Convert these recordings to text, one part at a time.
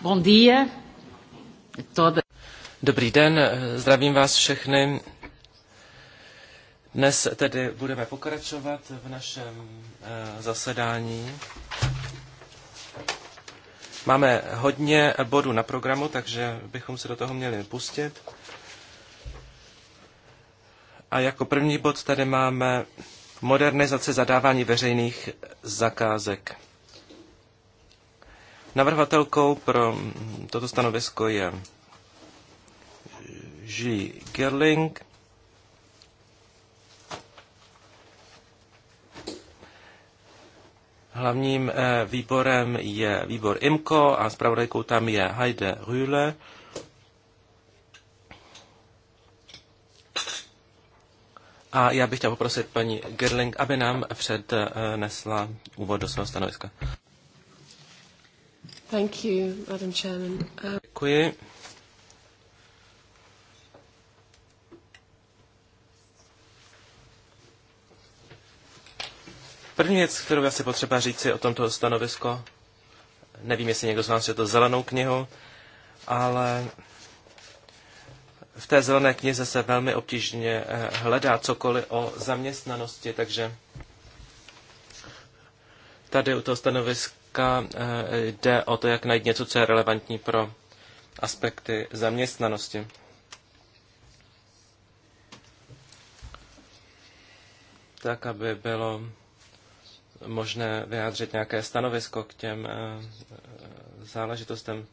Bom dia. Toda... Dobrý den, zdravím vás všechny. Dnes tedy budeme pokračovat v našem eh, zasedání. Máme hodně bodů na programu, takže bychom se do toho měli pustit. A jako první bod tady máme modernizace zadávání veřejných zakázek. Navrhovatelkou pro toto stanovisko je G. Gerling. Hlavním eh, výborem je výbor IMCO a zpravodajkou tam je Heide Rühle. A já bych chtěl poprosit paní Gerling, aby nám přednesla úvod do svého stanoviska. Thank you, Madam Chairman. Uh... Děkuji. První věc, kterou asi potřeba říci o tomto stanovisko, nevím, jestli někdo z vás to zelenou knihu, ale v té zelené knize se velmi obtížně eh, hledá cokoliv o zaměstnanosti, takže tady u toho stanoviska otázka eh, jde o to, jak najít něco, co je relevantní pro aspekty zaměstnanosti. Tak, aby bylo možné vyjádřit nějaké stanovisko k těm eh, eh, záležitostem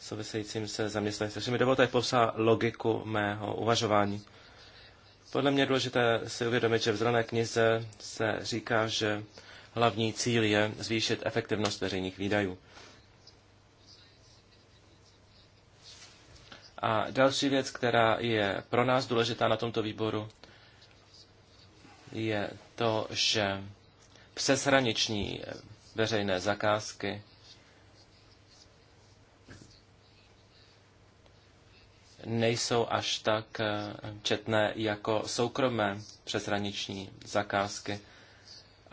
souvisejícím se zaměstnanosti. Takže mi dovolte popsat logiku mého uvažování. Podle mě je důležité si uvědomit, že v zelené knize se říká, že Hlavní cíl je zvýšit efektivnost veřejných výdajů. A další věc, která je pro nás důležitá na tomto výboru, je to, že přeshraniční veřejné zakázky nejsou až tak četné jako soukromé přeshraniční zakázky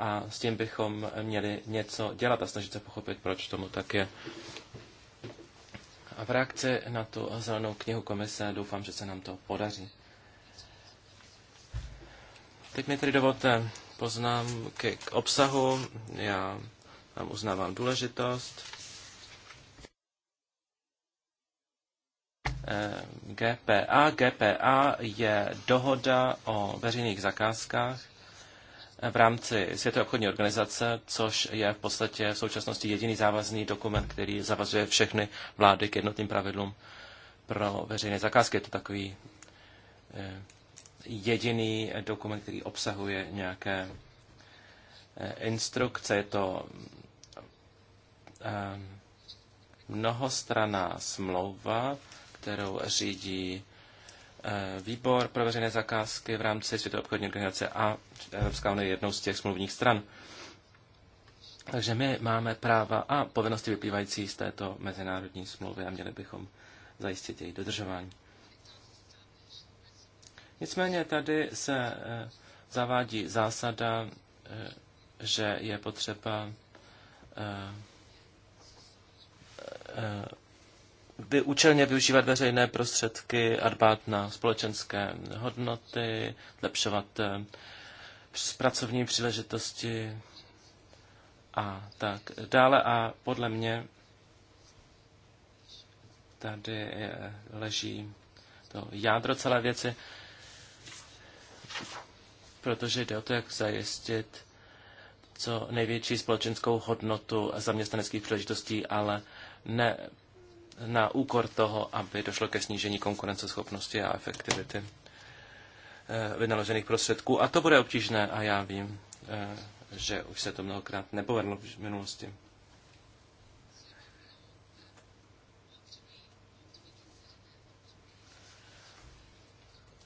a s tím bychom měli něco dělat a snažit se pochopit, proč tomu tak je. A v reakci na tu zelenou knihu komise doufám, že se nám to podaří. Teď mi tedy dovolte Poznám k obsahu. Já vám uznávám důležitost. Eh, GPA. GPA je dohoda o veřejných zakázkách v rámci Světové obchodní organizace, což je v podstatě v současnosti jediný závazný dokument, který zavazuje všechny vlády k jednotným pravidlům pro veřejné zakázky. Je to takový eh, jediný dokument, který obsahuje nějaké eh, instrukce. Je to eh, mnohostraná smlouva, kterou řídí Eh, výbor pro veřejné zakázky v rámci Světové obchodní organizace a Evropská unie je jednou z těch smluvních stran. Takže my máme práva a povinnosti vyplývající z této mezinárodní smlouvy a měli bychom zajistit její dodržování. Nicméně tady se eh, zavádí zásada, eh, že je potřeba by účelně využívat veřejné prostředky a dbát na společenské hodnoty, lepšovat eh, pracovní příležitosti a tak dále. A podle mě tady eh, leží to jádro celé věci, protože jde o to, jak zajistit co největší společenskou hodnotu zaměstnaneckých příležitostí, ale ne na úkor toho, aby došlo ke snížení konkurenceschopnosti a efektivity eh, vynaložených prostředků. A to bude obtížné a já vím, eh, že už se to mnohokrát nepovedlo v minulosti.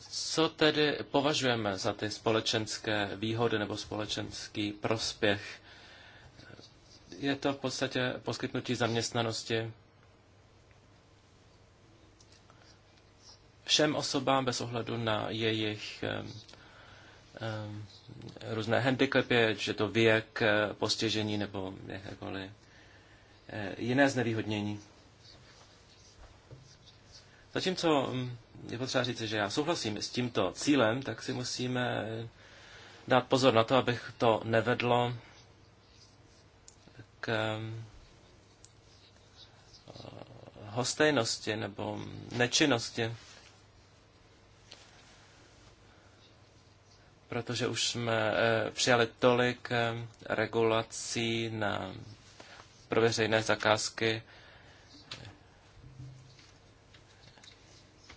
Co tedy považujeme za ty společenské výhody nebo společenský prospěch? Je to v podstatě poskytnutí zaměstnanosti všem osobám bez ohledu na jejich různé handicapy, že to věk, eh, postižení nebo jakékoliv eh, jiné znevýhodnění. Zatímco je potřeba říct, že já souhlasím s tímto cílem, tak si musíme eh, dát pozor na to, abych to nevedlo k hostejnosti nebo nečinnosti. protože už jsme eh, přijali tolik eh, regulací na, pro veřejné zakázky,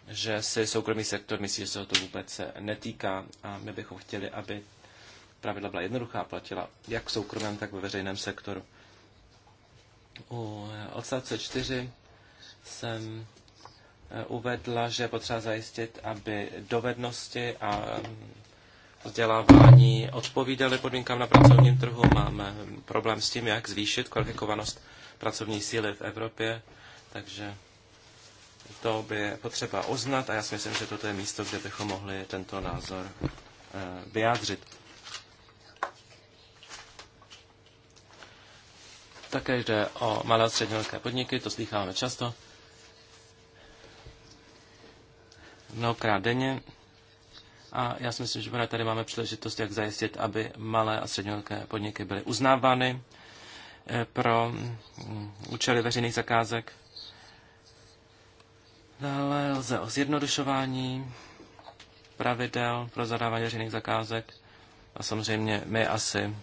že si soukromý sektor myslí, že se ho to vůbec eh, netýká a my bychom chtěli, aby pravidla byla jednoduchá, platila jak v soukromém, tak ve veřejném sektoru. U odstavce 4 jsem uvedla, že je potřeba zajistit, aby dovednosti a mm, vzdělávání odpovídaly podmínkám na pracovním trhu. Máme problém s tím, jak zvýšit kvalifikovanost pracovní síly v Evropě, takže to by je potřeba uznat a já si myslím, že toto je místo, kde bychom mohli tento názor eh, vyjádřit. Také jde o malé a střední velké podniky, to slycháme často. Mnohokrát denně a já si myslím, že tady máme příležitost, jak zajistit, aby malé a střední podniky byly uznávány eh, pro mm, účely veřejných zakázek. Dále lze o zjednodušování pravidel pro zadávání veřejných zakázek. A samozřejmě my asi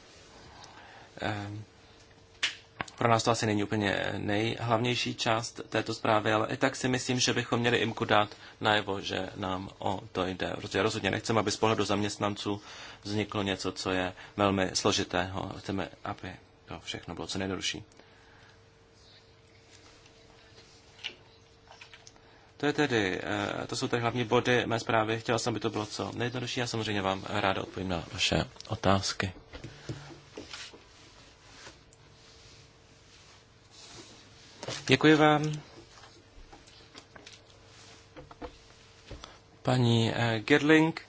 eh, pro nás to asi není úplně nejhlavnější část této zprávy, ale i tak si myslím, že bychom měli IMKU dát najevo, že nám o to jde. Protože rozhodně nechceme, aby z pohledu zaměstnanců vzniklo něco, co je velmi složitého. Chceme, aby to všechno bylo co nejjednodušší. To, je tedy, eh, to jsou tedy hlavní body mé zprávy. Chtěla jsem, aby to bylo co nejjednodušší a samozřejmě vám ráda odpovím na vaše otázky. Děkuji vám. Paní eh, Gerling,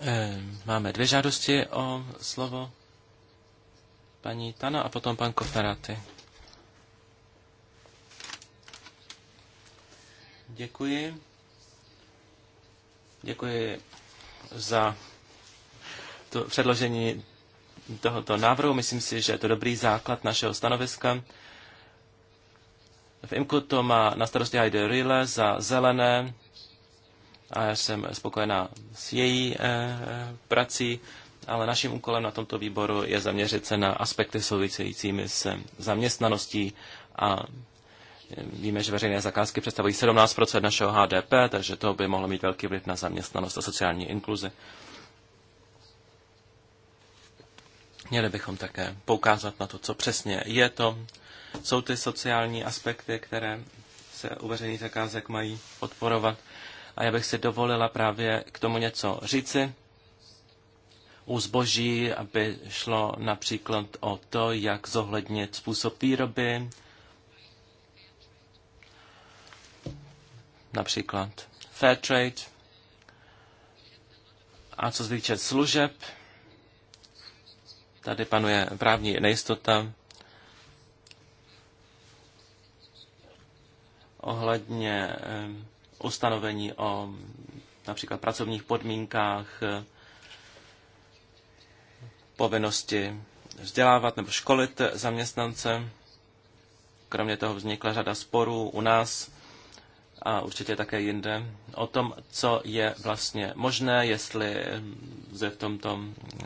eh, máme dvě žádosti o slovo. Paní Tana a potom pan Koferaty. Děkuji. Děkuji za to předložení tohoto návrhu. Myslím si, že je to dobrý základ našeho stanoviska. V IMKU to má na starosti Heide Rille za zelené a já jsem spokojená s její eh, eh, prací, ale naším úkolem na tomto výboru je zaměřit se na aspekty souvisejícími s zaměstnaností a eh, Víme, že veřejné zakázky představují 17 našeho HDP, takže to by mohlo mít velký vliv na zaměstnanost a sociální inkluzi. Měli bychom také poukázat na to, co přesně je to. Jsou ty sociální aspekty, které se u veřejných zakázek mají podporovat. A já bych si dovolila právě k tomu něco říci. U zboží, aby šlo například o to, jak zohlednit způsob výroby, například fair trade. A co se týče služeb, Tady panuje právní nejistota ohledně eh, ustanovení o například pracovních podmínkách, eh, povinnosti vzdělávat nebo školit zaměstnance. Kromě toho vznikla řada sporů u nás a určitě také jinde, o tom, co je vlastně možné, jestli se v tomto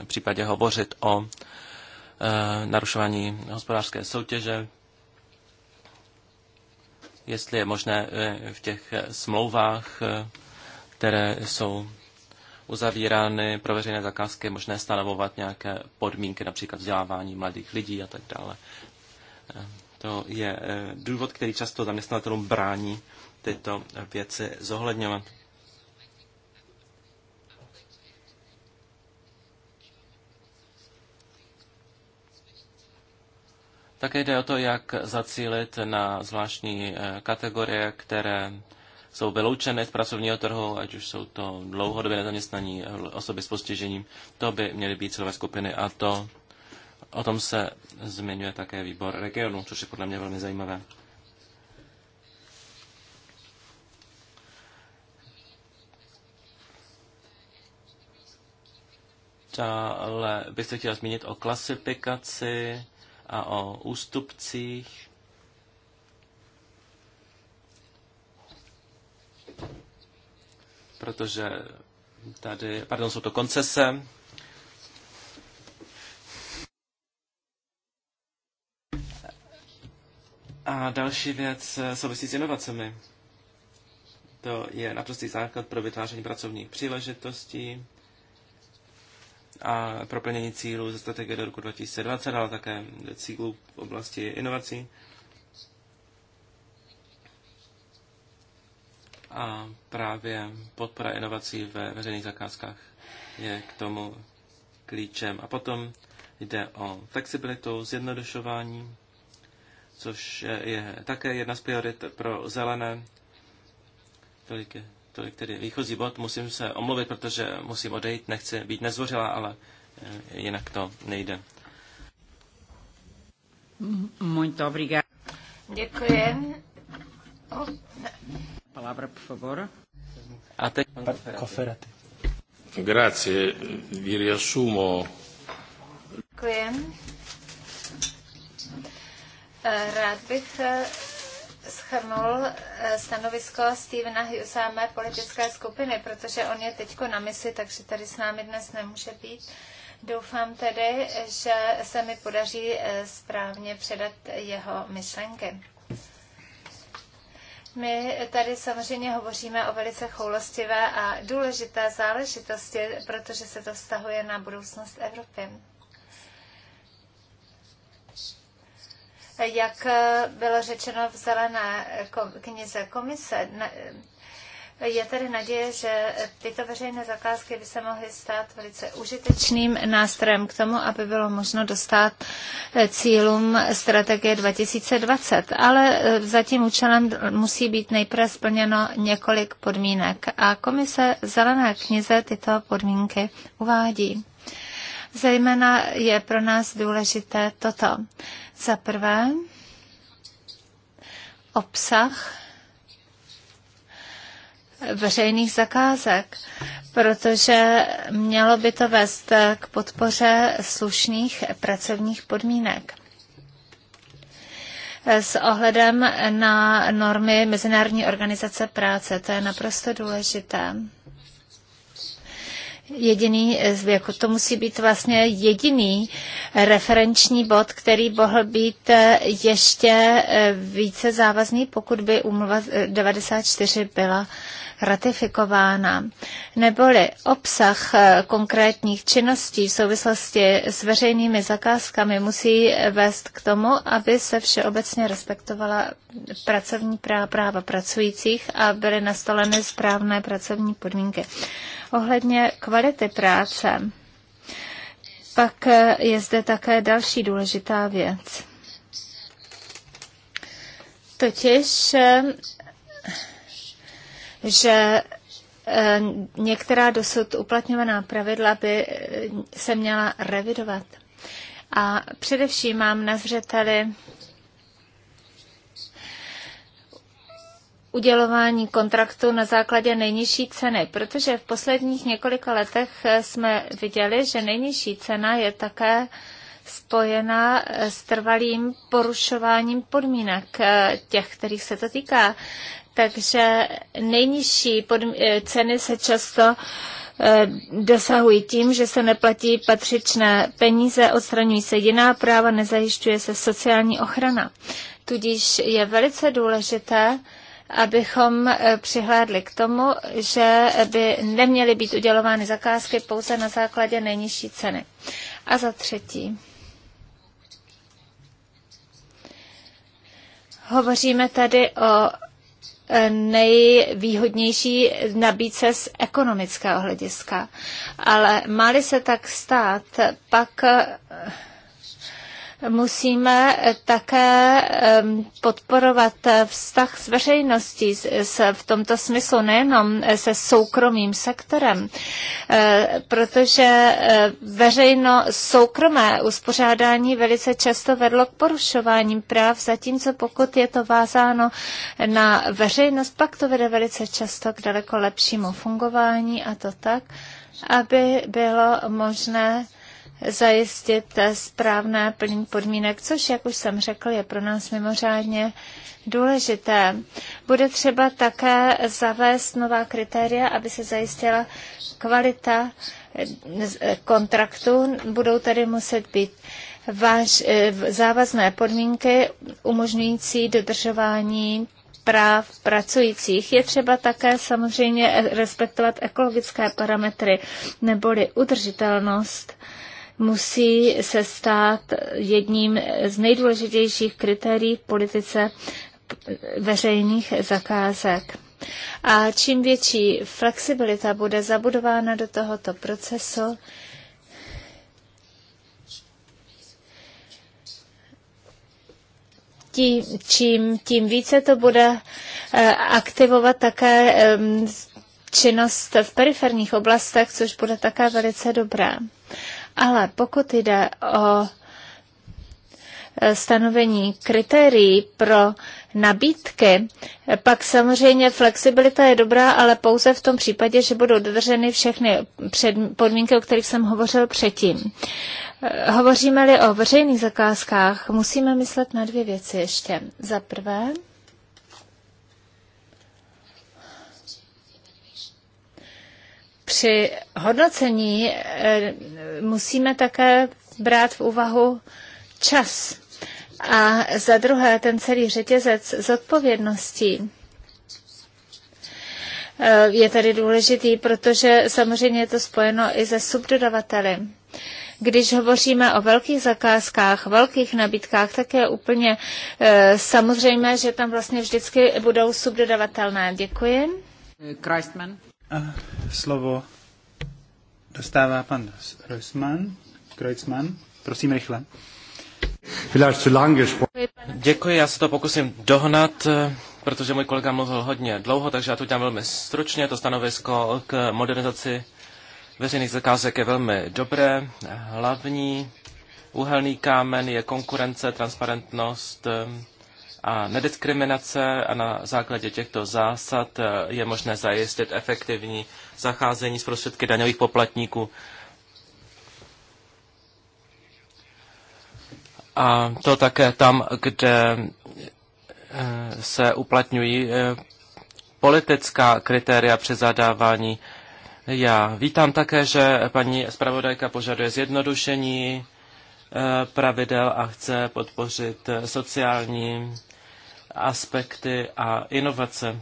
případě hovořit o e, narušování hospodářské soutěže, jestli je možné eh, v těch smlouvách, eh, které jsou uzavírány pro veřejné zakázky, možné stanovovat nějaké podmínky, například vzdělávání mladých lidí a tak dále. To je důvod, který často zaměstnatelům brání tyto věci zohledňovat. Také jde o to, jak zacílit na zvláštní eh, kategorie, které jsou vyloučeny z pracovního trhu, ať už jsou to dlouhodobě nezaměstnaní eh, osoby s postižením. To by měly být cílové skupiny a to o tom se zmiňuje také výbor regionu, což je podle mě velmi zajímavé. Dále bych se chtěla zmínit o klasifikaci a o ústupcích. Protože tady, pardon, jsou to koncese. A další věc eh, souvisí s inovacemi. To je naprostý základ pro vytváření pracovních příležitostí a pro plnění cílů ze strategie do roku 2020, ale také cílů v oblasti inovací. A právě podpora inovací ve veřejných zakázkách je k tomu klíčem. A potom jde o flexibilitu, zjednodušování, což je také jedna z priorit pro zelené. Tolik je Tolik tedy výchozí bod. Musím se omluvit, protože musím odejít. Nechci být nezvořila, ale eh, jinak to nejde. Muito obrigada. Děkuji. Oh. Palavra, por favor. A teď pan Koferati. Grazie, vi riassumo. Děkuji. Eh, rád bych eh, schrnul eh, stanovisko Stevena Hughesa mé politické skupiny, protože on je teď na misi, takže tady s námi dnes nemůže být. Doufám tedy, že se mi podaří eh, správně předat jeho myšlenky. My tady samozřejmě hovoříme o velice choulostivé a důležité záležitosti, protože se to vztahuje na budoucnost Evropy. Jak eh, bylo řečeno v zelené eh, knize komise, eh, je tedy naděje, že tyto veřejné zakázky by se mohly stát velice užitečným nástrojem k tomu, aby bylo možno dostat cílům strategie 2020. Ale za tím účelem musí být nejprve splněno několik podmínek a komise zelené knize tyto podmínky uvádí. Zejména je pro nás důležité toto. Za prvé, obsah veřejných zakázek, protože mělo by to vést k podpoře slušných pracovních podmínek s ohledem na normy Mezinárodní organizace práce. To je naprosto důležité jediný, jako to musí být vlastně jediný referenční bod, který mohl být eh, ještě eh, více závazný, pokud by umluva 94 eh, byla ratifikována. Neboli obsah konkrétních činností v souvislosti s veřejnými zakázkami musí vést k tomu, aby se všeobecně respektovala pracovní práva, práva pracujících a byly nastoleny správné pracovní podmínky ohledně kvality práce. Pak je zde také další důležitá věc. Totiž, že eh, některá dosud uplatňovaná pravidla by se měla revidovat. A především mám na zřeteli udělování kontraktu na základě nejnižší ceny, protože v posledních několika letech eh, jsme viděli, že nejnižší cena je také spojená eh, s trvalým porušováním podmínek eh, těch, kterých se to týká. Takže nejnižší ceny se často dosahují tím, že se neplatí patřičné peníze, odstraňují se jiná práva, nezajišťuje se sociální ochrana. Tudíž je velice důležité, abychom eh, přihlédli k tomu, že by neměly být udělovány zakázky pouze na základě nejnižší ceny. A za třetí, hovoříme tady o eh, nejvýhodnější nabídce z ekonomického hlediska. Ale má se tak stát, pak eh, Musíme také podporovat vztah s veřejností v tomto smyslu, nejenom se soukromým sektorem, eh, protože eh, veřejno-soukromé uspořádání velice často vedlo k porušováním práv, zatímco pokud je to vázáno na veřejnost, pak to vede velice často k daleko lepšímu fungování a to tak, aby bylo možné zajistit správné plnění podmínek, což, jak už jsem řekl, je pro nás mimořádně důležité. Bude třeba také zavést nová kritéria, aby se zajistila kvalita eh, kontraktu. Budou tady muset být váž, eh, závazné podmínky umožňující dodržování práv pracujících. Je třeba také samozřejmě respektovat ekologické parametry neboli udržitelnost musí se stát jedním z nejdůležitějších kritérií v politice veřejných zakázek. A čím větší flexibilita bude zabudována do tohoto procesu, tím, čím, tím více to bude eh, aktivovat také činnost v periferních oblastech, což bude také velice dobré. Ale pokud jde o e, stanovení kritérií pro nabídky, pak samozřejmě flexibilita je dobrá, ale pouze v tom případě, že budou dodrženy všechny podmínky, o kterých jsem hovořil předtím. E, hovoříme-li o veřejných zakázkách, musíme myslet na dvě věci ještě. Za prvé, při hodnocení eh, musíme také brát v úvahu čas. A za druhé, ten celý řetězec odpovědností eh, je tady důležitý, protože samozřejmě je to spojeno i se subdodavateli. Když hovoříme o velkých zakázkách, velkých nabídkách, tak je úplně eh, samozřejmé, že tam vlastně vždycky budou subdodavatelné. Děkuji slovo dostává pan Reusman, Kreuzmann, Prosím rychle. Děkuji, já se to pokusím dohnat, eh, protože můj kolega mluvil hodně dlouho, takže já to dělám velmi stručně. To stanovisko k modernizaci veřejných zakázek je velmi dobré. Hlavní úhelný kámen je konkurence, transparentnost, eh, a nediskriminace a na základě těchto zásad eh, je možné zajistit efektivní zacházení s prostředky daňových poplatníků. A to také tam, kde eh, se uplatňují eh, politická kritéria při zadávání. Já vítám také, že paní zpravodajka požaduje zjednodušení pravidel a chce podpořit sociální aspekty a inovace.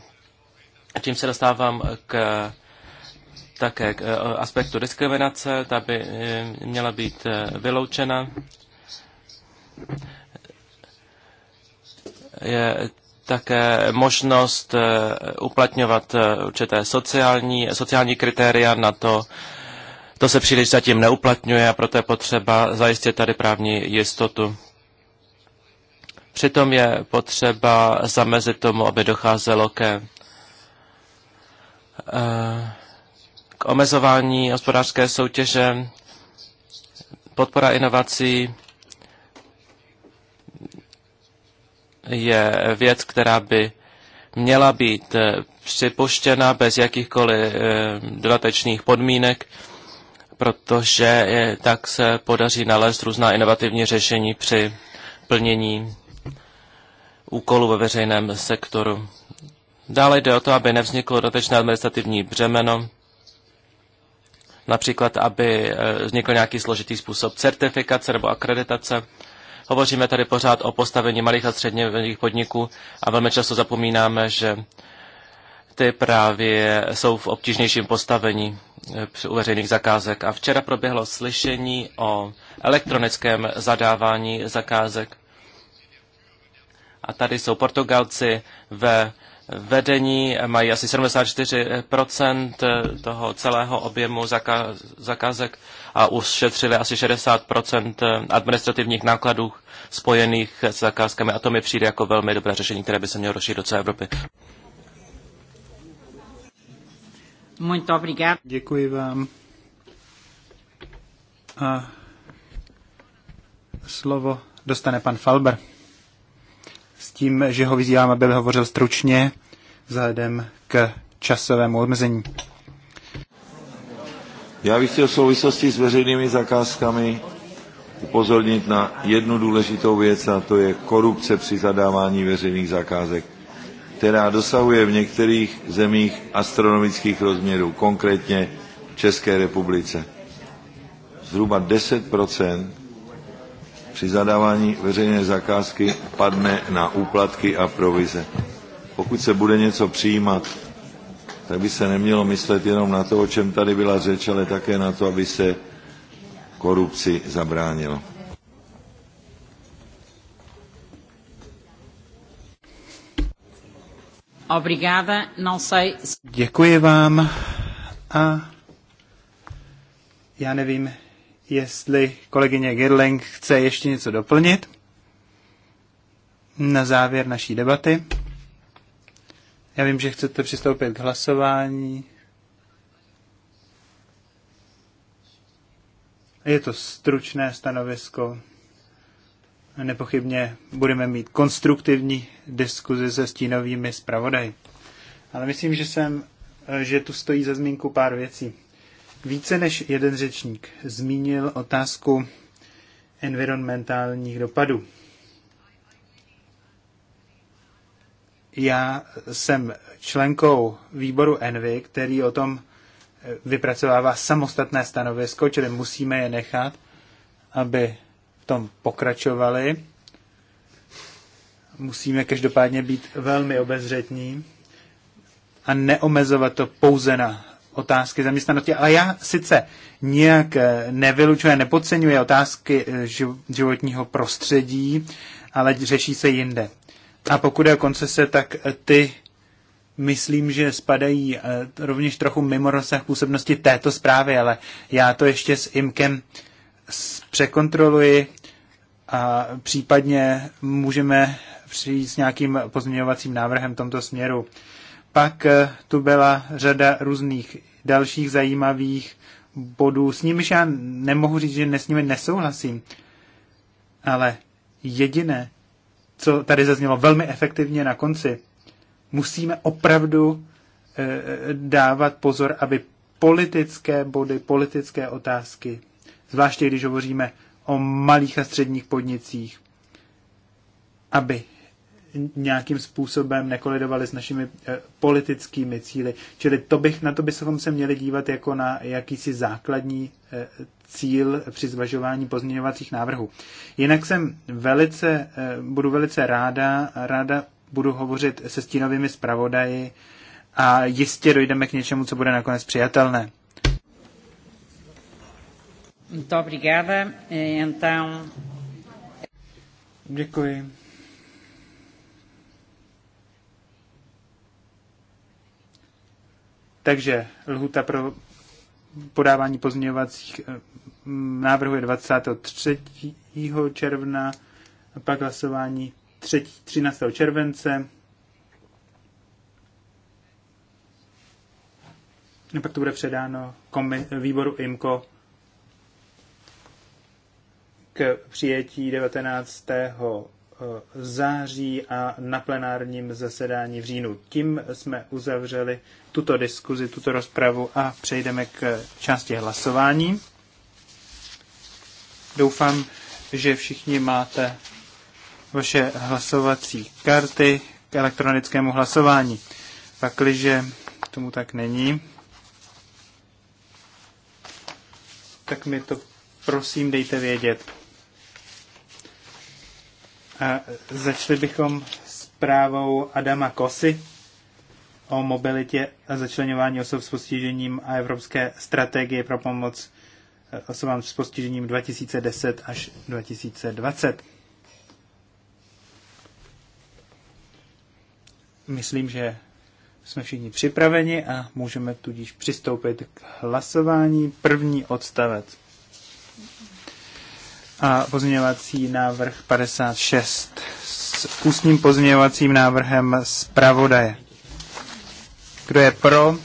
Tím se dostávám k také k eh, aspektu diskriminace, ta by eh, měla být eh, vyloučena. Je také možnost uplatňovat určité sociální, sociální kritéria na to, to se příliš zatím neuplatňuje a proto je potřeba zajistit tady právní jistotu. Přitom je potřeba zamezit tomu, aby docházelo ke eh, k omezování hospodářské soutěže, podpora inovací je věc, která by měla být eh, připuštěna bez jakýchkoliv eh, dodatečných podmínek, protože tak se podaří nalézt různá inovativní řešení při plnění úkolů ve veřejném sektoru. Dále jde o to, aby nevzniklo dotečné administrativní břemeno, například aby eh, vznikl nějaký složitý způsob certifikace nebo akreditace. Hovoříme tady pořád o postavení malých a středních podniků a velmi často zapomínáme, že ty právě jsou v obtížnějším postavení eh, u veřejných zakázek. A včera proběhlo slyšení o elektronickém zadávání zakázek. A tady jsou Portugalci ve vedení, mají asi 74% eh, toho celého objemu zakázek a ušetřili asi 60% eh, administrativních nákladů spojených s zakázkami. A to mi přijde jako velmi dobré řešení, které by se mělo rozšířit do celé Evropy. Muito obrigado. Děkuji vám. A slovo dostane pan Falber s tím, že ho vyzývám, aby hovořil stručně vzhledem k časovému omezení. Já bych chtěl v souvislosti s veřejnými zakázkami upozornit na jednu důležitou věc a to je korupce při zadávání veřejných zakázek, která dosahuje v některých zemích astronomických rozměrů, konkrétně v České republice. Zhruba 10 při zadávání veřejné zakázky padne na úplatky a provize. Pokud se bude něco přijímat, tak by se nemělo myslet jenom na to, o čem tady byla řeč, ale také na to, aby se korupci zabránilo. Obrigada, não sei. Děkuji vám a já nevím, jestli kolegyně Girling chce ještě něco doplnit na závěr naší debaty. Já vím, že chcete přistoupit k hlasování. Je to stručné stanovisko. Nepochybně budeme mít konstruktivní diskuzi se stínovými zpravodaji. Ale myslím, že, jsem, že tu stojí za zmínku pár věcí. Více než jeden řečník zmínil otázku environmentálních dopadů. Já jsem členkou výboru Envy, který o tom eh, vypracovává samostatné stanovisko, čili musíme je nechat, aby v tom pokračovali. Musíme každopádně být velmi obezřetní a neomezovat to pouze na otázky zaměstnanosti, ale já sice nijak eh, nevylučuje, nepodceňuje otázky eh, životního prostředí, ale řeší se jinde. A pokud je o koncese, tak eh, ty myslím, že spadají rovněž trochu mimo rozsah působnosti této zprávy, ale já to ještě s IMKem překontroluji a případně můžeme přijít s nějakým pozměňovacím návrhem v tomto směru. Pak eh, tu byla řada různých dalších zajímavých bodů. S nimiž já nemohu říct, že ne, s nimi nesouhlasím, ale jediné, co tady zaznělo velmi efektivně na konci, musíme opravdu e, dávat pozor, aby politické body, politické otázky, zvláště když hovoříme o malých a středních podnicích, aby nějakým způsobem nekolidovaly s našimi eh, politickými cíly. Čili to bych, na to bychom se měli dívat jako na jakýsi základní eh, cíl při zvažování pozměňovacích návrhů. Jinak jsem velice, eh, budu velice ráda, ráda budu hovořit se stínovými zpravodaji a jistě dojdeme k něčemu, co bude nakonec přijatelné. Muito obrigada. Então... Děkuji. Takže lhuta pro podávání pozměňovacích eh, návrhů je 23. června, pak hlasování 3, 13. července. A pak to bude předáno komi- výboru IMCO k přijetí 19 září a na plenárním zasedání v říjnu. Tím jsme uzavřeli tuto diskuzi, tuto rozpravu a přejdeme k části hlasování. Doufám, že všichni máte vaše hlasovací karty k elektronickému hlasování. Pakliže tomu tak není, tak mi to prosím dejte vědět. A začali bychom právou Adama Kosy o mobilitě a začlenování osob s postižením a evropské strategie pro pomoc eh, osobám s postižením 2010 až 2020. Myslím, že jsme všichni připraveni a můžeme tudíž přistoupit k hlasování. První odstavec a pozměňovací návrh 56 s ústním pozměňovacím návrhem zpravodaje. Kdo je pro?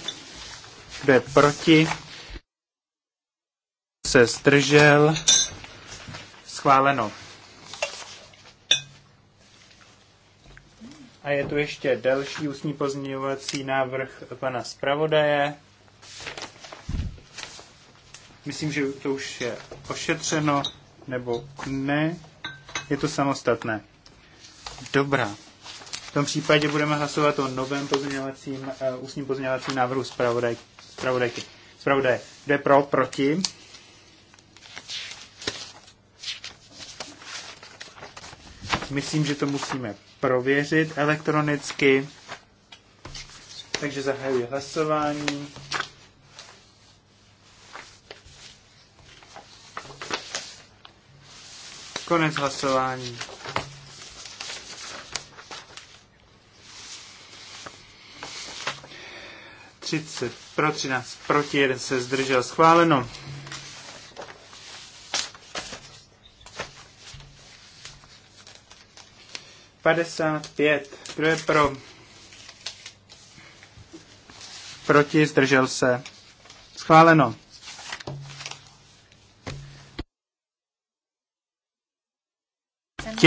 Kdo je proti? Se zdržel? Schváleno. A je tu ještě další ústní pozměňovací návrh pana zpravodaje. Myslím, že to už je ošetřeno nebo ne? Je to samostatné. Dobrá. V tom případě budeme hlasovat o novém pozměňovacím, uh, ústním pozměňovacím návrhu zpravodajky. Zpravodaj, Kdo je pro, proti? Myslím, že to musíme prověřit elektronicky. Takže zahajuji hlasování. Konec hlasování. pro 13, proti 1 se zdržel. Schváleno. Padesát pět. Kdo je pro? Proti zdržel se. Schváleno.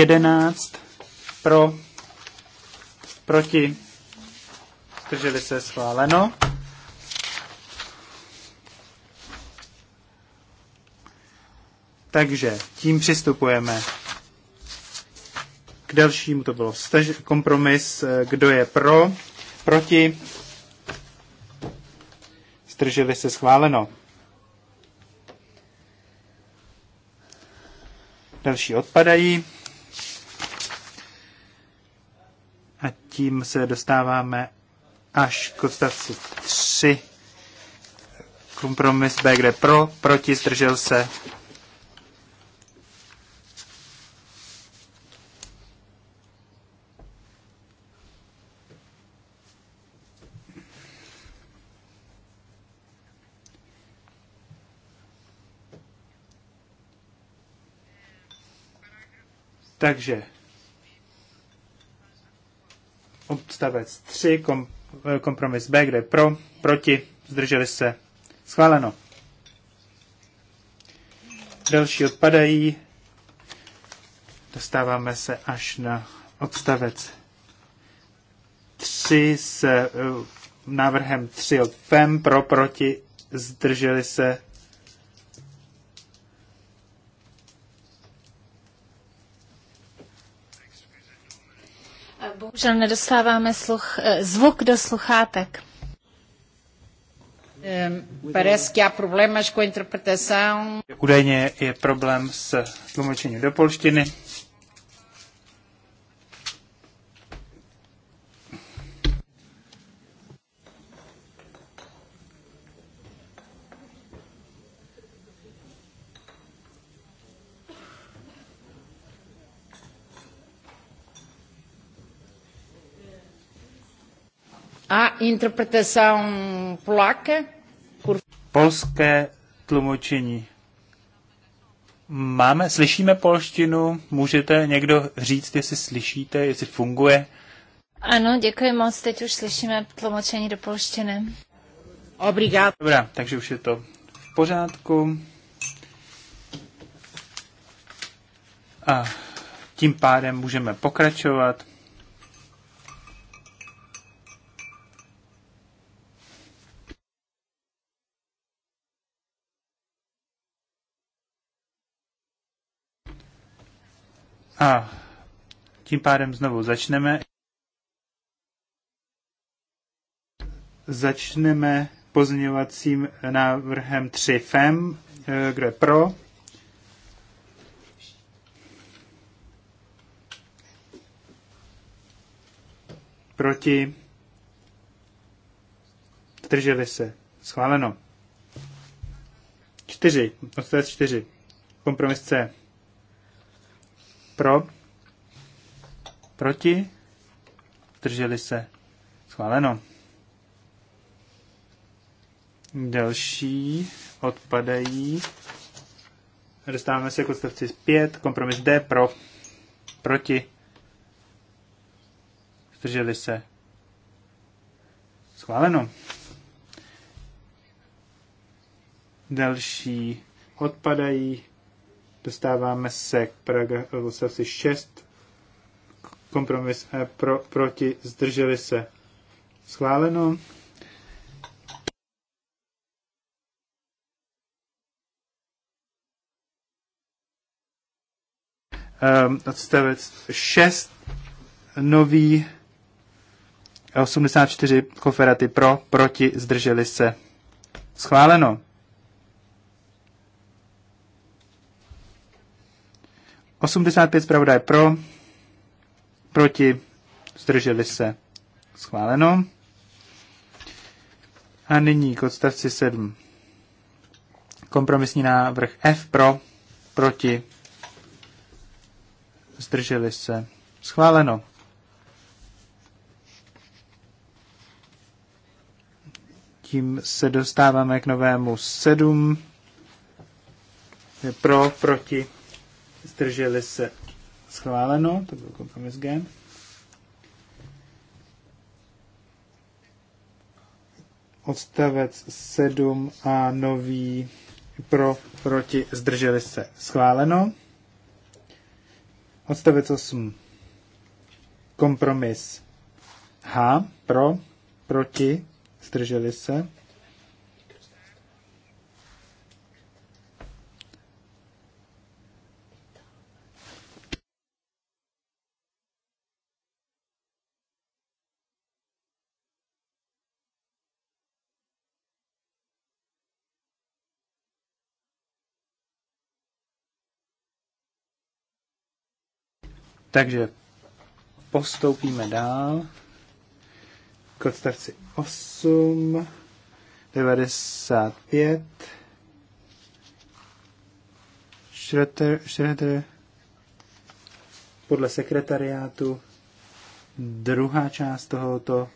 11 pro, proti, zdrželi se schváleno. Takže tím přistupujeme k dalšímu, to bylo staž, kompromis, eh, kdo je pro, proti, zdrželi se schváleno. Další odpadají. tím se dostáváme až k odstavci 3. Kompromis B, kde pro, proti, zdržel se. Takže Odstavec 3, kom, eh, kompromis B, kde pro, proti, zdrželi se. Schváleno. Další odpadají. Dostáváme se až na odstavec 3 s eh, návrhem 3 od FEM pro, proti, zdrželi se Bohužel nedostáváme sluch, eh, zvuk do sluchátek. Eh, Údajně je problém s tlumočením do polštiny. interpretação polaca. Por... Polské tlumočení. Máme, slyšíme polštinu, můžete někdo říct, jestli slyšíte, jestli funguje? Ano, děkuji moc, teď už slyšíme tlumočení do polštiny. Obrigado. Dobrá, takže už je to v pořádku. A tím pádem můžeme pokračovat. A tím pádem znovu začneme. Začneme pozměňovacím návrhem 3 FEM, eh, kde pro. Proti. Drželi se. Schváleno. 4. Odstavec 4. Kompromis C. Pro. Proti. Drželi se. Schváleno. Další odpadají. Dostáváme se k odstavci 5. Kompromis D pro. Proti. Zdrželi se. Schváleno. Další odpadají. Dostáváme se k paragrafu 6. Kompromis eh, pro, proti, zdrželi se. Schváleno. Um, odstavec 6, nový 84 koferaty pro, proti, zdrželi se. Schváleno. 85 zpravodaj pro, proti, zdrželi se, schváleno. A nyní k odstavci 7. Kompromisní návrh F pro, proti, zdrželi se, schváleno. Tím se dostáváme k novému 7. Pro, proti, zdrželi se schváleno, to byl kompromis G. Odstavec 7 a nový pro, proti, zdrželi se schváleno. Odstavec 8. Kompromis H pro, proti, zdrželi se Takže postoupíme dál k odstavci 8, 95, Schroeder, Schroeder podle sekretariátu druhá část tohoto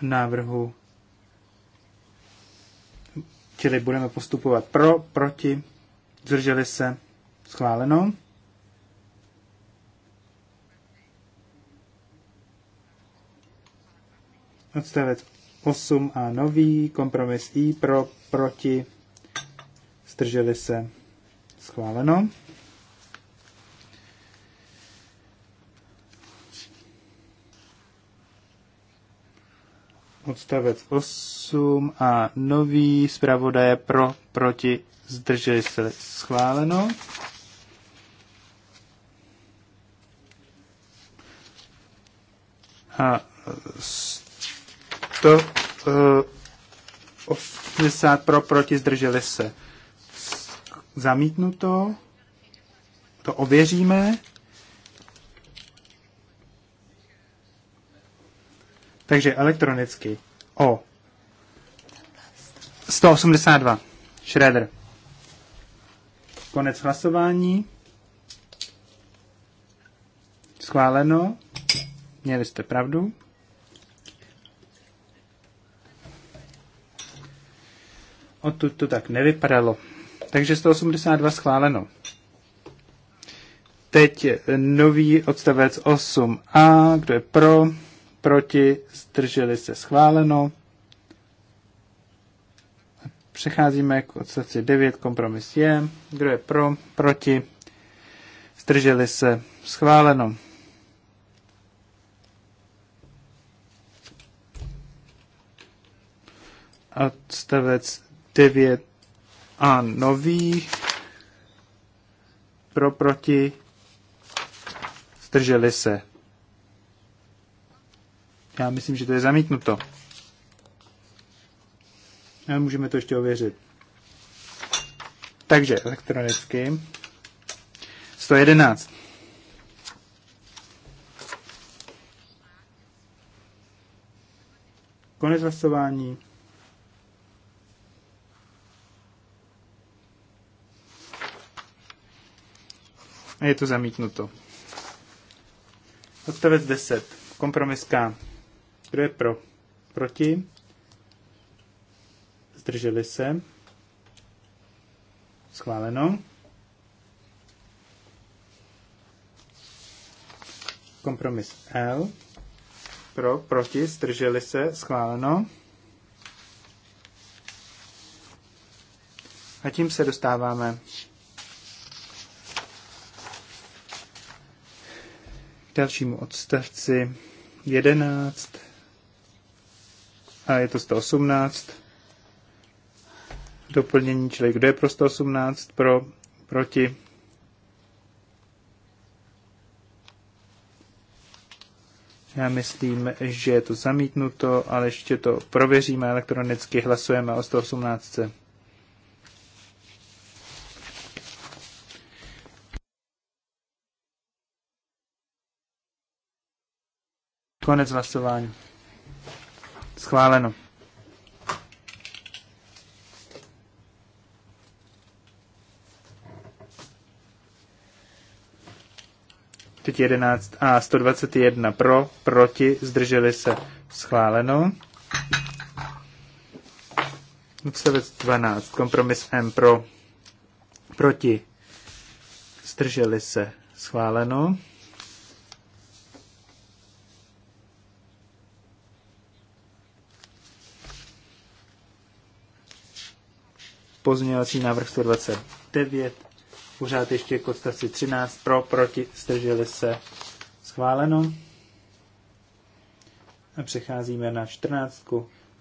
návrhu. Čili budeme postupovat pro, proti, zdrželi se, schváleno. Odstavec 8 a nový kompromis I pro, proti, zdrželi se, schváleno. Odstavec 8 a nový zpravodaje pro, proti, zdrželi se, schváleno. A to 80 eh, pro, proti, zdrželi se. Zamítnuto. To ověříme. Takže elektronicky o 182. Schroeder. Konec hlasování. Schváleno. Měli jste pravdu. Odtud to tak nevypadalo. Takže 182 schváleno. Teď nový odstavec 8a, kdo je pro, proti, zdrželi se schváleno. Přecházíme k odstavci 9, kompromis je, kdo je pro, proti, zdrželi se schváleno. Odstavec 9 a nový pro proti zdrželi se. Já myslím, že to je zamítnuto. A můžeme to ještě ověřit. Takže elektronicky 111. Konec hlasování. A je to zamítnuto. Odstavec 10. Kompromis K. Kdo je pro? Proti? Zdrželi se? Schváleno. Kompromis L. Pro, proti, zdrželi se, schváleno. A tím se dostáváme dalšímu odstavci 11 a je to 118. Doplnění, čili kdo je pro 118, pro, proti. Já myslím, že je to zamítnuto, ale ještě to prověříme elektronicky, hlasujeme o 118. Konec hlasování. Schváleno. Teď 11 a 121 pro, proti, zdrželi se. Schváleno. Odstavec 12. Kompromis M pro, proti, zdrželi se. Schváleno. pozměňovací návrh 129, pořád ještě k odstavci 13, pro, proti, zdrželi se, schváleno. A přecházíme na 14,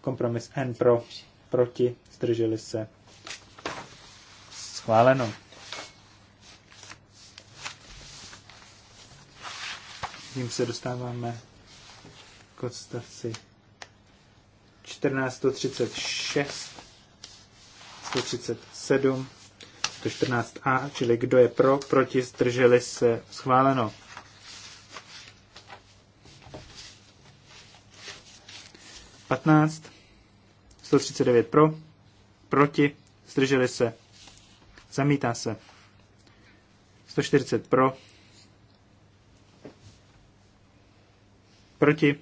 kompromis N pro, proti, zdrželi se, schváleno. Tím se dostáváme k odstavci 1436 137, 114a, čili kdo je pro, proti, zdrželi se, schváleno. Patnáct, 139 pro, proti, zdrželi se, zamítá se. 140 pro, proti,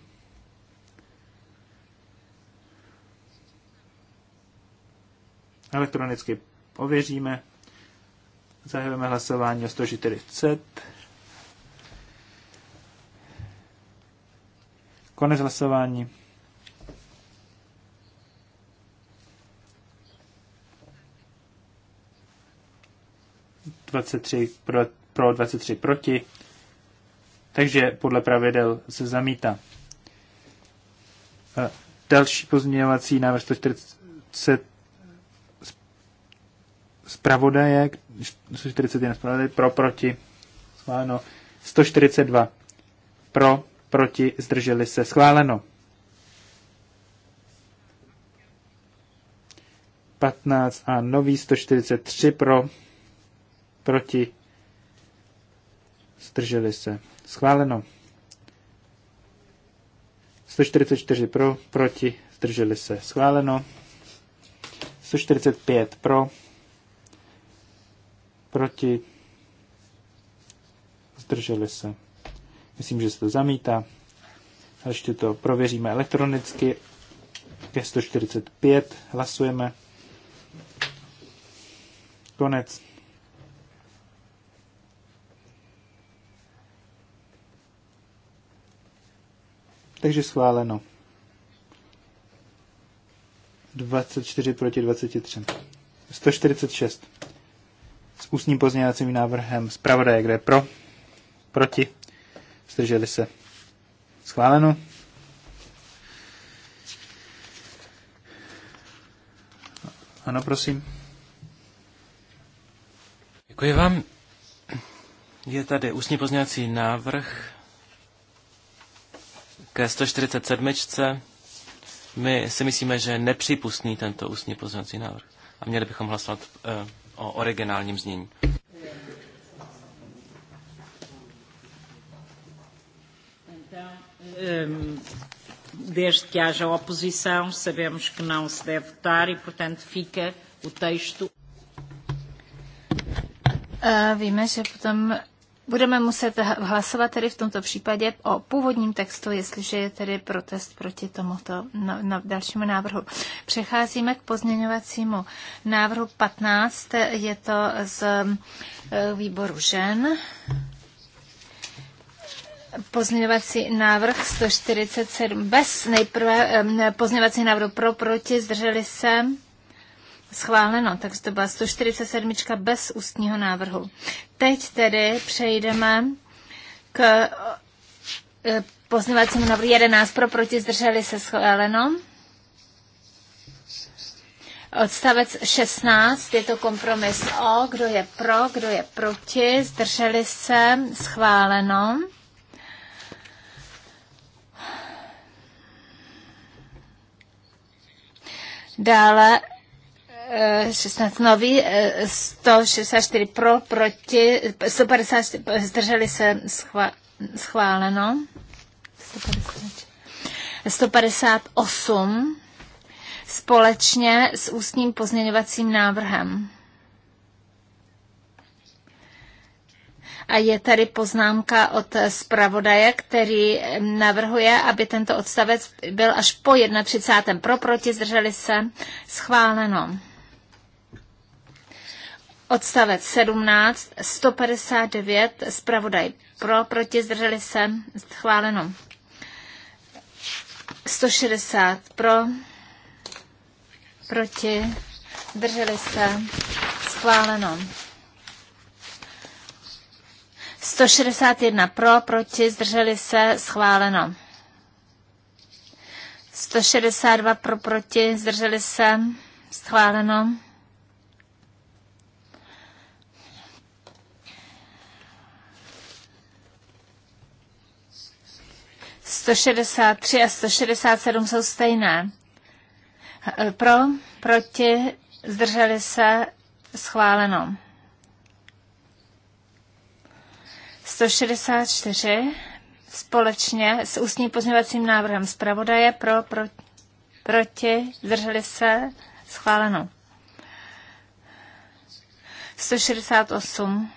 Elektronicky ověříme. Zahajujeme hlasování o 140. Konec hlasování. pro, pro 23 proti, takže podle pravidel se zamítá. Další pozměňovací návrh 140 zpravodaje, 141 zpravodaje pro, proti, schváleno, 142 pro, proti, zdrželi se, schváleno. 15 a nový 143 pro, proti, zdrželi se, schváleno. 144 pro, proti, zdrželi se, schváleno. 145 pro, proti, zdrželi se. Myslím, že se to zamítá. A ještě to prověříme elektronicky. 145 hlasujeme. Konec. Takže schváleno. 24 proti 23. 146 s ústním pozměňovacím návrhem zpravodaje, kde je pro, proti, zdrželi se. Schváleno. Ano, prosím. Děkuji vám. Je tady ústní pozměňovací návrh ke 147. My si myslíme, že je nepřípustný tento ústní pozměňovací návrh a měli bychom hlasovat uh, o originálním znění. Ehm, desde que haja oposição, sabemos que não se deve votar e, portanto, fica o texto. Ah, víme, že potom Budeme muset hlasovat tedy v tomto případě o původním textu, jestliže je tedy protest proti tomuto no, no, dalšímu návrhu. Přecházíme k pozměňovacímu návrhu 15. Je to z e, výboru žen. Pozměňovací návrh 147 bez nejprve e, pozměňovací návrh pro, proti, zdrželi se schváleno, takže to byla 147 bez ústního návrhu. Teď tedy přejdeme k eh, pozněvacímu návrhu 11 pro proti zdrželi se schváleno. Odstavec 16, je to kompromis O, kdo je pro, kdo je proti, zdrželi se, schváleno. Dále 16 nový, 164 eh, pro, proti, 154, zdrželi se schva, schváleno. 158 společně s ústním pozměňovacím návrhem. A je tady poznámka od zpravodaje, který navrhuje, aby tento odstavec byl až po 31. pro proti, zdrželi se schváleno. Odstavec 17, 159, zpravodaj pro, proti, zdrželi se, schváleno. 160 pro, proti, zdrželi se, schváleno. 161 pro, proti, zdrželi se, schváleno. 162 pro, proti, zdrželi se, schváleno. 163 a 167 jsou stejné. Pro, proti, zdrželi se, schváleno. 164 společně s ústním pozměvacím návrhem zpravodaje pro, pro proti, zdrželi se, schváleno. 168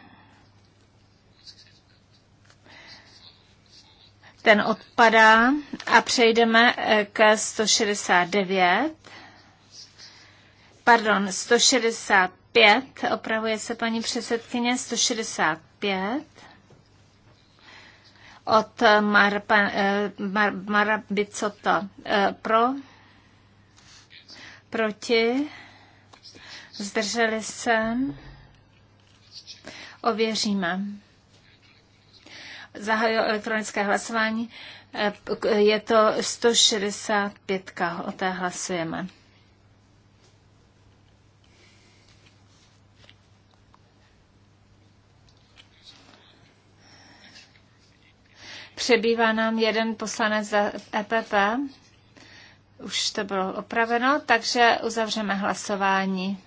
ten odpadá a přejdeme eh, k 169. Pardon, 165, opravuje se paní předsedkyně, 165 od Marpa, eh, Mar, Mar, Bicota. Eh, pro, proti, zdrželi se, ověříme. Zahajuji elektronické hlasování. Eh, je to 165. O té hlasujeme. Přebývá nám jeden poslanec za EPP. Už to bylo opraveno, takže uzavřeme hlasování.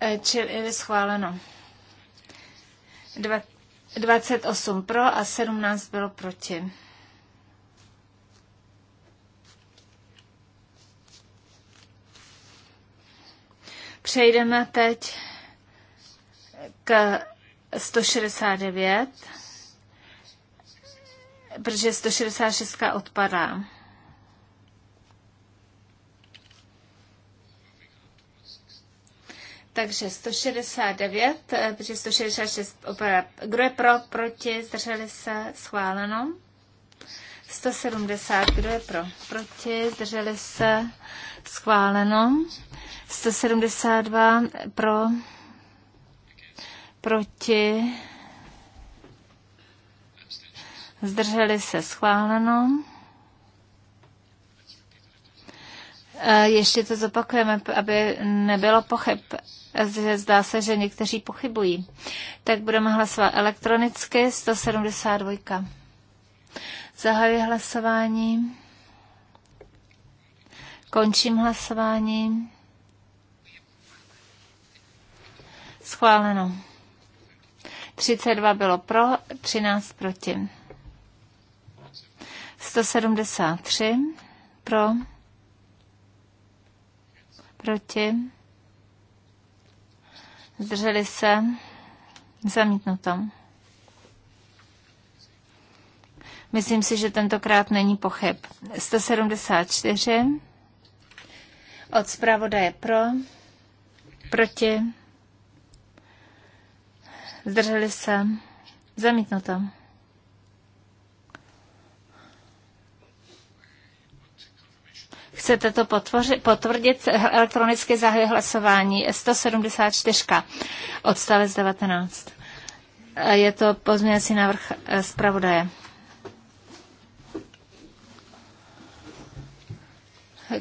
Eh, čili je schváleno. 28 pro a 17 bylo proti. Přejdeme teď k 169, protože 166 odpadá. Takže 169, eh, protože 166 opravdu, Kdo je pro, proti, zdrželi se, schváleno. 170, kdo je pro, proti, zdrželi se, schváleno. 172 pro, proti, zdrželi se, schváleno. Eh, ještě to zopakujeme, aby nebylo pochyb. Zdá se, že někteří pochybují. Tak budeme hlasovat elektronicky 172. Zahajuji hlasování. Končím hlasování. Schváleno. 32 bylo pro, 13 proti. 173 pro Proti? Zdrželi se? Zamítnuto. Myslím si, že tentokrát není pochyb. 174. Od zpravodaje pro. Proti. Zdrželi se. Zamítnuto. Chcete to potvořit, potvrdit? Elektronicky zahajuje hlasování 174. Odstavec 19. Je to pozměňovací návrh eh, zpravodaje.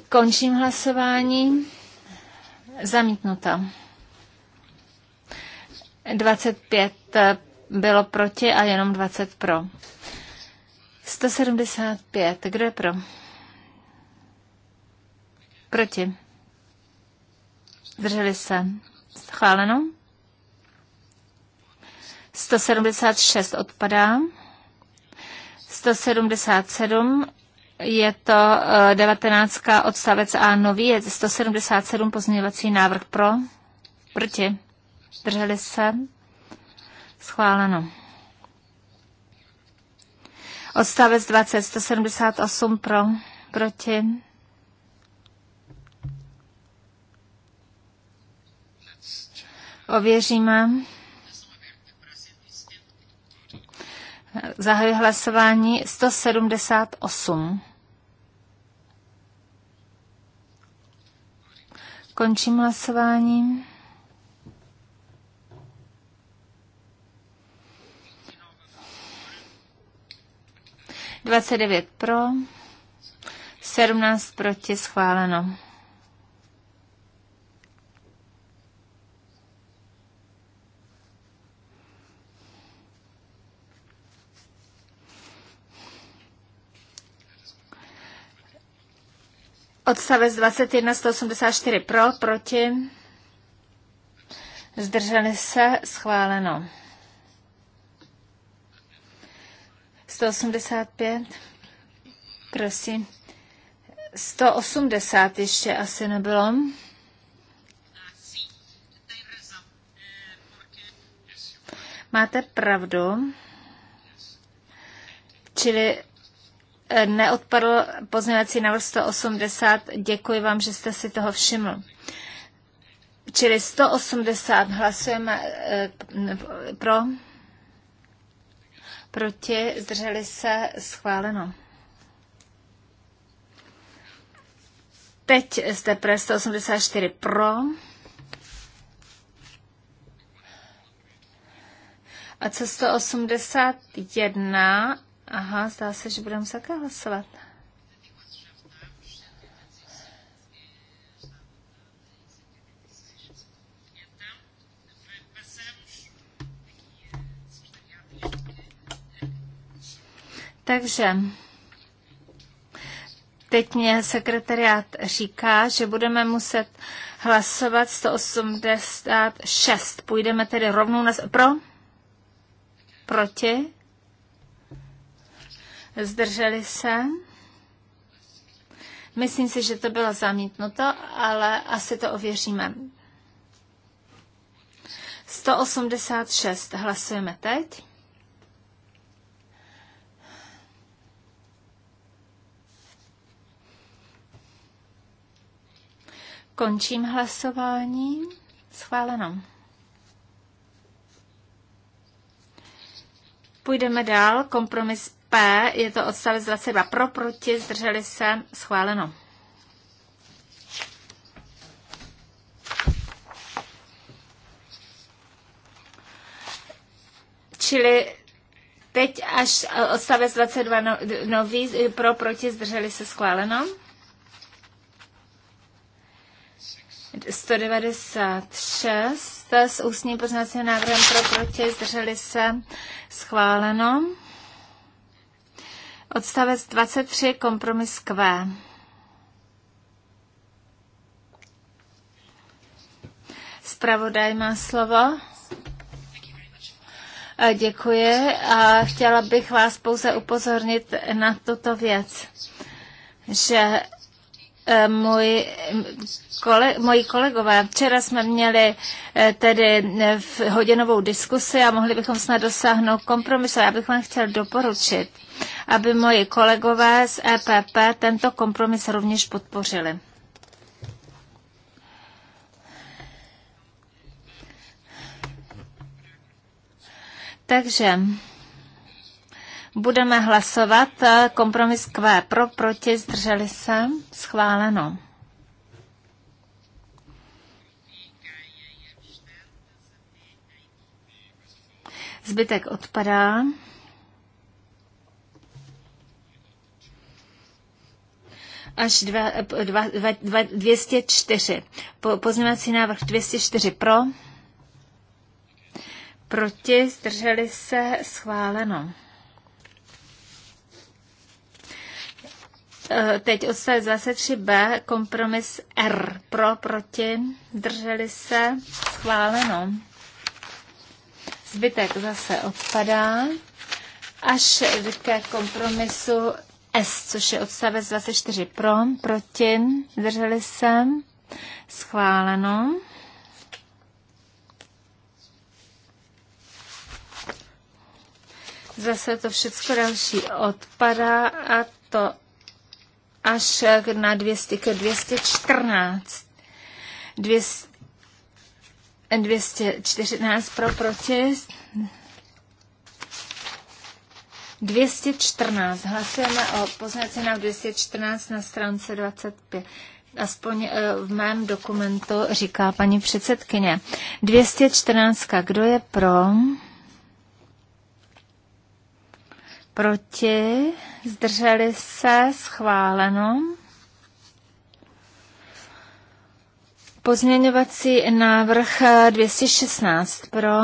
Končím hlasování. Zamítnuto. 25 eh, bylo proti a jenom 20 pro. 175. Kdo je pro? Proti. Zdrželi se. Schváleno. 176 odpadá. 177 je to 19. Eh, odstavec A nový, je 177 pozměňovací návrh pro, proti, drželi se, schváleno. Odstavec 20, 178 pro, proti, Ověříme. Zahajuji hlasování 178. Končím hlasování. Dvacet devět pro, sedmnáct proti, schváleno. Odstavec 21, 184 pro, proti. Zdrželi se, schváleno. 185, prosím. 180 ještě asi nebylo. Máte pravdu. Čili neodpadl pozměňovací návrh 180. Děkuji vám, že jste si toho všiml. Čili 180 hlasujeme eh, pro, proti, zdrželi se, schváleno. Teď jste pro 184 pro. A co 181 Aha, zdá se, že budeme se hlasovat. Takže teď mě sekretariát říká, že budeme muset hlasovat 186. Půjdeme tedy rovnou na... Pro? Proti? zdrželi se. Myslím si, že to bylo zamítnuto, ale asi to ověříme. 186 hlasujeme teď. Končím hlasování. Schváleno. Půjdeme dál. Kompromis P, je to odstavec 22 pro, proti, zdrželi se, schváleno. Čili teď až odstavec 22 no, nový, pro, proti, zdrželi se, schváleno. 196 s ústním poznacím návrhem pro proti, zdrželi se schváleno. Odstavec 23, kompromis Q. Spravodaj má slovo. Děkuji a chtěla bych vás pouze upozornit na tuto věc, že Eh, můj kole, moji kolegové. Včera jsme měli eh, tedy eh, v hodinovou diskusi a mohli bychom snad dosáhnout kompromisu. Já bych vám chtěl doporučit, aby moji kolegové z EPP tento kompromis rovněž podpořili. Takže Budeme hlasovat eh, kompromis Q pro, proti, zdrželi se, schváleno. Zbytek odpadá. Až dva, eh, dva, dva, 204. Po, pozměňovací návrh 204 pro. Proti zdrželi se schváleno. Teď zase 3 b kompromis R. Pro, proti, drželi se, schváleno. Zbytek zase odpadá až ke kompromisu S, což je odstavec 24 pro, proti, drželi se, schváleno. Zase to všechno další odpadá a to až na 200, ke 214. 200, 214 pro proti. 214. Hlasujeme o poznací na 214 na stránce 25. Aspoň eh, v mém dokumentu říká paní předsedkyně. 214. Kdo je pro? Proti? zdrželi se, schváleno. Pozměňovací návrh 216 pro,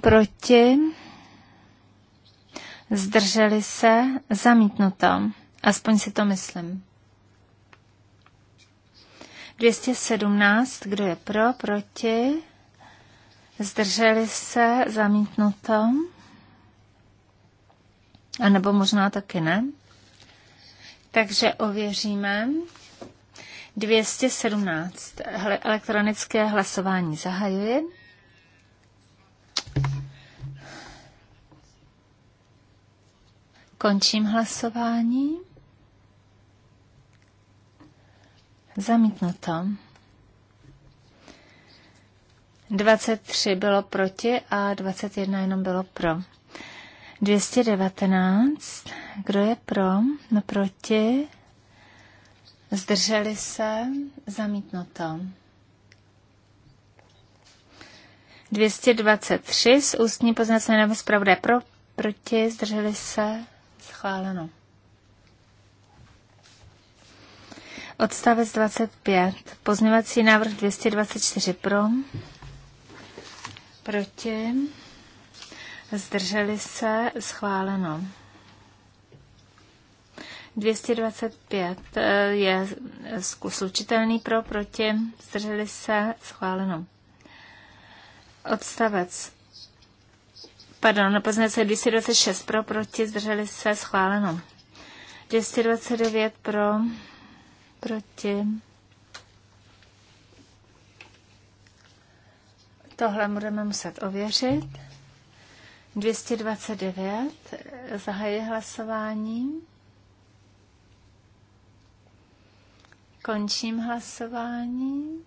proti, zdrželi se, zamítnuto. Aspoň si to myslím. 217, kdo je pro, proti, zdrželi se, zamítnuto. A nebo možná taky ne. Takže ověříme. 217. Elektronické hlasování zahajuje. Končím hlasování. Zamítnuto. 23 bylo proti a 21 jenom bylo pro. 219. Kdo je pro? No proti? Zdrželi se? Zamítnuto. 223 Z ústní poznacem nebo zpravodaj pro, proti, zdrželi se, schváleno. Odstavec 25. Pozměvací návrh 224 pro, proti, zdrželi se, schváleno. 225 eh, je slučitelný pro, proti, zdrželi se, schváleno. Odstavec. Pardon, na se 226 pro, proti, zdrželi se, schváleno. 229 pro, proti. Tohle budeme muset ověřit. 229. Zahajuji hlasování. Končím hlasování.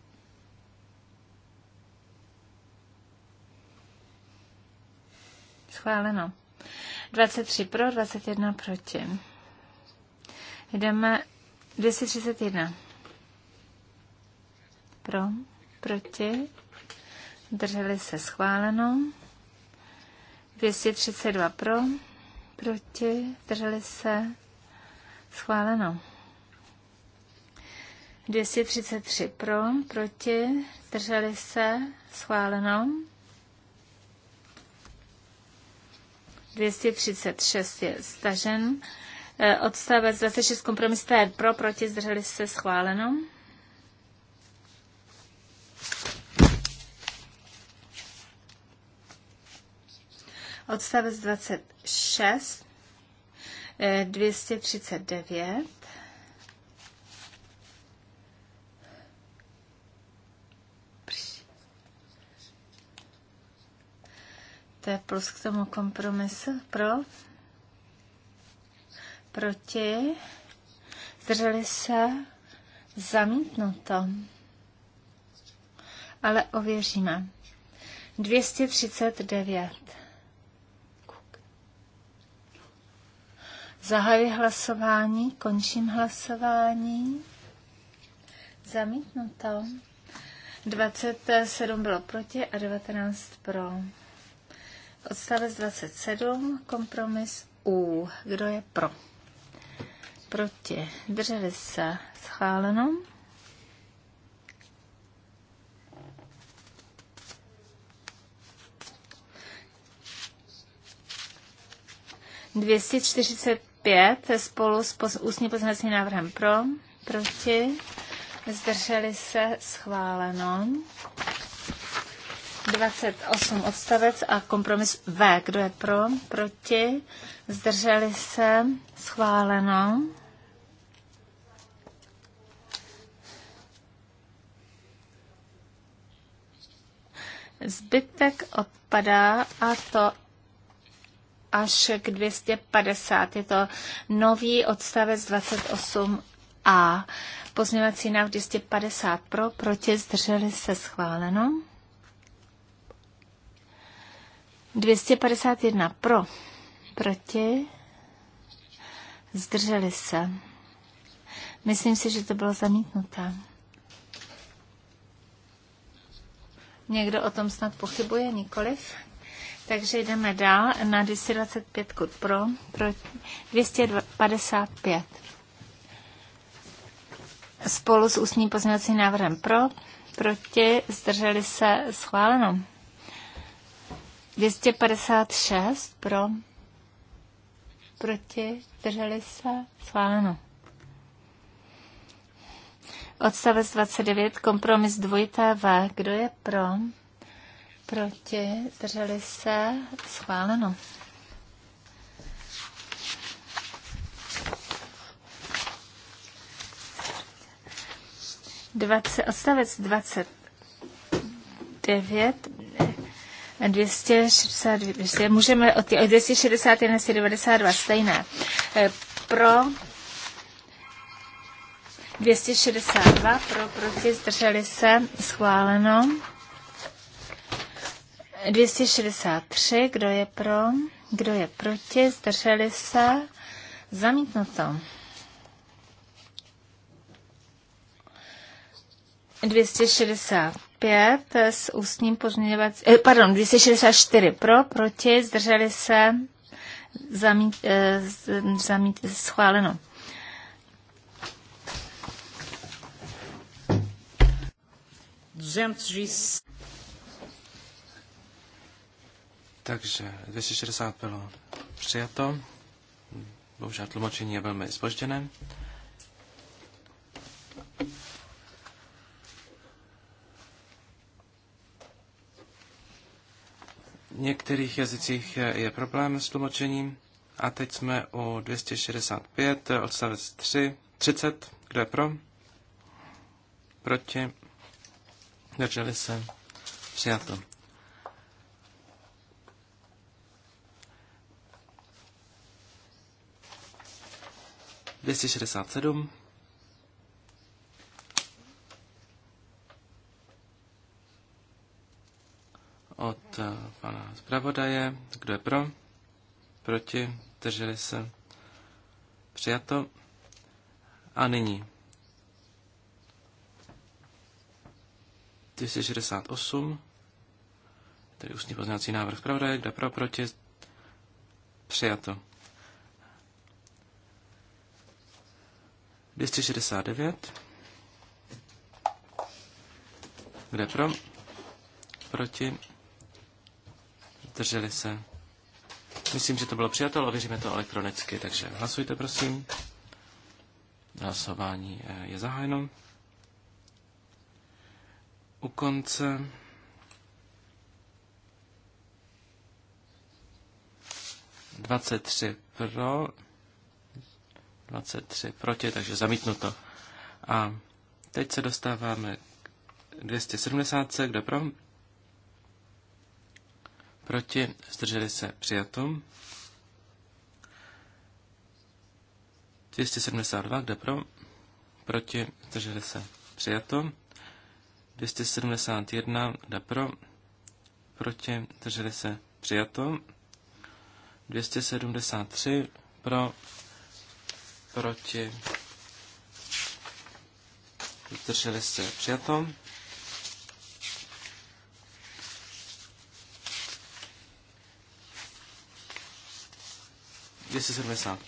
Schváleno. 23 pro, 21 proti. Jdeme 231. Pro, proti. Drželi se schváleno. 232 pro, proti, drželi se, schváleno. 233 pro, proti, drželi se, schváleno. 236 je stažen. Odstavec 26 kompromis pro, proti, zdrželi se, schváleno. Odstavec 26, 239. Eh, to je plus k tomu kompromisu. Pro? Proti? Zdrželi se? Zamítnuto. Ale ověříme. 239. Zahajuji hlasování, končím hlasování. Zamítnuto. 27 bylo proti a 19 pro. Odstavec 27, kompromis U. Kdo je pro? Proti. Drželi se. Schváleno. Dvěstě čtyřicet 5 spolu s pos- ústním pozměňovacím návrhem pro, proti, zdrželi se schváleno. 28 odstavec a kompromis V. Kdo je pro? Proti? Zdrželi se? Schváleno. Zbytek odpadá a to až k 250. Je to nový odstavec 28a. Pozměňovací návrh 250 pro, proti, zdrželi se schváleno. 251 pro, proti, zdrželi se. Myslím si, že to bylo zamítnuté. Někdo o tom snad pochybuje, nikoliv? Takže jdeme dál na 225 pro, pro 255. Spolu s ústním pozměňovacím návrhem pro, proti, zdrželi se schváleno. 256 pro, proti, zdrželi se schváleno. Odstavec 29, kompromis dvojité V. Kdo je pro? proti, drželi se, schváleno. odstavec 29, 262. můžeme od 261 92 stejné. Eh, pro 262, pro, proti, zdrželi se, schváleno. 263, kdo je pro, kdo je proti, zdrželi se, zamítnuto. 265 s ústním pozměňovací, eh, pardon, 264 pro, proti, zdrželi se, zamít, eh, zamít, schváleno. Takže 260 bylo přijato. Bohužel tlumočení je velmi zpožděné. V některých jazycích je problém s tlumočením. A teď jsme u 265, odstavec 3, 30. Kdo je pro? Proti? Drželi se. Přijato. 267. Od eh, pana zpravodaje. Kdo je pro? Proti? Drželi se? Přijato. A nyní 268, tedy ústní pozměňovací návrh zpravodaje, je pro, proti, přijato. 269. Kde pro? Proti? Drželi se. Myslím, že to bylo přijato, ale věříme to elektronicky, takže hlasujte, prosím. Hlasování eh, je zahájeno. U konce Dvacet tři pro, 23 proti, takže zamítnuto. A teď se dostáváme k 270, kdo pro? Proti, zdrželi se přijatom. 272, kde pro? Proti, zdrželi se přijato. 271, kde pro? Proti, zdrželi se přijato. 273, pro, proti, zdrželi se přijatom. Dvěstě sedmdesát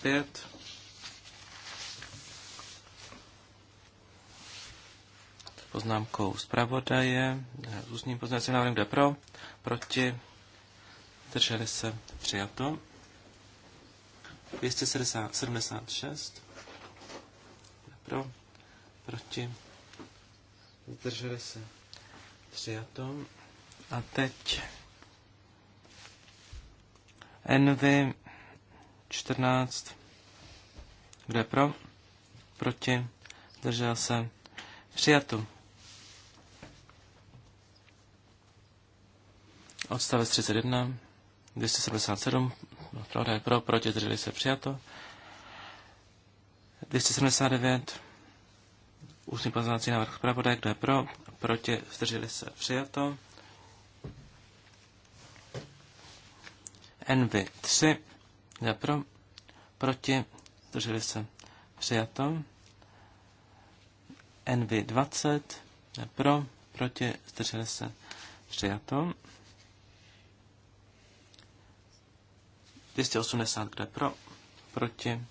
poznámkou zpravodaje, s ústním pozměňovacím návrhem kde pro, proti, drželi se, přijatom. 276. Pro. Proti. Zdrželi se. Přijato. A teď NV 14. Kde pro? Proti. Držel se. Přijato. Odstavec 31. 277 Pravda je pro, proti, drželi se přijato. 279. Ústní pozvanací návrh zpravodaj, kdo je pro, proti, zdrželi se přijato. NV3, kdo je pro, proti, zdrželi se přijato. NV20, kdo je pro, proti, zdrželi se přijato. 280, kde pro, proti,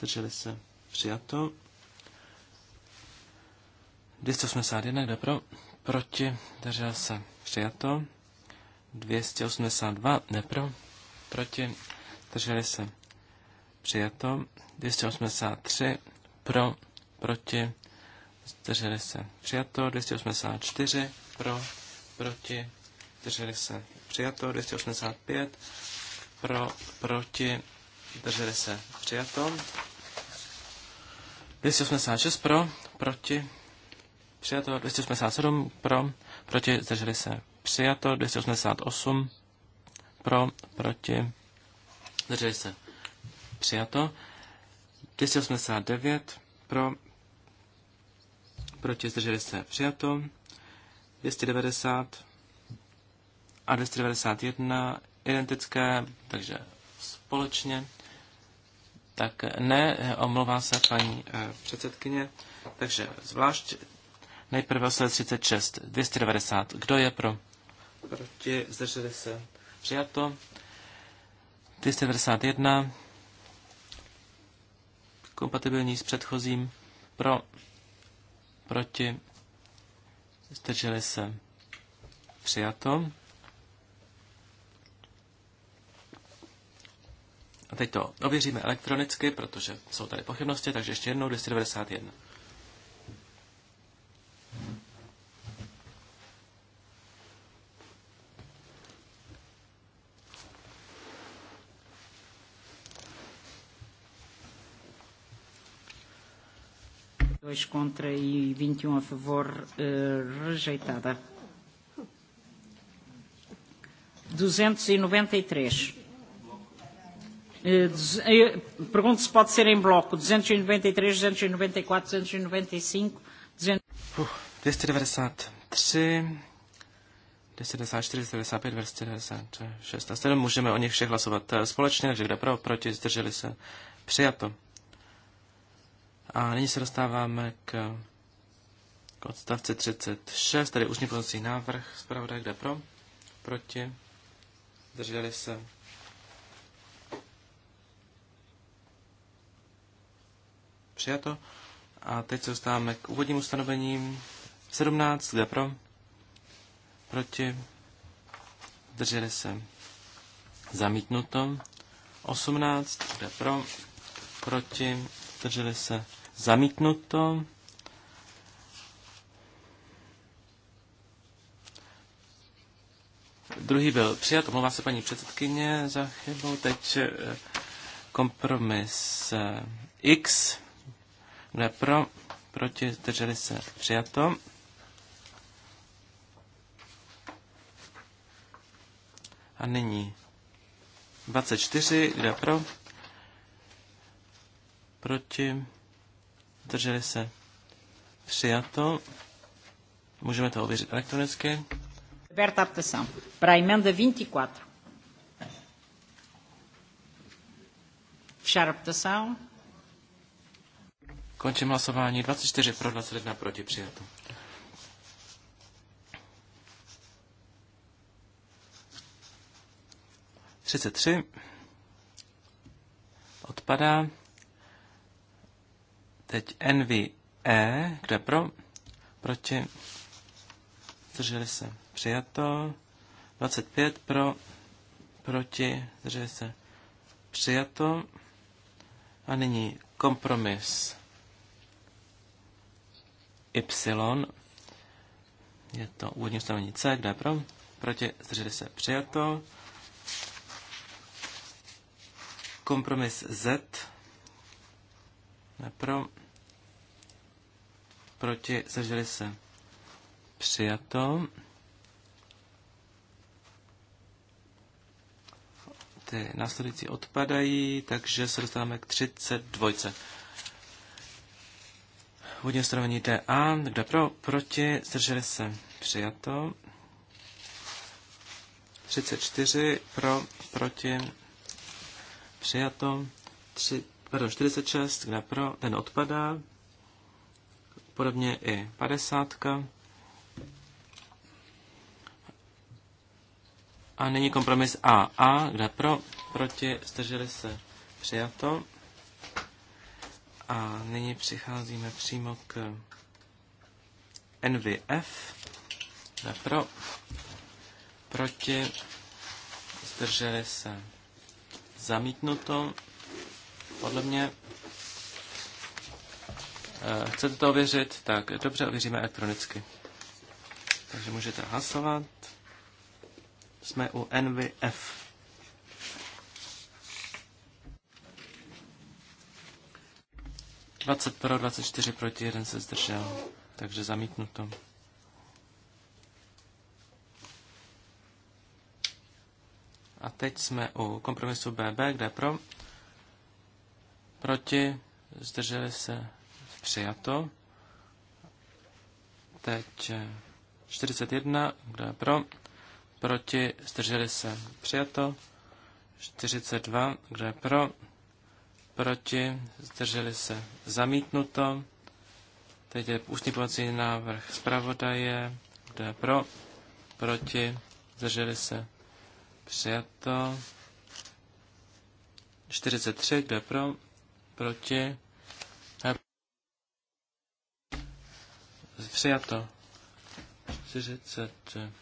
drželi se, přijato. 281, kde pro, proti, držel se, přijato. 282, ne pro, proti, drželi se, přijato. 283, pro, proti, drželi se, přijato. 284, pro, proti, drželi se, přijato. 285, pro, proti, drželi se přijato. 286 pro, proti, přijato. 287 pro, proti, zdrželi se přijato. 288 pro, proti, zdrželi se přijato. 289 pro, proti, zdrželi se přijato. 290 a 291 identické, takže společně. Tak ne, omlouvá se paní eh, předsedkyně. Takže zvlášť nejprve 36, 290. Kdo je pro? Proti, zdrželi se. Přijato. 291. Kompatibilní s předchozím. Pro. Proti. Zdrželi se. Přijato. A teď to ověříme elektronicky, protože jsou tady pochybnosti, takže ještě jednou 291. Dois contra e 21 um a favor, uh, rejeitada. 293. Eh, eh, Pergunto pode ser em bloco 293, 294, 295, 293, 295, 296 Můžeme o nich všech hlasovat eh, společně, takže kdo pro, proti, zdrželi se, přijato. A nyní se dostáváme k, k odstavci 36, tady už pozorný návrh, zpravodaj, kde pro, proti, zdrželi se, přijato. A teď se dostáváme k úvodním ustanovením. 17, kde pro? Proti? Drželi se. Zamítnuto. 18, kde pro? Proti? Drželi se. Zamítnuto. Druhý byl přijat, omlouvá se paní předsedkyně za chybu. Teď eh, kompromis eh, X je pro? Proti? Zdrželi se? Přijato. A nyní 24. je pro? Proti? Zdrželi se? Přijato. Můžeme to ověřit elektronicky. Aberta a votação para a emenda 24. E Fechar a Končím hlasování. 24 pro, 21 proti přijatu. Třicet tři. Odpadá. Teď NVE. Kde pro? Proti. Zdrželi se. Přijato. 25 pro. Proti. Zdrželi se. Přijato. A nyní kompromis Y. Je to úvodní ustanovení C, kde je pro? Proti, zdrželi se, přijato. Kompromis Z, ne pro. Proti, zdrželi se, přijato. Ty následující odpadají, takže se dostáváme k 32. Hodně strany DA, kdo pro, proti, zdrželi se přijato. 34 pro, proti, přijato. 3, pardon, 46, kde pro, ten odpadá. Podobně i 50. A nyní kompromis AA, kde pro, proti, zdrželi se přijato. A nyní přicházíme přímo k NVF. Ne pro, proti, zdrželi se zamítnuto, podle mě. Eh, chcete to ověřit? Tak dobře, ověříme elektronicky. Takže můžete hlasovat. Jsme u NVF. 20 pro, 24 proti, jeden se zdržel. Takže zamítnuto. A teď jsme u kompromisu BB, kde pro, proti, zdrželi se přijato. Teď 41, eh, kde pro, proti, zdrželi se přijato. 42, kde pro, proti, zdrželi se zamítnuto. Teď je ústní povací návrh zpravodaje, kdo je pro, proti, zdrželi se přijato. 43, kdo je pro, proti, přijato.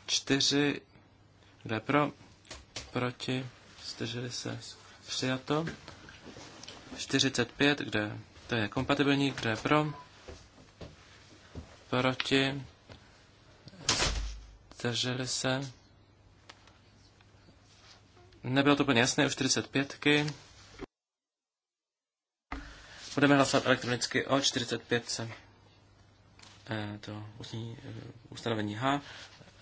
44, kdo je pro, proti, zdrželi se přijato. 45, kde to je kompatibilní, kde je pro, proti, zdrželi se. Nebylo to úplně jasné u 45. -ky. Budeme hlasovat elektronicky o 45. -ce. Eh, to eh, ustanovení H.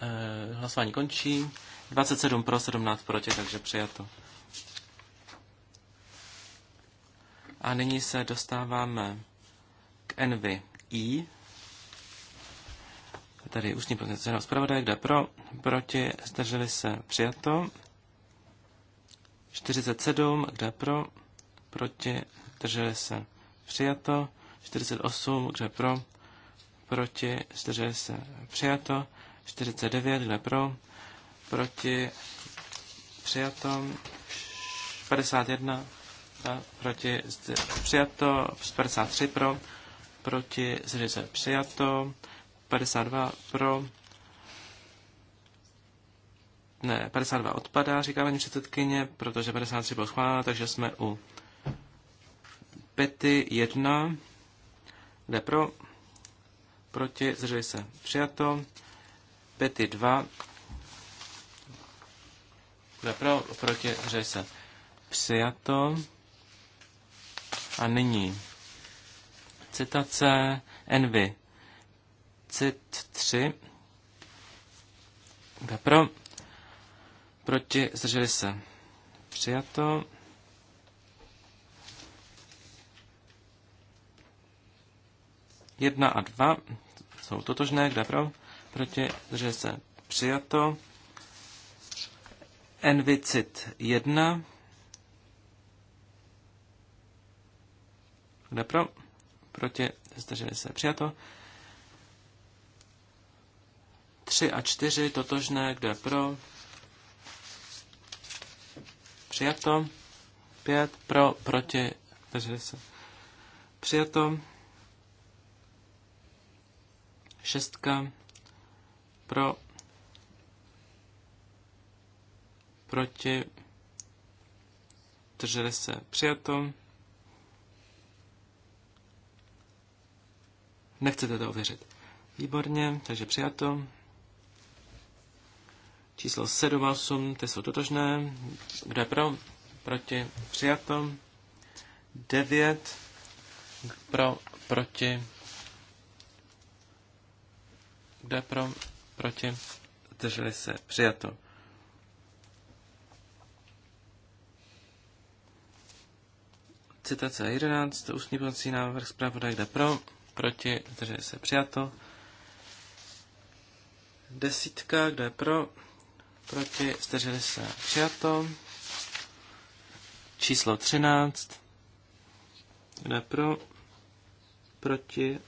Eh, hlasování končí. 27 pro, 17 proti, takže přijato. A nyní se dostáváme k NVI, tady ústní pozice na zpravodaj, kde pro, proti, zdrželi se, přijato. 47, kde pro, proti, zdrželi se, přijato. 48, kde pro, proti, zdrželi se, přijato. 49, kde pro, proti, přijato. 51, proti, přijato, 53 pro, proti, zdrželi přijato, 52 pro, ne, 52 odpadá, říká paní předsedkyně, protože 53 bylo schválena, takže jsme u pety 1, jde pro, proti, zdrželi se, přijato, pety 2, kde pro, proti, zdrželi se, přijato, a nyní citace Envy. Cit 3. Pro. Proti. Zdrželi se. Přijato. Jedna a dva jsou totožné. Kde pro? Proti. Zdrželi se. Přijato. Envicit 1 Kdo pro? Proti? Zdrželi se. Přijato. 3 a 4 totožné. Kdo je pro? Přijato. 5 pro, proti, zdrželi se. Přijato. 6, pro, proti, zdrželi se. Přijato. Nechcete to ověřit. Výborně, takže přijato. Číslo 7 a 8, ty jsou totožné. Kdo je pro? Proti. Přijato. 9. Pro. Proti. Kdo je pro? Proti. Drželi se. Přijato. Citace 11. Ústní pomocí návrh zpravodaj jde pro proti, takže se přijato. Desítka, kdo je pro, proti, zdrželi se přijato. Číslo 13, kdo je pro, proti,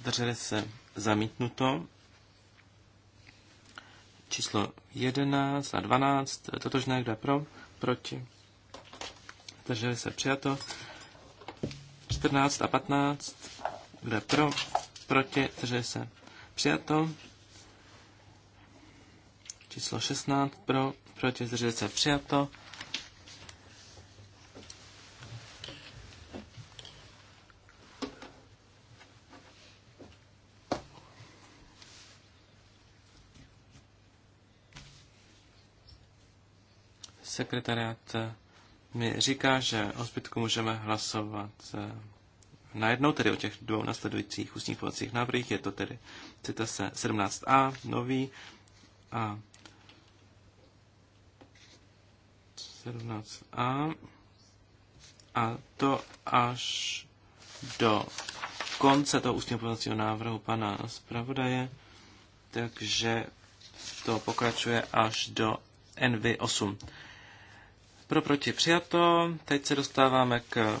zdrželi se zamítnuto. Číslo 11 a 12, totožné, kdo je pro, proti, zdrželi se přijato. 14 a 15, kde pro, proti, zdrželi se. Přijato. Číslo 16 pro, proti, zdrželi se. Přijato. sekretariat mi říká, že o zbytku můžeme hlasovat eh, najednou, tedy o těch dvou nasledujících ústních povacích návrhích. Je to tedy citace 17a, nový a 17a a to až do konce toho ústního pozvacího návrhu pana zpravodaje, takže to pokračuje až do NV8. Pro proti přijato. Teď se dostáváme k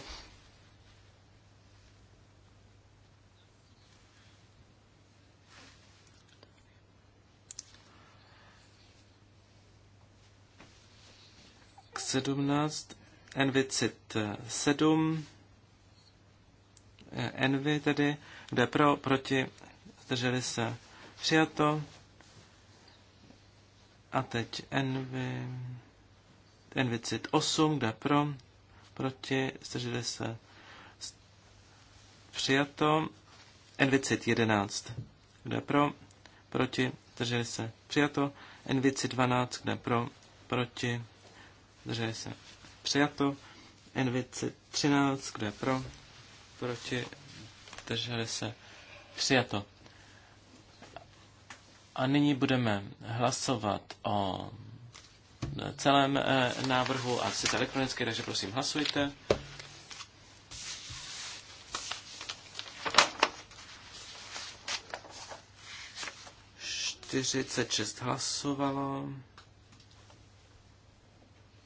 k 17. Envicit 7. Envy tedy, kde pro, proti, zdrželi se přijato. A teď Envy. N28, kde pro, proti, zdrželi se přijato. N211, kde pro, proti, zdrželi se přijato. N212, kde pro, proti, zdrželi se přijato. N213, kde pro, proti, zdrželi se přijato. A nyní budeme hlasovat o celém eh, návrhu a sice elektronicky, takže prosím hlasujte. Čtyřicet hlasovalo.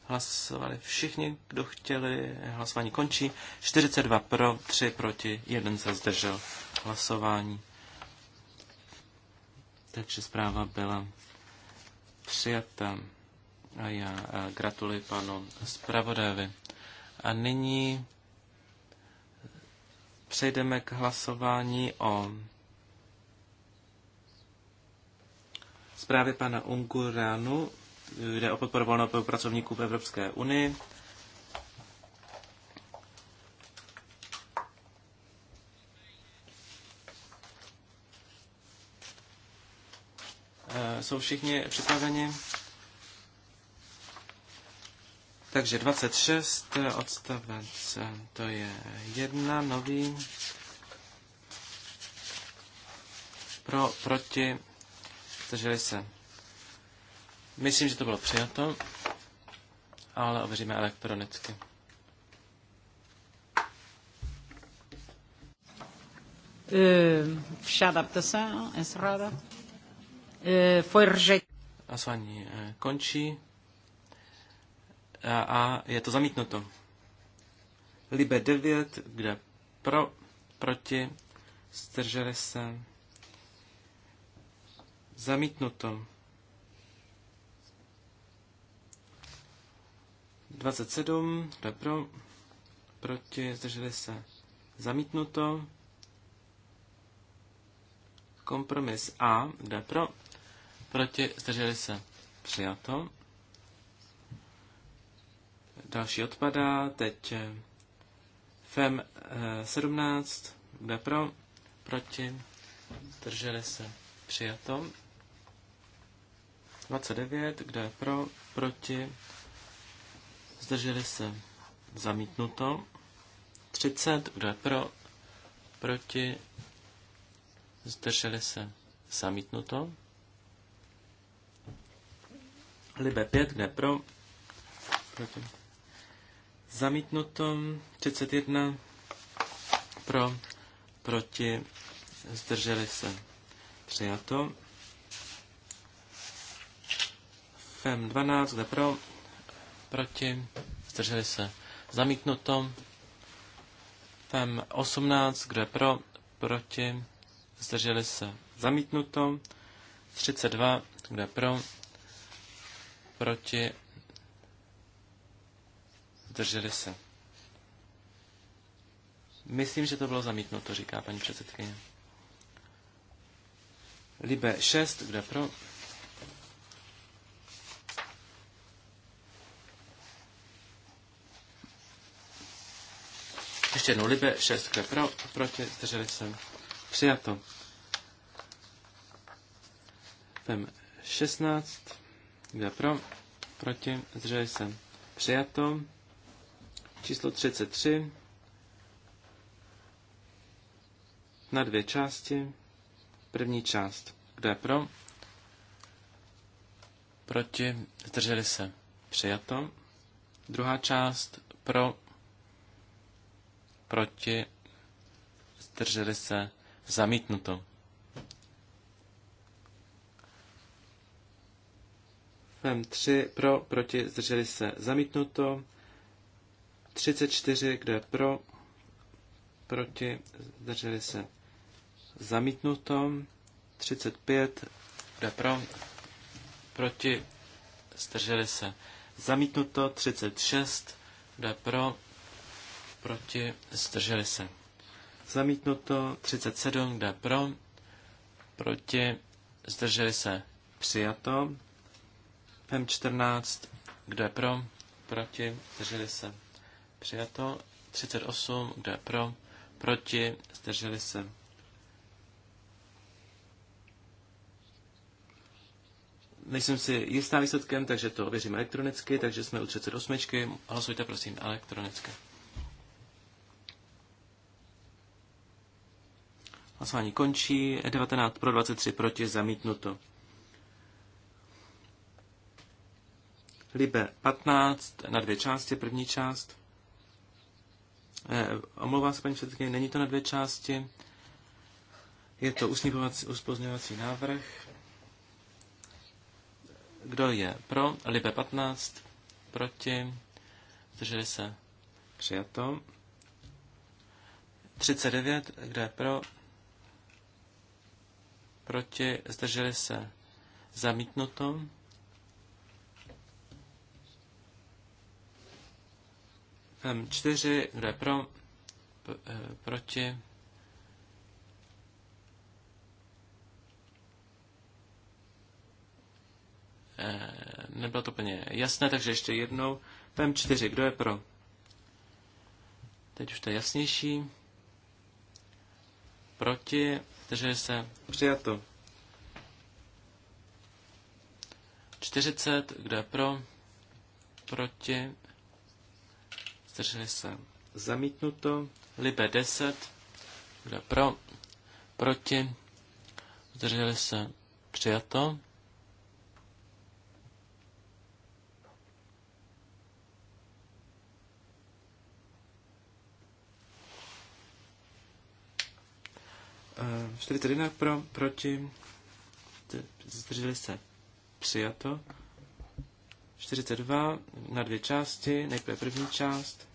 Hlasovali všichni, kdo chtěli. Hlasování končí. 42 pro, 3 proti, 1 se zdržel hlasování. Takže zpráva byla přijata. A já eh, gratuluji panu zpravodajovi. A nyní přejdeme k hlasování o zprávě pana Unguranu, jde o podporu volného pracovníků v Evropské unii. Eh, jsou všichni připraveni? Takže 26 odstavec, to je jedna nový pro, proti, zdrželi se. Myslím, že to bylo přijato, ale ověříme elektronicky. Vše adaptace encerrada. Foi rejeitado. končí. A, a je to zamítnuto. Libe 9, kde pro, proti, zdrželi se. Zamítnuto. 27, kde pro, proti, zdrželi se. Zamítnuto. Kompromis A, kde pro, proti, zdrželi se. Přijato. Další odpadá, teď FEM 17, bude pro, proti, drželi se přijato. 29, kde pro, proti, zdrželi se zamítnuto. 30, kdo je pro, proti, zdrželi se zamítnuto. Libe 5, kde pro, proti Zamítnuto 31 pro, proti, zdrželi se. Přijato. FEM 12, kde pro, proti, zdrželi se. Zamítnuto. FEM 18, kde pro, proti, zdrželi se. Zamítnuto. 32, kde pro, proti, drželi se. Myslím, že to bylo zamítnuto, říká paní předsedkyně. Libe 6, kde pro? Ještě jednou, Libe 6, kde pro? Proti, zdrželi se. Přijato. Pem 16, kde pro? Proti, zdrželi se. Přijato číslo 33 na dvě části. První část. Kdo je pro? Proti. Zdrželi se. Přijato. Druhá část. Pro. Proti. Zdrželi se. Zamítnuto. FEM 3 pro, proti, zdrželi se, zamítnuto. 34, kdo je pro, proti, zdrželi se zamítnuto. 35, kdo je pro, proti, zdrželi se zamítnuto. 36, kdo je pro, proti, zdrželi se zamítnuto. 37, kdo je pro, proti, zdrželi se přijato. PEM 14, kdo je pro, proti, zdrželi se Přijato. 38, kdo je pro? Proti? Zdrželi se. Nejsem si jistá výsledkem, takže to ověřím elektronicky, takže jsme u 38. Hlasujte prosím elektronicky. Hlasování končí. 19 pro 23 proti zamítnuto. Libe 15 na dvě části. První část Eh, omlouvám se, paní předsedkyně, není to na dvě části. Je to uspozňovací návrh. Kdo je pro? Libe 15. Proti? Zdrželi se. Přijato. 39. Kdo je pro? Proti? Zdrželi se. Zamítnuto. M4, kdo je pro, P eh, proti. E, nebylo to úplně jasné, takže ještě jednou. M4, kdo je pro? Teď už to je jasnější. Proti, takže se přijato. 40, kdo je pro? Proti, zdrželi se zamítnuto. Libe 10, kdo pro, proti, zdrželi se přijato. E, eh, 41 pro, proti, zdrželi se přijato. 42 na dvě části, nejprve první část,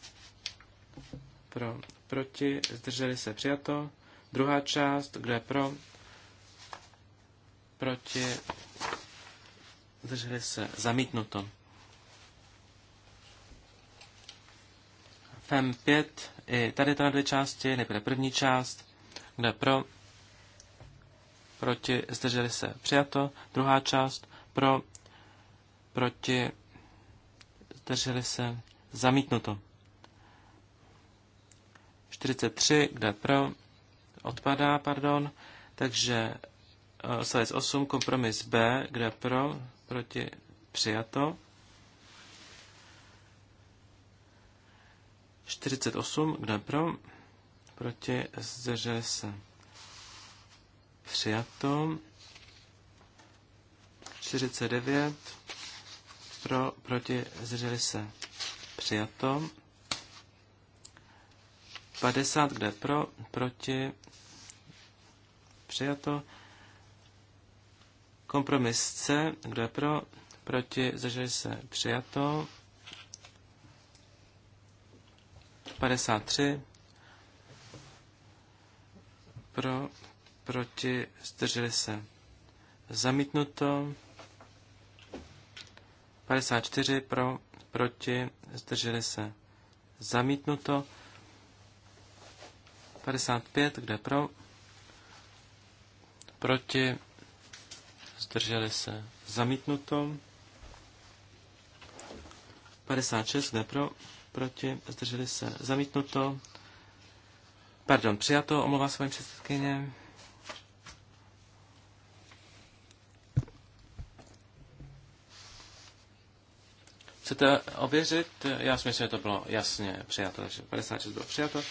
pro, proti, zdrželi se přijato, druhá část, kdo je pro, proti, zdrželi se zamítnuto. FEM 5, i tady to na dvě části, nejprve první část, kde pro, proti, zdrželi se přijato, druhá část, pro, proti, zdrželi se, zamítnuto. 43, kde pro, odpadá, pardon, takže eh, odstavec 8, kompromis B, kde pro, proti, přijato. 48, kde pro, proti, zdrželi se, přijato. 49, pro, proti, zdrželi se, přijato. 50, kde pro, proti, přijato. Kompromis C, je pro, proti, zdrželi se, přijato. 53, pro, proti, zdrželi se, zamítnuto. 54 pro, proti, zdrželi se zamítnuto. 55, kde pro, proti, zdrželi se zamítnuto. 56, kde pro, proti, zdrželi se zamítnuto. Pardon, přijato, omlouvám se paní předsedkyně. Chcete ověřit? Já si myslím, že to bylo jasně přijato, že 56 bylo přijato.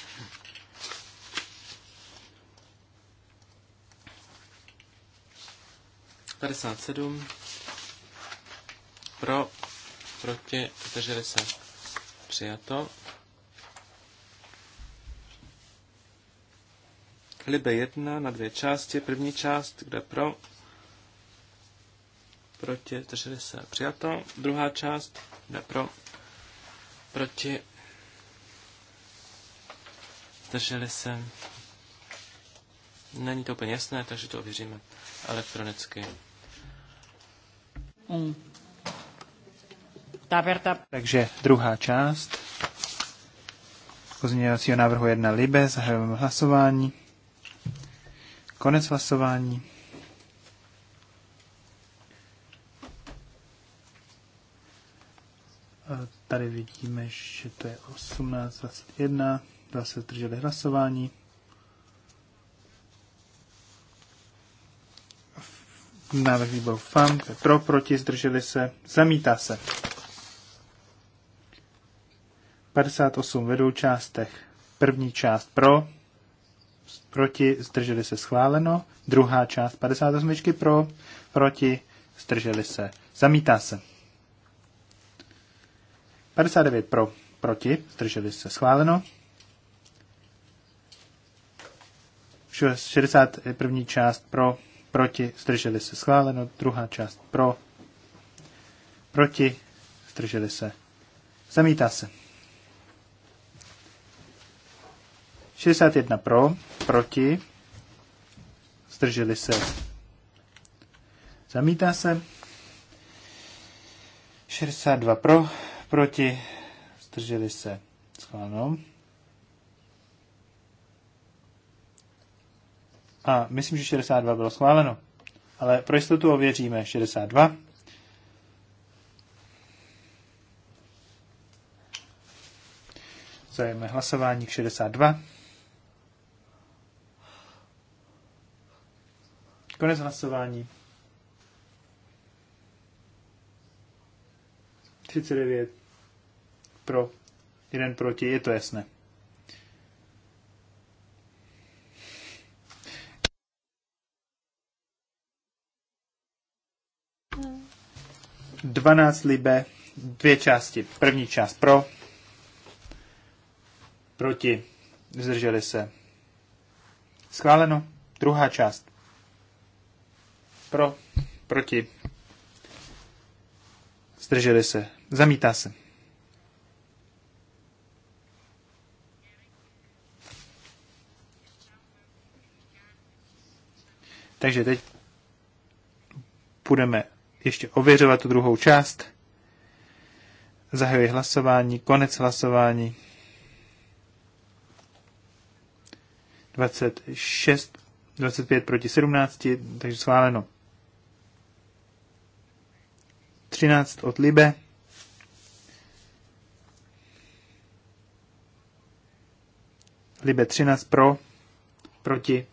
pro, proti, drželi se přijato. Libe 1 na dvě části. První část, kde pro, proti, 60 přijato. Druhá část, jde pro, proti, zdrželi se. Není to úplně jasné, takže to ověříme elektronicky. Mm. Takže druhá část pozměňovacího návrhu 1 Libe, zahajujeme hlasování. Konec hlasování. Tady vidíme, že to je 18.21. Dva se zdrželi hlasování. Návrh byl fan. pro, proti, zdrželi se, zamítá se. 58 vedou částech. První část pro, proti, zdrželi se schváleno. Druhá část 58 pro, proti, zdrželi se, zamítá se. 59 pro, proti, zdrželi se schváleno. 61. část pro, proti, zdrželi se schváleno. Druhá část pro, proti, zdrželi se. Zamítá se. 61 pro, proti, zdrželi se. Zamítá se. 62 pro, proti, zdrželi se, schváleno. A myslím, že 62 bylo schváleno. Ale pro jistotu ověříme 62. Zajeme hlasování k 62. Konec hlasování. 39 pro, jeden proti, je to jasné. Dvanáct libe, dvě části. První část pro, proti, zdrželi se. Schváleno. Druhá část. Pro, proti, zdrželi se. Zamítá se. Takže teď budeme ještě ověřovat tu druhou část. Zahajuji hlasování, konec hlasování. 26, 25 proti 17, takže schváleno. 13 od Libe. Libe 13 pro, proti.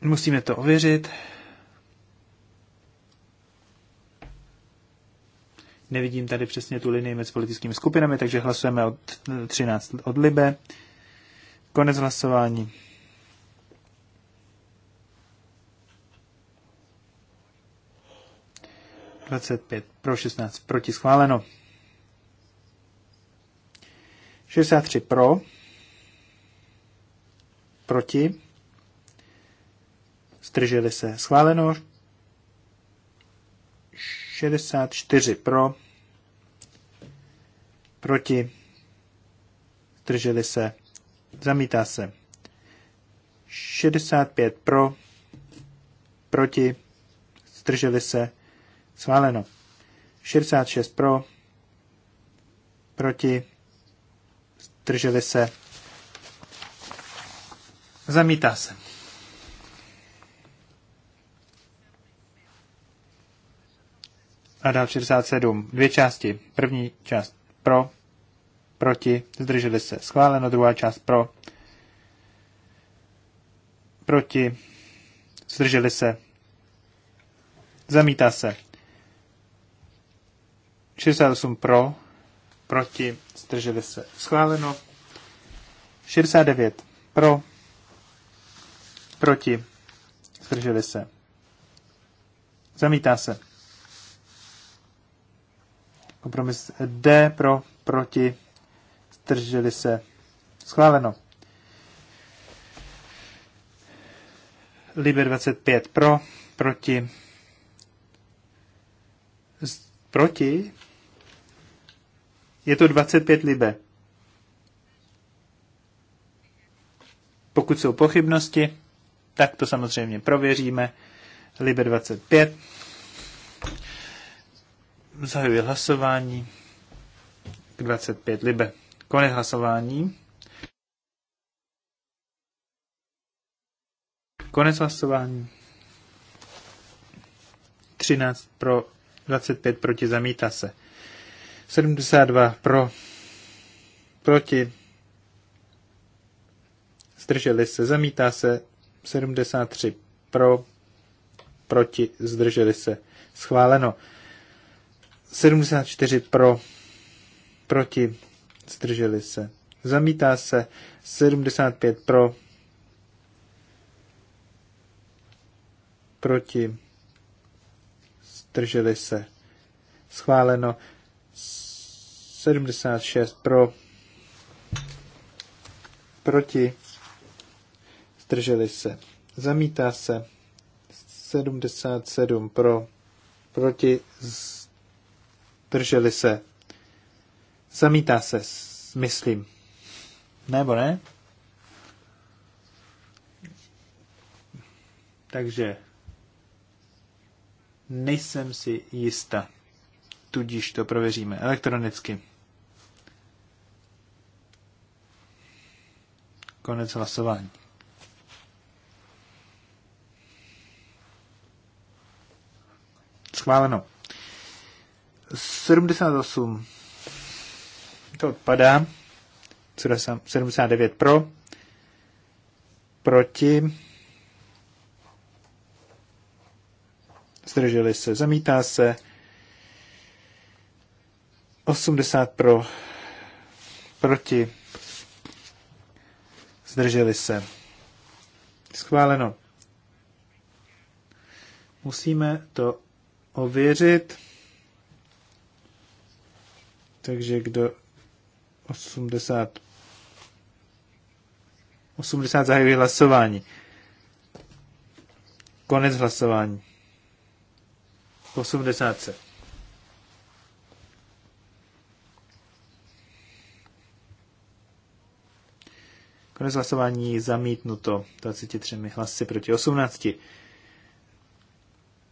Musíme to ověřit. Nevidím tady přesně tu linii mezi politickými skupinami, takže hlasujeme od 13 eh, od Libe. Konec hlasování. Dvacet pět pro 16 proti schváleno. 63 pro, proti, zdrželi se schváleno, 64 pro, proti, zdrželi se, zamítá se, 65 pro, proti, zdrželi se, schváleno, 66 pro, proti, drželi se, zamítá se. A dál 67. Dvě části. První část pro, proti, zdrželi se. Schváleno druhá část pro, proti, zdrželi se. Zamítá se. 68 pro, proti, zdrželi se schváleno. 69 pro, proti, zdrželi se. Zamítá se. Kompromis D pro, proti, zdrželi se. Schváleno. Libe 25 pro, proti, proti, je to 25 libe. Pokud jsou pochybnosti, tak to samozřejmě prověříme. Libe 25. Zahajuji hlasování. 25 libe. Konec hlasování. Konec hlasování. 13 pro, 25 proti zamítá se. 72 pro, proti, zdrželi se, zamítá se, 73 pro, proti, zdrželi se, schváleno, 74 pro, proti, zdrželi se, zamítá se, 75 pro, proti, zdrželi se, schváleno, 76 pro, proti, zdrželi se, zamítá se, 77 pro, proti, zdrželi se, zamítá se, myslím. Nebo ne? Takže nejsem si jista. Tudíž to prověříme elektronicky. Konec hlasování. Schváleno. 78. To odpadá. 79 pro. Proti. Zdrželi se. Zamítá se. 80 pro. Proti zdrželi se. Schváleno. Musíme to ověřit. Takže kdo 80 80 zahajuje hlasování. Konec hlasování. 80. Konec hlasování zamítnuto 23 hlasy proti 18.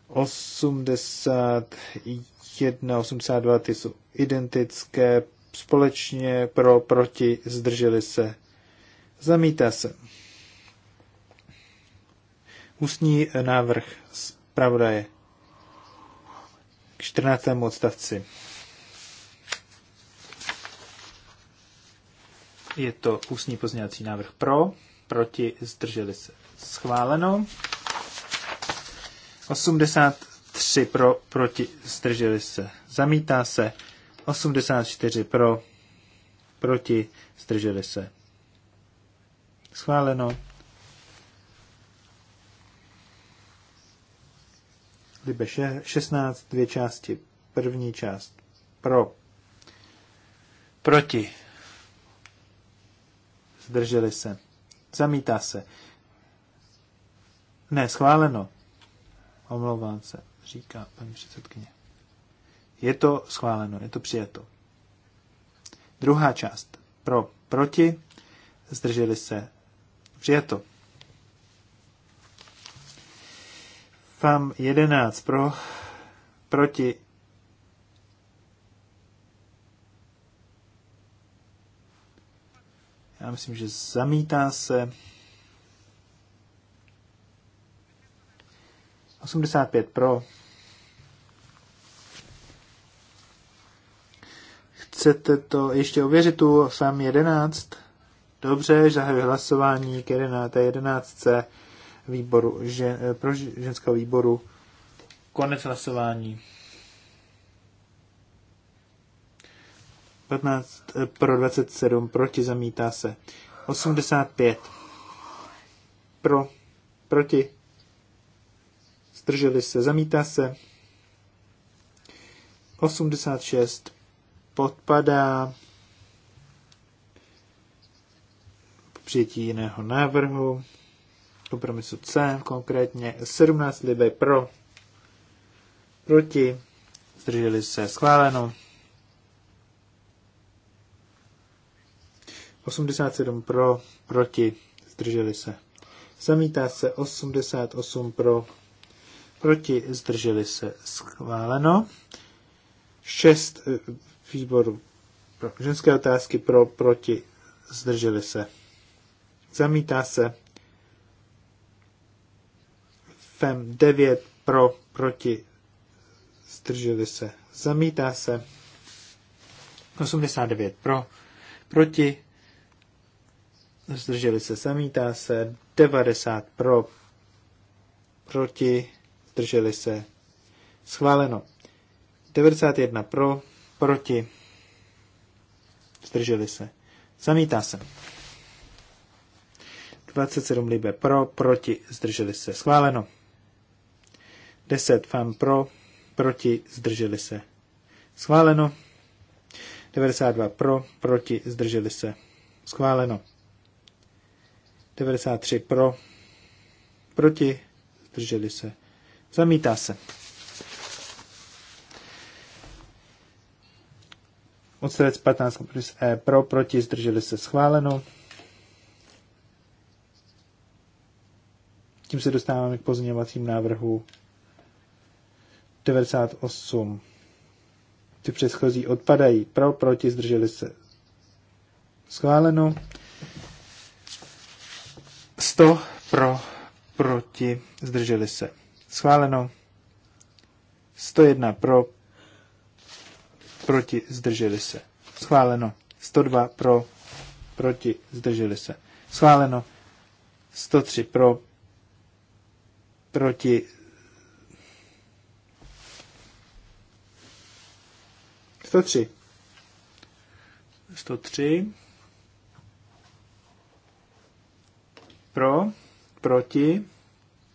81, 82, ty jsou identické, společně pro, proti, zdrželi se. Zamítá se. Ústní návrh zpravodaje k 14. odstavci. Je to ústní pozměňovací návrh pro, proti, zdrželi se. Schváleno. 83 pro, proti, zdrželi se. Zamítá se. 84 pro, proti, zdrželi se. Schváleno. Libe 16, dvě části. První část pro, proti, zdrželi se, zamítá se. Ne, schváleno. Omlouvám se, říká paní předsedkyně. Je to schváleno, je to přijeto. Druhá část. Pro, proti, zdrželi se, přijeto. FAM 11 pro, proti, Já myslím, že zamítá se. 85 pro. Chcete to ještě ověřit tu FAM 11? Dobře, zahajuji hlasování k 11. 11. výboru, že pro ženského výboru. Konec hlasování. 15 eh, pro 27, proti zamítá se. 85 pro, proti, zdrželi se, zamítá se. 86 podpadá přijetí jiného návrhu, kompromisu C konkrétně, 17 libe pro, proti, zdrželi se, schváleno. 87 pro, proti, zdrželi se. Zamítá se 88 pro, proti, zdrželi se. Schváleno. 6 eh, výboru pro ženské otázky pro, proti, zdrželi se. Zamítá se. FEM 9 pro, proti, zdrželi se. Zamítá se. 89 pro, proti, zdrželi se, zamítá se, 90 pro, proti, zdrželi se, schváleno, 91 pro, proti, zdrželi se, zamítá se. 27 libe pro, proti, zdrželi se, schváleno. 10 fan pro, proti, zdrželi se, schváleno. 92 pro, proti, zdrželi se, schváleno. 93 pro, proti, zdrželi se, zamítá se. Odstavec 15 plus E pro, proti, zdrželi se, schváleno. Tím se dostáváme k pozměňovacím návrhu 98. Ty předchozí odpadají. Pro, proti, zdrželi se. Schváleno. 100 pro, proti, zdrželi se. Schváleno. 101 pro, proti, zdrželi se. Schváleno. 102 pro, proti, zdrželi se. Schváleno. 103 pro, proti, Sto tři. Sto tři. Pro, proti,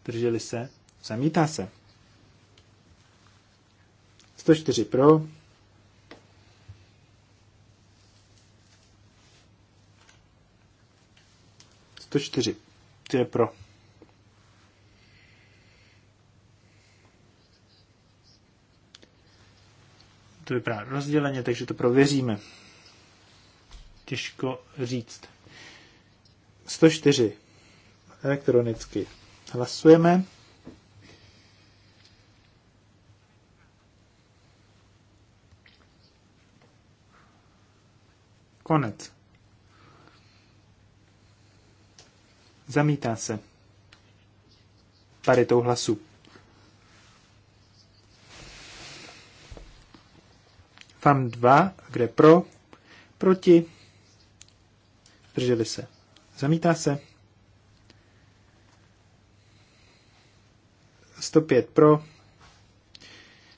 drželi se, zamítá se. 104 pro, To čtyři. To je pro. To vypadá rozděleně, takže to prověříme. Těžko říct. 104 elektronicky. Hlasujeme. Konec. Zamítá se. Paritou hlasu. FAM 2, kde pro, proti, drželi se. Zamítá se. 105 pro,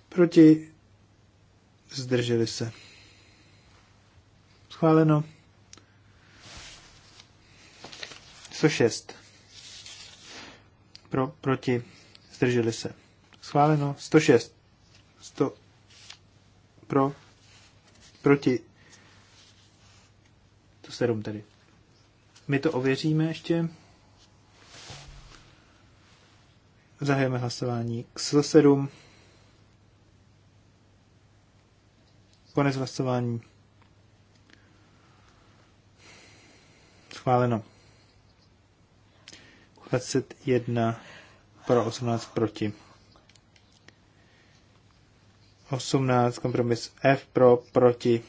proti, zdrželi se. Schváleno. 106 pro, proti, zdrželi se. Schváleno. 106 100 pro, proti, 107 tedy. My to ověříme ještě. Zahajeme hlasování k SL7. Konec hlasování. Schváleno. 21 pro 18 proti. 18 kompromis F pro proti.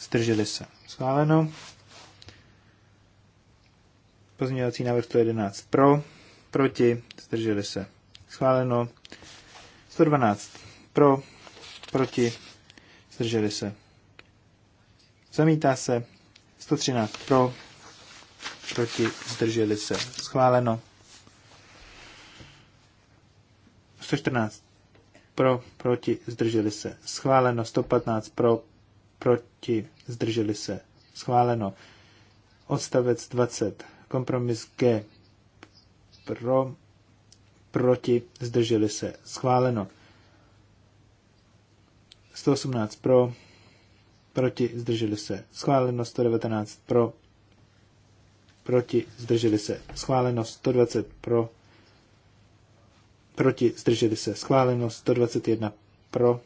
Zdrželi se. Schváleno. Pozměňovací návrh 111 pro proti, zdrželi se. Schváleno 112 pro, proti, zdrželi se. Zamítá se 113 pro, proti, zdrželi se. Schváleno 114 pro, proti, zdrželi se. Schváleno 115 pro, proti, zdrželi se. Schváleno. Odstavec 20. Kompromis G pro, proti, zdrželi se, schváleno. 118 pro, proti, zdrželi se, schváleno. 119 pro, proti, zdrželi se, schváleno. 120 pro, proti, zdrželi se, schváleno. 121 pro,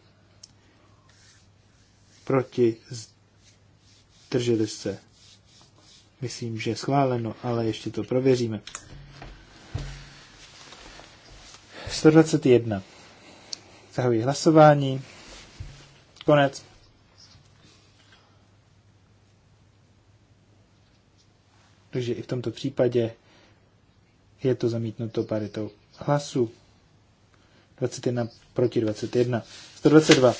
proti, zdrželi se. Myslím, že schváleno, ale ještě to prověříme. 121. Zahajuji hlasování. Konec. Takže i v tomto případě je to zamítnuto paritou hlasů. 21 proti 21. 122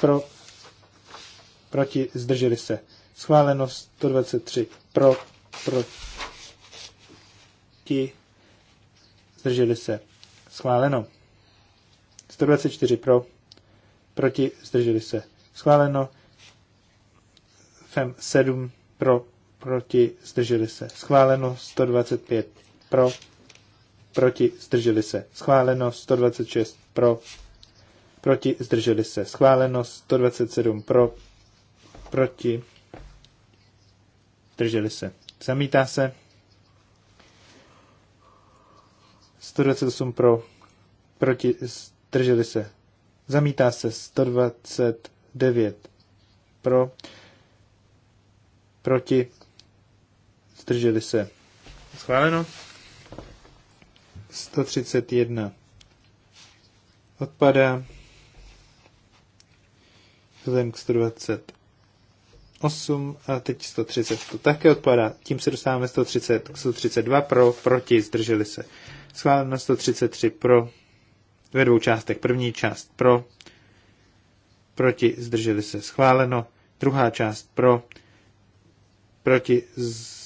pro, proti, zdrželi se. Schváleno 123 pro, proti, zdrželi se. Schváleno. 124 pro. Proti. Zdrželi se. Schváleno. FEM 7 pro. Proti. Zdrželi se. Schváleno. 125 pro. Proti. Zdrželi se. Schváleno. 126 pro. Proti. Zdrželi se. Schváleno. 127 pro. Proti. Zdrželi se. Zamítá se. 128 pro, proti, zdrželi se. Zamítá se 129 pro, proti, zdrželi se. Schváleno. 131 odpadá vzhledem k 128 a teď 130 to také odpadá. Tím se dostáváme 130 k 132 pro, proti, zdrželi se. Schváleno 133 pro. Ve dvou částech. První část pro. Proti zdrželi se. Schváleno. Druhá část pro. Proti z...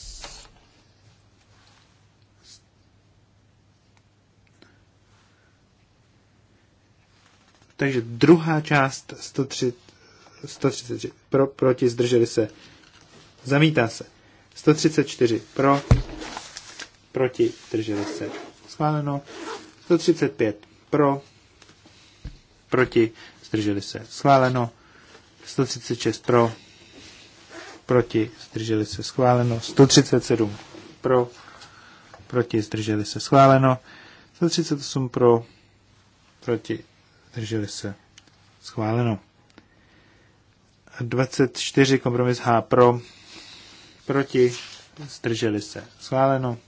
Takže druhá část 103, 133 pro, proti zdrželi se. Zamítá se. 134 pro, proti zdrželi se schváleno. 135 pro, proti, zdrželi se, schváleno. 136 pro, proti, zdrželi se, schváleno. 137 pro, proti, zdrželi se, schváleno. 138 pro, proti, zdrželi se, schváleno. 24 kompromis H pro, proti, zdrželi se, schváleno.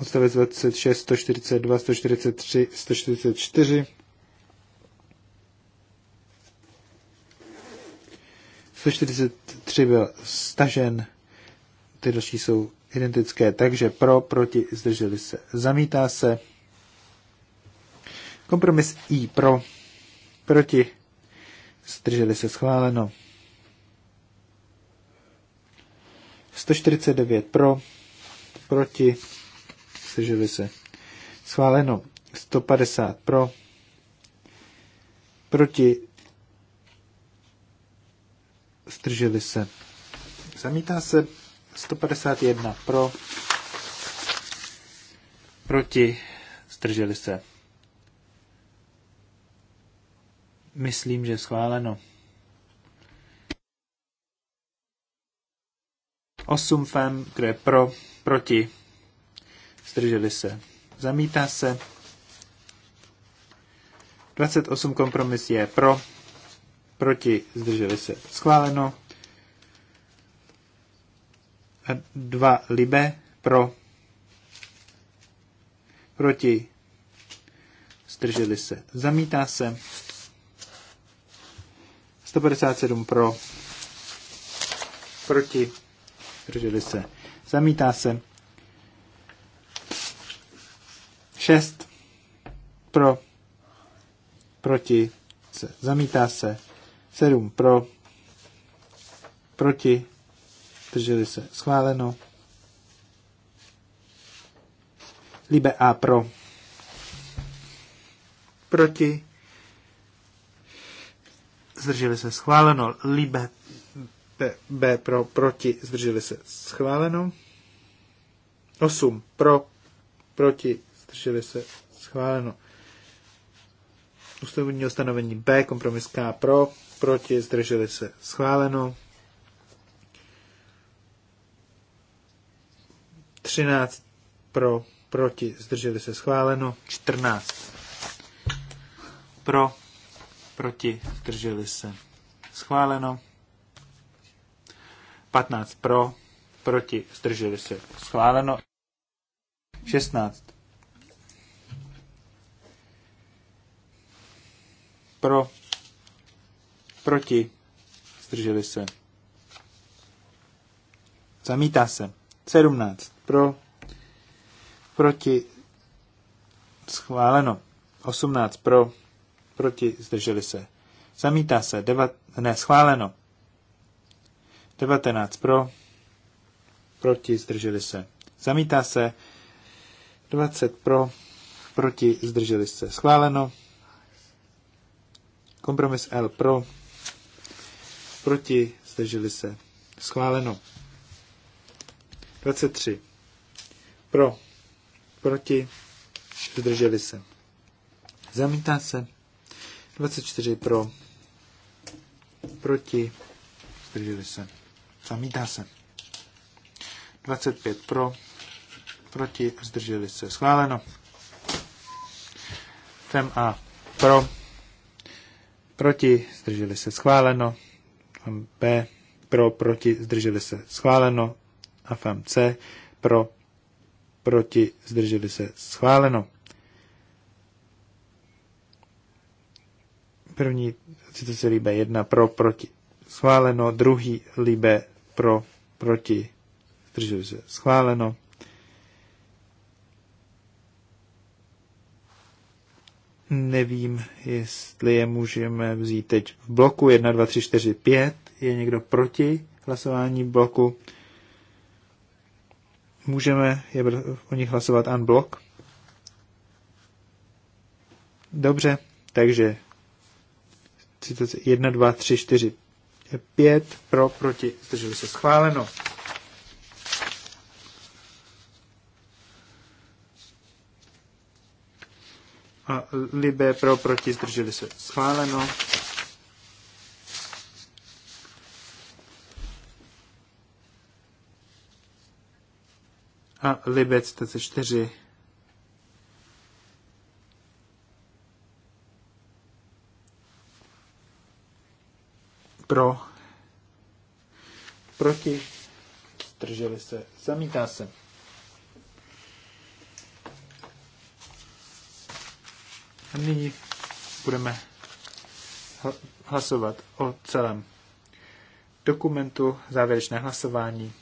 odstavec 26, 142, 143, 144, 143 byl stažen, ty další jsou identické, takže pro, proti, zdrželi se, zamítá se. Kompromis I pro, proti, zdrželi se, schváleno. 149 pro, proti, zdrželi se. Schváleno 150 pro, proti, zdrželi se. Zamítá se 151 pro, proti, zdrželi se. Myslím, že schváleno. 8 fem, kde je pro, proti, zdrželi se, zamítá se. 28 kompromis je pro, proti, zdrželi se, schváleno. A dva libe, pro, proti, zdrželi se, zamítá se. 157 pro, proti, zdrželi se, zamítá se. 6 pro, proti, se, zamítá se, 7 pro, proti, drželi se, schváleno, libe A pro, proti, zdrželi se, schváleno, libe B, B pro, proti, zdrželi se, schváleno, 8 pro, proti, zdrželi se, schváleno. Ústavní ustanovení B, kompromis K pro, proti, zdrželi se, schváleno. 13 pro, proti, zdrželi se, schváleno. 14 pro, proti, zdrželi se, schváleno. 15 pro, proti, zdrželi se, schváleno. 16 pro, proti, zdrželi se. Zamítá se. 17 pro, proti, schváleno. 18 pro, proti, zdrželi se. Zamítá se. Deva, ne, schváleno. 19 pro, proti, zdrželi se. Zamítá se. 20 pro, proti, zdrželi se. Schváleno. Kompromis L pro, proti, zdrželi se. Schváleno. 23. Pro, proti, zdrželi se. Zamítá se. 24 pro, proti, zdrželi se. Zamítá se. 25 pro, proti, zdrželi se. Schváleno. FEM A pro, proti, zdrželi se schváleno. Fam B pro, proti, zdrželi se schváleno. A fam C pro, proti, zdrželi se schváleno. První citace líbe 1 pro, proti, schváleno. Druhý líbe pro, proti, zdrželi se schváleno. Nevím, jestli je můžeme vzít teď v bloku 1, 2, 3, 4, 5. Je někdo proti hlasování bloku? Můžeme je o nich hlasovat an blok? Dobře, takže 1, 2, 3, 4, 5 pro, proti, zdrželi se schváleno. Libé pro, proti, zdrželi se. Schváleno. A Libec TC4. Pro. Proti. Zdrželi se. Zamítá se. A nyní budeme hlasovat o celém dokumentu, závěrečné hlasování.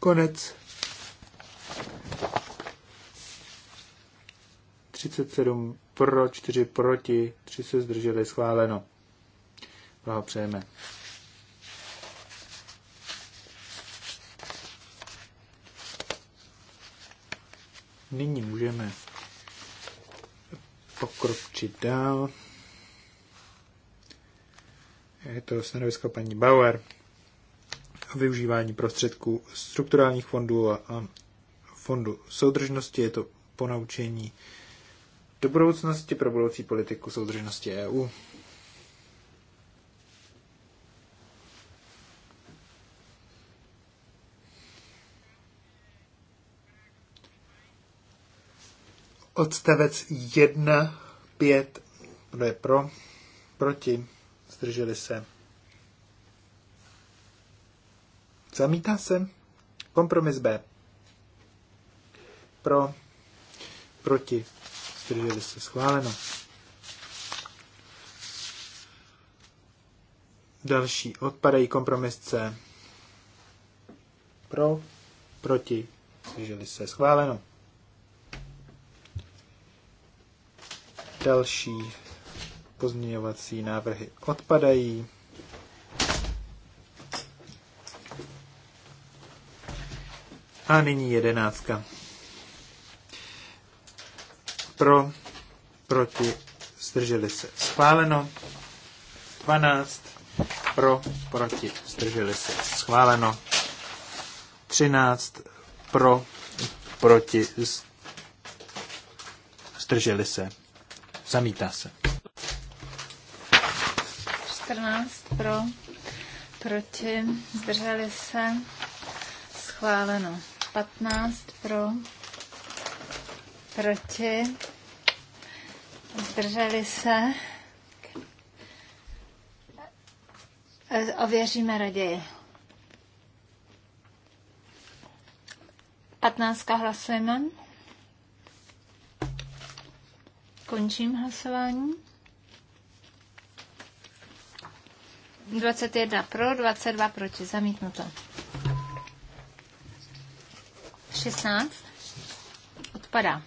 Konec. 37 pro, 4 proti, 3 se zdrželi schváleno. Blahopřejeme. přejeme. Nyní můžeme pokročit dál. Je to stanovisko paní Bauer o využívání prostředků strukturálních fondů a, fondu soudržnosti. Je to ponaučení do budoucnosti pro budoucí politiku soudržnosti EU. Odstavec 1, 5, kdo je pro, proti, zdrželi se. Zamítá se. Kompromis B. Pro, proti, zdrželi se. Schváleno. Další odpadají kompromis C. Pro, proti, zdrželi se. Schváleno. Další pozměňovací návrhy odpadají. A nyní jedenáctka. Pro, proti, zdrželi se. Schváleno. 12. Pro, proti, zdrželi se. Schváleno. 13. Pro, proti, zdrželi se Zamítá se. 14 pro, proti, zdrželi se, schváleno. 15 pro, proti, zdrželi se. Ověříme raději. 15 hlasujeme. Končím hlasování. 21 pro, 22 proti. Zamítnuto. 16 odpadá.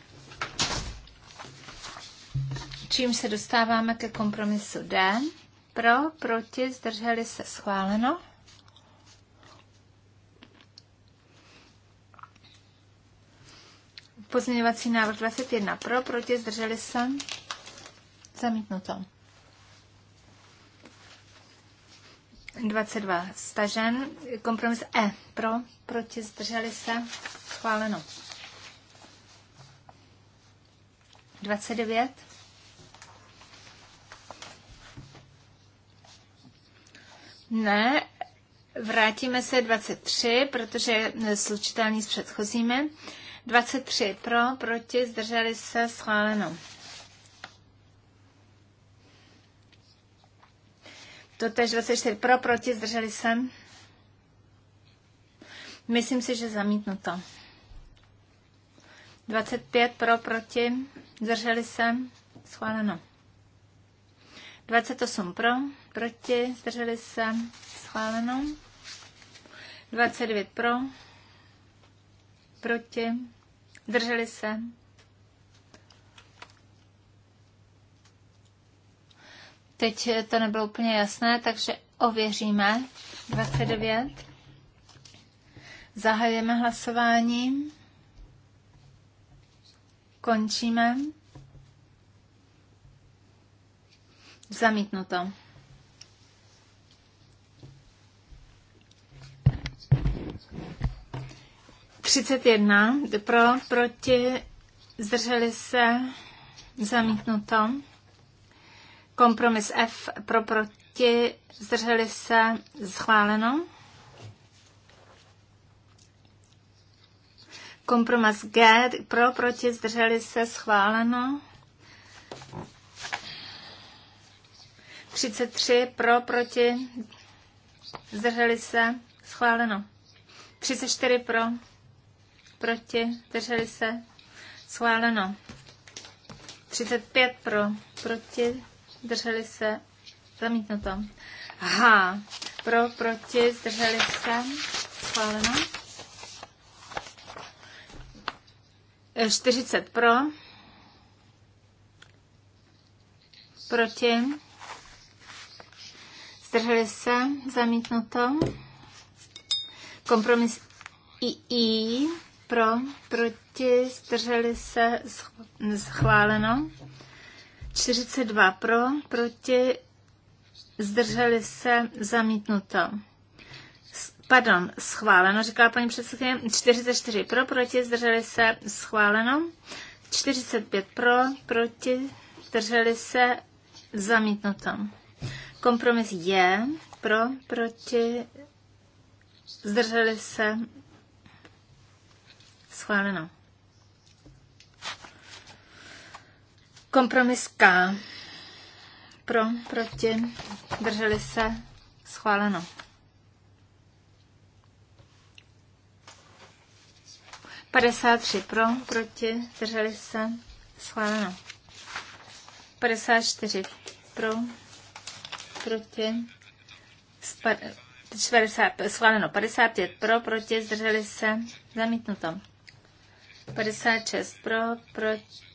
Čím se dostáváme ke kompromisu D. Pro, proti, zdrželi se schváleno. Pozměňovací návrh 21 pro, proti, zdrželi se. Zamítnuto. 22 stažen. Kompromis E pro, proti, zdrželi se. Schváleno. 29. Ne, vrátíme se 23, protože je slučitelný s předchozími. 23 pro, proti, zdrželi se, schváleno. Totež 24 pro, proti, zdrželi se. Myslím si, že zamítnuto. 25 pro, proti, zdrželi se, schváleno. 28 pro, proti, zdrželi se, schváleno. 29 pro, proti, drželi se. Teď to nebylo úplně jasné, takže ověříme 29. Zahajujeme hlasování. Končíme. Zamítnuto. 31 pro, proti, zdrželi se, zamítnuto. Kompromis F pro, proti, zdrželi se, schváleno. Kompromis G pro, proti, zdrželi se, schváleno. 33 pro, proti, zdrželi se, schváleno. 34 pro, proti, drželi se, schváleno. 35 pro, proti, drželi se, zamítnuto. H, pro, proti, zdrželi se, schváleno. 40 pro, proti, zdrželi se, zamítnuto. Kompromis i, i, pro, proti, zdrželi se, schváleno. 42 pro, proti, zdrželi se, zamítnuto. Pardon, schváleno, říká paní předsedkyně. 44 pro, proti, zdrželi se, schváleno. 45 pro, proti, zdrželi se, zamítnuto. Kompromis je pro, proti, zdrželi se, Schváleno. Kompromis K. Pro, proti, drželi se, schváleno. Padesát tři pro, proti, drželi se, schváleno. Padesát čtyři pro, proti, 50, schváleno 55 pro, proti, zdrželi se, zamítnuto. 56 pro, pro,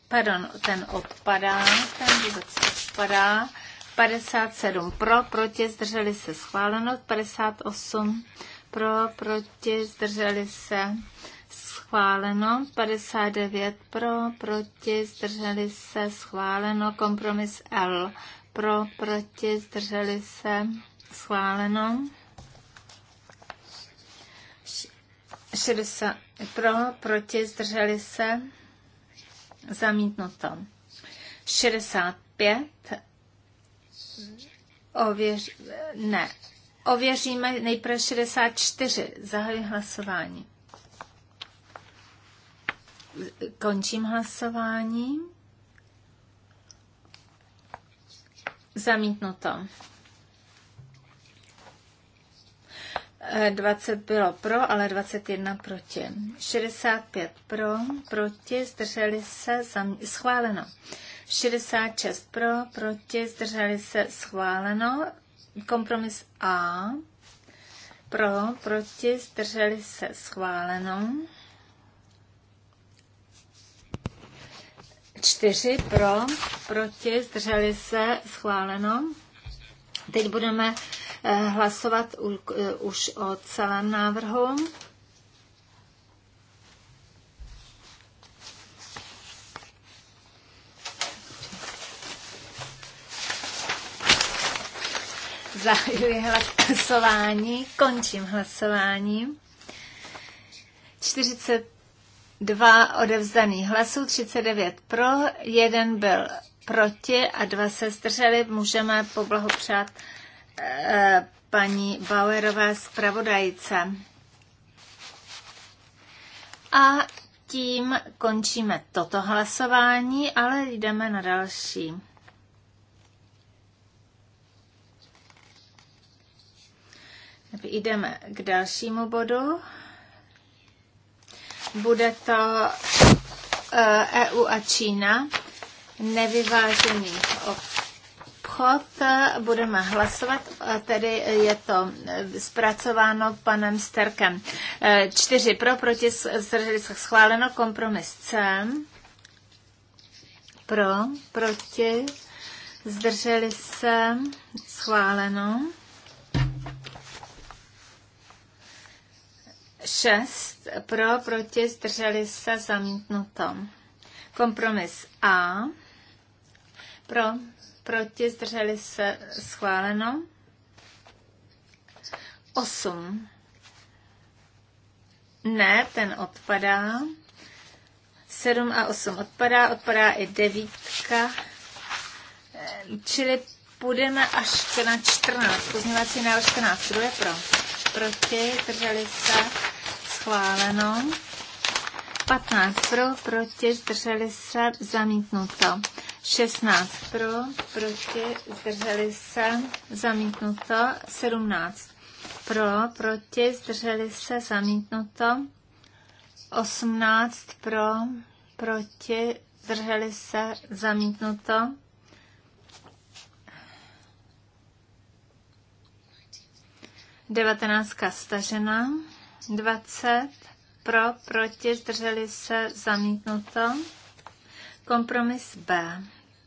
pardon, ten odpadá, ten vůbec odpadá. 57 pro, proti, zdrželi se schváleno. 58 pro, proti, zdrželi se schváleno. 59 pro, proti, zdrželi se schváleno. Kompromis L pro, proti, zdrželi se schváleno. 60 pro, proti, zdrželi se, zamítnuto. 65 ověř, ne, ověříme nejprve 64, zahajuji hlasování. Končím hlasování. Zamítnuto. 20 bylo pro, ale 21 proti. 65 pro, proti, zdrželi se, schváleno. 66 pro, proti, zdrželi se, schváleno. Kompromis A. Pro, proti, zdrželi se, schváleno. 4 pro, proti, zdrželi se, schváleno. Teď budeme Eh, hlasovat eh, už o celém návrhu. Zahajuji hlasování, končím hlasování. 42 odevzdaných hlasů, 39 pro, jeden byl proti a dva se zdrželi. Můžeme poblahopřát paní Bauerové zpravodajce. A tím končíme toto hlasování, ale jdeme na další. Jdeme k dalšímu bodu. Bude to EU eh, e a Čína nevyvážených obchod obchod. Eh, budeme hlasovat, eh, tedy je to eh, zpracováno panem Sterkem. Čtyři pro, proti, zdrželi se schváleno, kompromis C. Pro, proti, zdrželi se schváleno. Šest pro, proti, zdrželi se zamítnuto. Kompromis A pro, proti, zdrželi se, schváleno. 8. Ne, ten odpadá. 7 a 8 odpadá, odpadá i devítka. Čili půjdeme až na 14. Pozměvací návrh 14. Kdo je pro? Proti, zdrželi se, schváleno. 15 pro, proti, zdrželi se, zamítnuto. 16 pro, proti, zdrželi se, zamítnuto. 17 pro, proti, zdrželi se, zamítnuto. 18 pro, proti, zdrželi se, zamítnuto. 19 stažena, 20 pro, proti, zdrželi se, zamítnuto. Kompromis B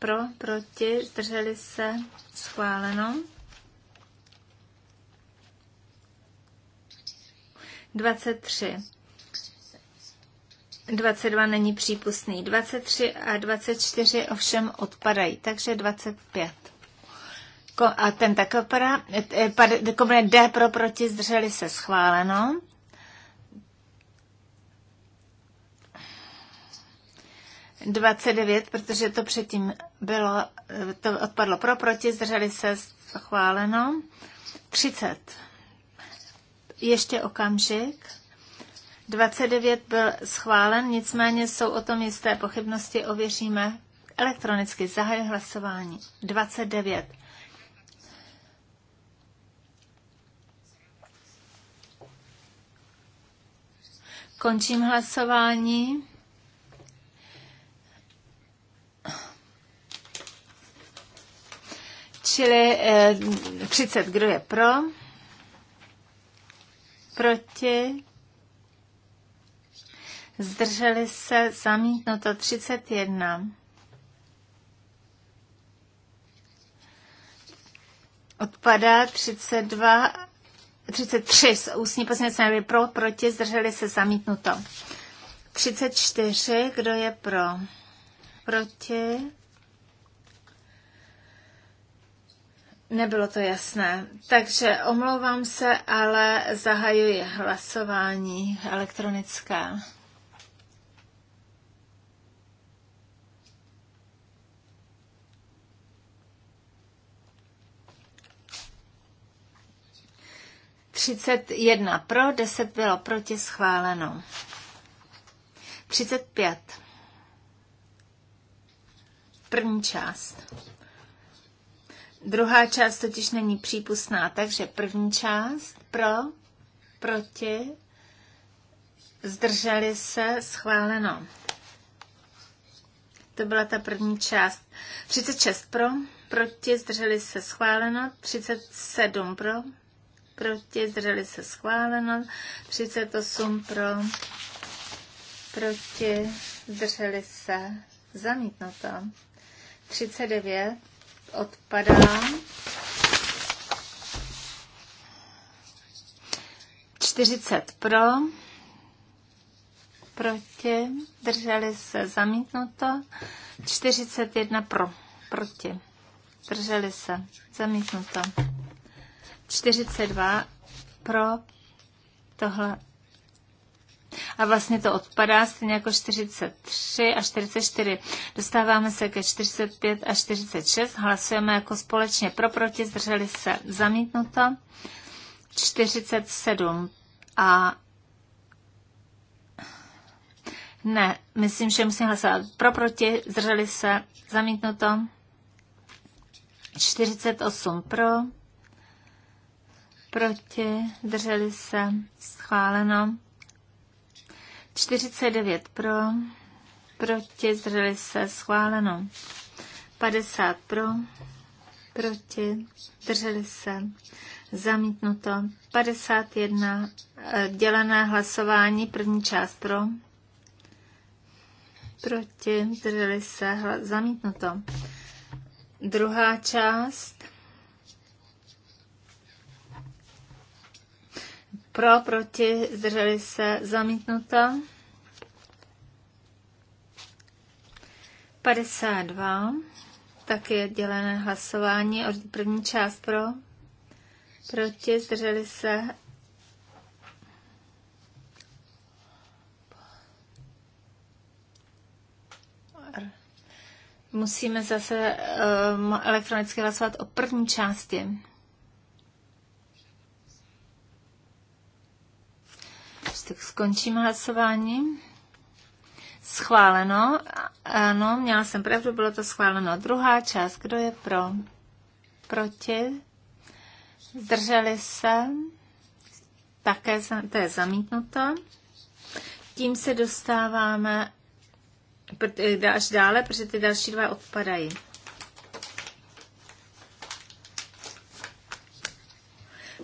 pro, proti, zdrželi se, schváleno. 23. 22 není přípustný. 23 a 24 ovšem odpadají, takže 25. a ten tak opadá. Eh, D pro proti zdrželi se schváleno. 29, protože to předtím bylo, to odpadlo pro, proti, zdrželi se, schváleno. 30. Ještě okamžik. 29 byl schválen, nicméně jsou o tom jisté pochybnosti, ověříme elektronicky. Zahaj hlasování. 29. Končím hlasování. Čili 30, eh, kdo je pro? Proti? Zdrželi se zamítnuto 31. Odpadá 32, 33 s ústní poslanec návrhy pro, proti, zdrželi se zamítnuto. 34, kdo je pro? Proti, Nebylo to jasné. Takže omlouvám se, ale zahajuji hlasování elektronické. Třicet jedna pro, deset bylo proti, schváleno. Třicet pět. První část Druhá část totiž není přípustná, takže první část pro, proti, zdrželi se, schváleno. To byla ta první část. 36 pro, proti, zdrželi se, schváleno. 37 pro, proti, zdrželi se, schváleno. 38 pro, proti, zdrželi se, zamítnuto. 39 odpadá. 40 pro, proti, drželi se zamítnuto, 41 pro, proti, drželi se zamítnuto, 42 pro, tohle a vlastně to odpadá stejně jako 43 a 44. Dostáváme se ke 45 a 46, hlasujeme jako společně pro, proti, zdrželi se zamítnuto. 47 a ne, myslím, že musím hlasovat pro, proti, zdrželi se, zamítnuto. 48 pro, proti, zdrželi se, schváleno. 49 pro, proti, zdrželi se, schváleno. 50 pro, proti, zdrželi se, zamítnuto. 51 eh, dělené hlasování, první část pro, proti, zdrželi se, zamítnuto. Druhá část Pro, proti, zdrželi se, zamítnuto. 52. je dělené hlasování. První část pro, proti, zdrželi se, musíme zase uh, elektronicky hlasovat o první části. Tak skončím hlasování. Schváleno. Ano, měla jsem pravdu, bylo to schváleno. Druhá část. Kdo je pro? Proti? Zdrželi se? Také to je zamítnuto. Tím se dostáváme eh, až dále, protože ty další dva odpadají.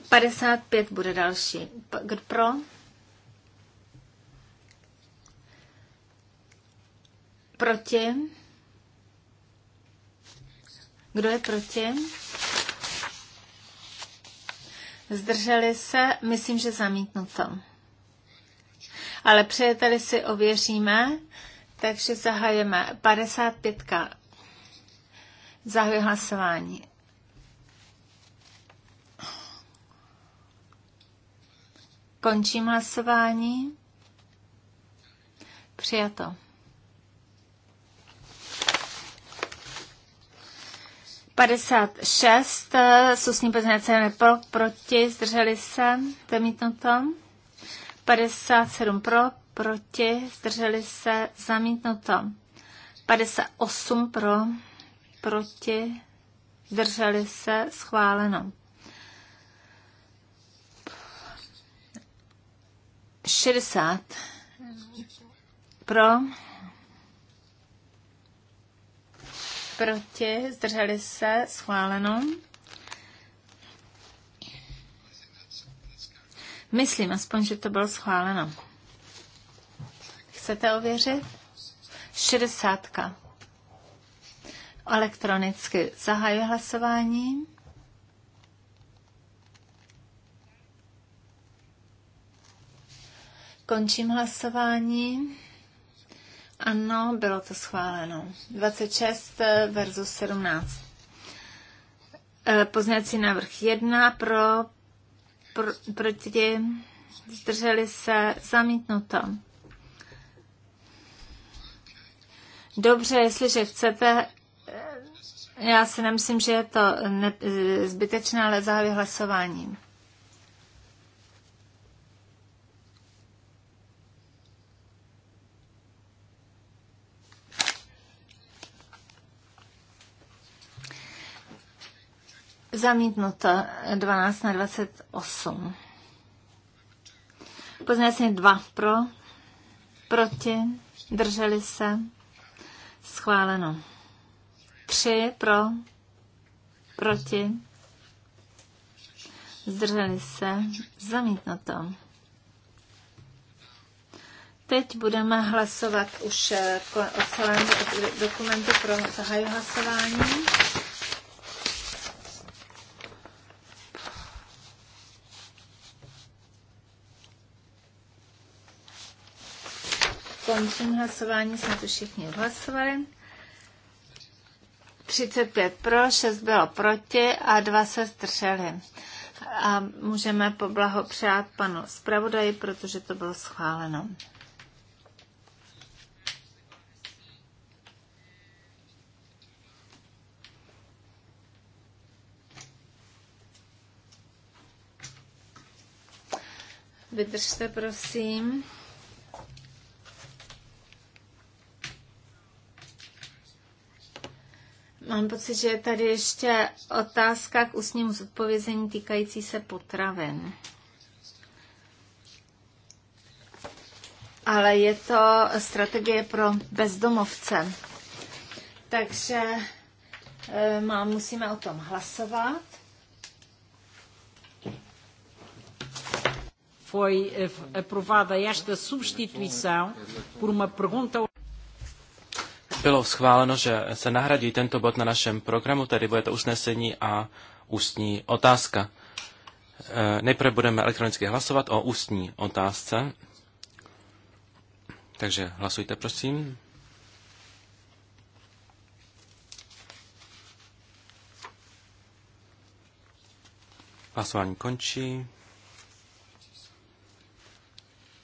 Padesát pět bude další. Pro? Proti? Kdo je proti? Zdrželi se? Myslím, že zamítnuto. Ale přejeteli si ověříme, takže zahajeme 55. Zahajuji hlasování. Končím hlasování. Přijato. 56 eh, s ústním pozměňovacím pro, proti, zdrželi se, zamítnuto. 57 pro, proti, zdrželi se, zamítnuto. 58 pro, proti, zdrželi se, schváleno. 60 pro, proti, zdrželi se, schváleno. Myslím aspoň, že to bylo schváleno. Chcete ověřit? 60. Elektronicky zahajuji hlasování. Končím hlasování. Ano, bylo to schváleno. 26 eh, versus 17. Eh, Poznací návrh 1 pro, pro proti zdrželi se zamítnuto. Dobře, jestliže chcete, eh, já si nemyslím, že je to ne, zbytečné, ale zahájí hlasování. Zamítnuto 12 na 28. Pozměňovací 2 pro, proti, drželi se, schváleno. 3 pro, proti, zdrželi se, zamítnuto. Teď budeme hlasovat už eh, o celém dokumentu pro zahaju hlasování. Končím hlasování, jsme tu všichni hlasovali. 35 pro, 6 bylo proti a 2 se zdrželi. A můžeme poblahopřát panu zpravodaji, protože to bylo schváleno. Vydržte, prosím. Mám pocit, že je tady ještě otázka k ústnímu zodpovězení týkající se potraven. Ale je to strategie pro bezdomovce. Takže eh, má, musíme o tom hlasovat. Foi eh, aprovada esta substituição por uma pergunta bylo schváleno, že se nahradí tento bod na našem programu, tedy bude to usnesení a ústní otázka. E, nejprve budeme elektronicky hlasovat o ústní otázce. Takže hlasujte, prosím. Hlasování končí.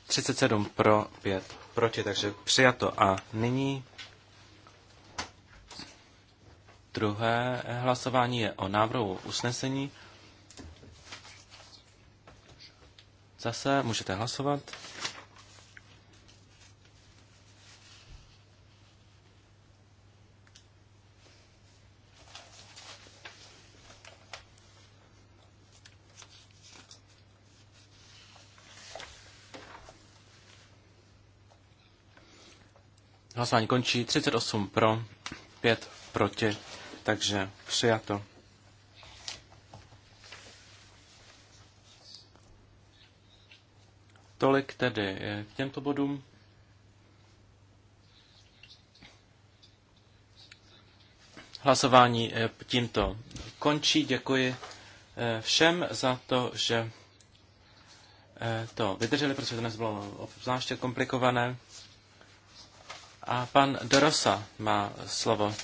37 pro, 5 proti, takže přijato. A nyní Druhé hlasování je o návrhu usnesení. Zase můžete hlasovat. Hlasování končí. 38 pro, 5 proti. Takže přijato. Tolik tedy k těmto bodům. Hlasování eh, tímto končí. Děkuji eh, všem za to, že eh, to vydrželi, protože to dnes bylo obzvláště komplikované. A pan Dorosa má slovo.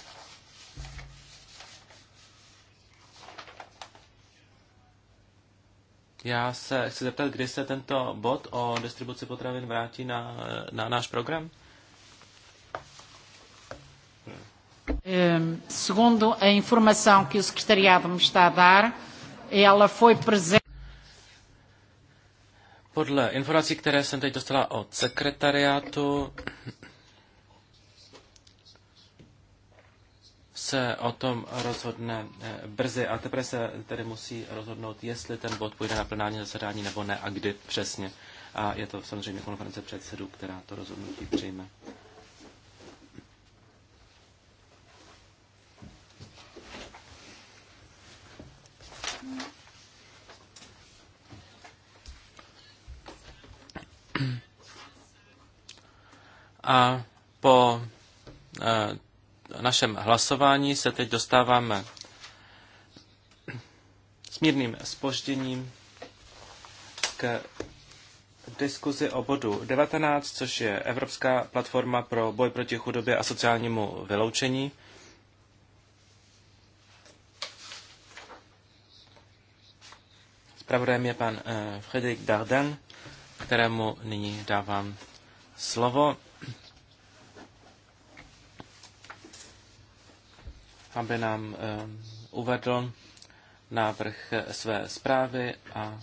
Já se chci zeptat, kdy se tento bod o distribuci potravin vrátí na, na náš program? Ehm, segundo a informação que o secretariado me está a dar, ela foi presente. Podle informací, které jsem teď dostala od sekretariátu, se o tom rozhodne eh, brzy a teprve se tedy musí rozhodnout, jestli ten bod půjde na plenární zasedání nebo ne a kdy přesně. A je to samozřejmě konference předsedů, která to rozhodnutí přijme. A po eh, našem hlasování se teď dostáváme s mírným spožděním k diskuzi o bodu 19, což je Evropská platforma pro boj proti chudobě a sociálnímu vyloučení. Spravodajem je pan eh, Frederik Darden, kterému nyní dávám slovo. aby nám eh, uvedl návrh eh, své zprávy a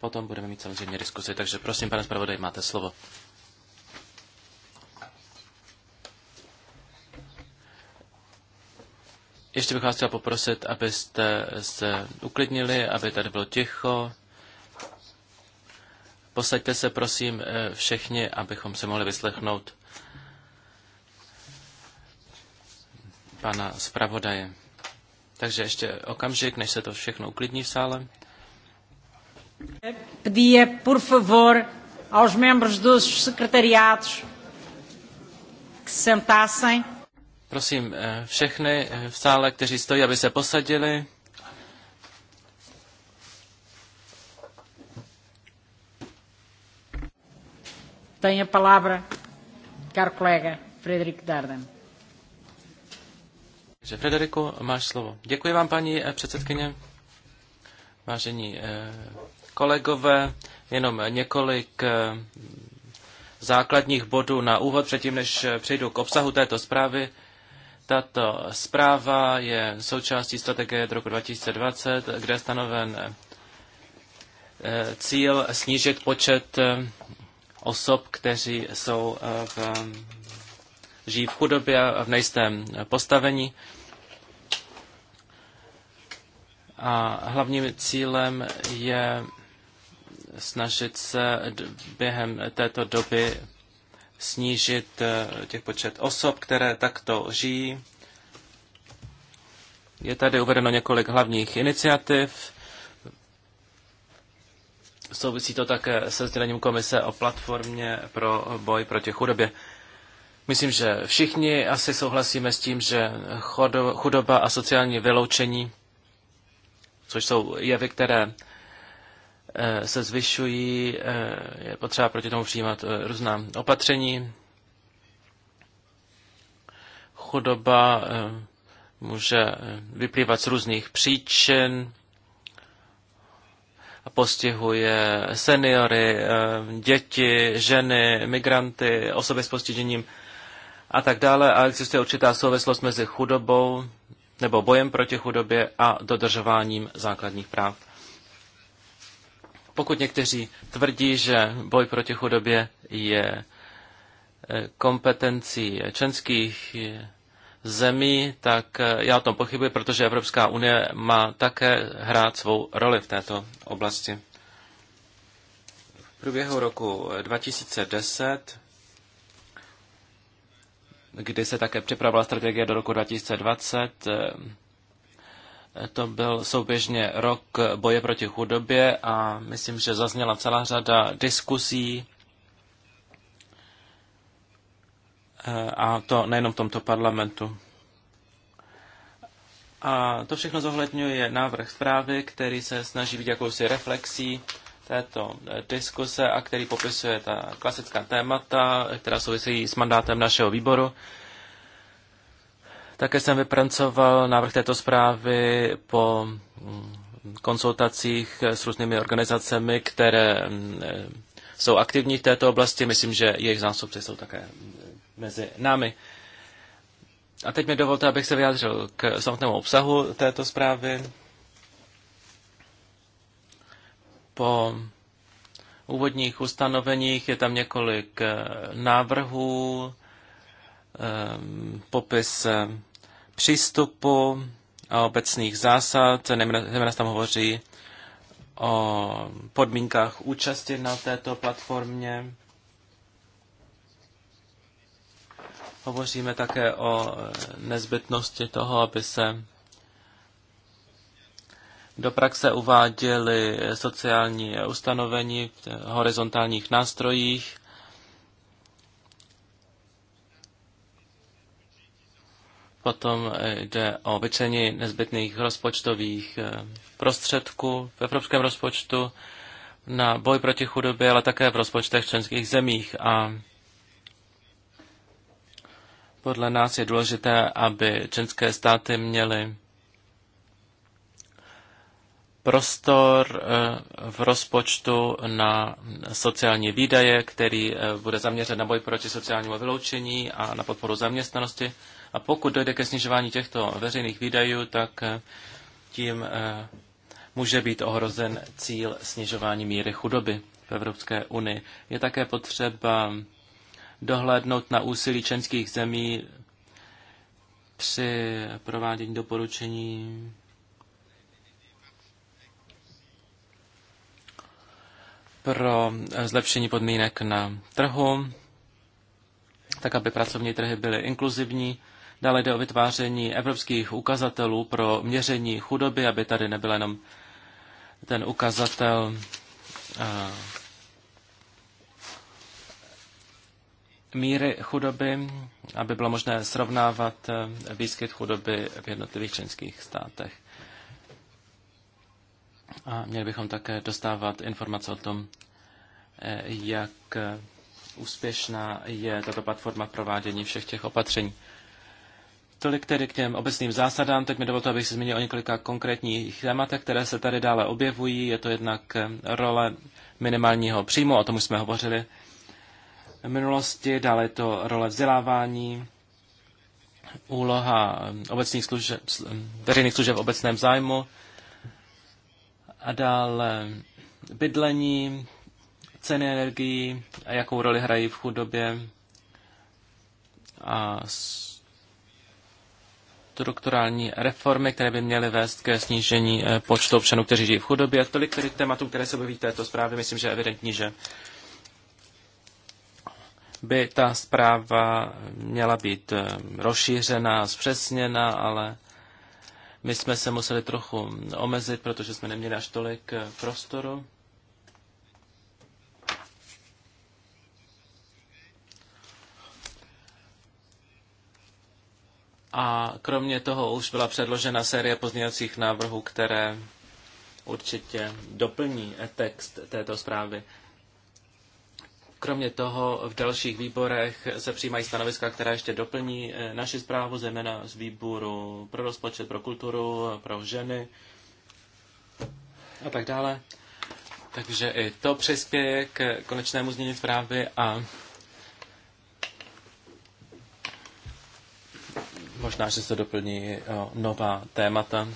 potom budeme mít samozřejmě diskuzi. Takže prosím, pane zpravodaj, máte slovo. Ještě bych vás chtěl poprosit, abyste se uklidnili, aby tady bylo ticho. Posaďte se, prosím, eh, všichni, abychom se mohli vyslechnout pana zpravodaje. Takže ještě okamžik, než se to všechno uklidní v sále. Pedia, por favor, aos membros dos secretariados que sentassem. Prosím eh, všechny eh, v sále, kteří stojí, aby se posadili. Tenha palavra, caro colega Frederico Darden. Takže Frederiku, máš slovo. Děkuji vám, paní eh, předsedkyně. Vážení eh, kolegové, jenom několik eh, základních bodů na úvod, předtím než přejdu k obsahu této zprávy. Tato zpráva je součástí strategie do roku 2020, kde je stanoven cíl snížit počet osob, kteří jsou v, žijí v chudobě a v nejistém postavení. A hlavním cílem je snažit se během této doby snížit eh, těch počet osob, které takto žijí. Je tady uvedeno několik hlavních iniciativ. Souvisí to také se sdělením komise o platformě pro boj proti chudobě. Myslím, že všichni asi souhlasíme s tím, že chudoba a sociální vyloučení což jsou jevy, které eh, se zvyšují, eh, je potřeba proti tomu přijímat eh, různá opatření. Chudoba může vyplývat z různých příčin a postihuje seniory, děti, ženy, migranty, osoby s postižením a tak dále. A existuje určitá souvislost mezi chudobou nebo bojem proti chudobě a dodržováním základních práv. Pokud někteří tvrdí, že boj proti chudobě je eh, kompetencí členských eh, zemí, tak eh, já o tom pochybuji, protože Evropská unie má také hrát svou roli v této oblasti. V průběhu roku 2010 kdy se také připravila strategie do roku 2020. To byl souběžně rok boje proti chudobě a myslím, že zazněla celá řada diskusí a to nejenom v tomto parlamentu. A to všechno zohledňuje návrh zprávy, který se snaží být jakousi reflexí této eh, diskuse a který popisuje ta klasická témata, která souvisí s mandátem našeho výboru. Také jsem vypracoval návrh této zprávy po mm, konsultacích eh, s různými organizacemi, které mm, eh, jsou aktivní v této oblasti. Myslím, že jejich zástupci jsou také mm, mezi námi. A teď mi dovolte, abych se vyjádřil k samotnému obsahu této zprávy. po úvodních ustanoveních je tam několik eh, návrhů, eh, popis eh, přístupu a obecných zásad, zejména se tam hovoří o podmínkách účasti na této platformě. Hovoříme také o nezbytnosti toho, aby se do praxe uváděli sociální ustanovení v horizontálních nástrojích. Potom jde o vyčení nezbytných rozpočtových eh, prostředků v evropském rozpočtu na boj proti chudobě, ale také v rozpočtech členských zemích. A podle nás je důležité, aby členské státy měly prostor eh, v rozpočtu na sociální výdaje, který eh, bude zaměřen na boj proti sociálnímu vyloučení a na podporu zaměstnanosti. A pokud dojde ke snižování těchto veřejných výdajů, tak eh, tím může být ohrozen cíl snižování míry chudoby v Evropské unii. Je také potřeba dohlédnout na úsilí členských zemí při provádění doporučení pro eh, zlepšení podmínek na trhu, tak aby pracovní trhy byly inkluzivní. Dále jde o vytváření evropských ukazatelů pro měření chudoby, aby tady nebyl jenom ten ukazatel eh, míry chudoby, aby bylo možné srovnávat eh, výskyt chudoby v jednotlivých členských státech. A měli bychom také dostávat informace o tom, eh, jak eh, úspěšná je tato platforma v provádění všech těch opatření. Tolik tedy k těm obecným zásadám. Teď mi dovolte, abych se zmínil o několika konkrétních tématech, které se tady dále objevují. Je to jednak eh, role minimálního příjmu, o tom už jsme hovořili v minulosti, dále je to role vzdělávání, úloha obecných služeb, veřejných služeb v obecném zájmu, a dál bydlení, ceny energií, a jakou roli hrají v chudobě a strukturální reformy, které by měly vést ke snížení eh, počtu občanů, kteří žijí v chudobě. A tolik tedy tématů, které se objeví v této zprávě, myslím, že je evidentní, že by ta zpráva měla být eh, rozšířena, zpřesněna, ale my jsme se museli trochu omezit, protože jsme neměli až tolik eh, prostoru. A kromě toho už byla předložena série pozměňovacích návrhů, které určitě doplní text této zprávy. Kromě toho v dalších výborech se přijímají stanoviska, která ještě doplní eh, naši zprávu, zejména z výboru pro rozpočet, pro kulturu, pro ženy a tak dále. Takže i to přispěje k konečnému změně zprávy a možná, že se doplní nová témata,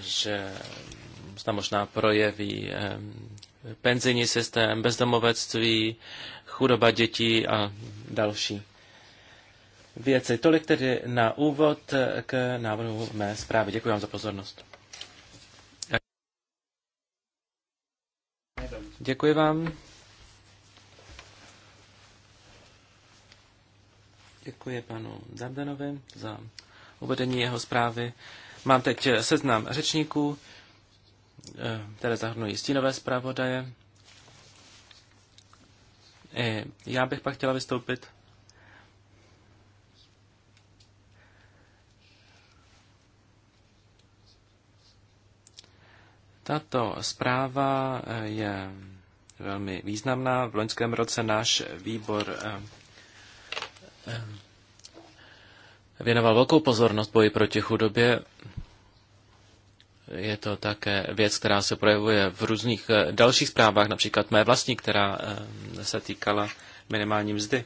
že se možná projeví penzijní systém, bezdomovectví, chudoba dětí a další věci. Tolik tedy na úvod k návrhu mé zprávy. Děkuji vám za pozornost. Děkuji vám. Děkuji panu Dardenovi za uvedení jeho zprávy. Mám teď seznam řečníků. Eh, které zahrnují stínové zpravodaje. Eh, já bych pak chtěla vystoupit. Tato zpráva eh, je velmi významná. V loňském roce náš výbor věnoval velkou pozornost boji proti chudobě je to také věc, která se projevuje v různých eh, dalších zprávách, například mé vlastní, která eh, se týkala minimální mzdy.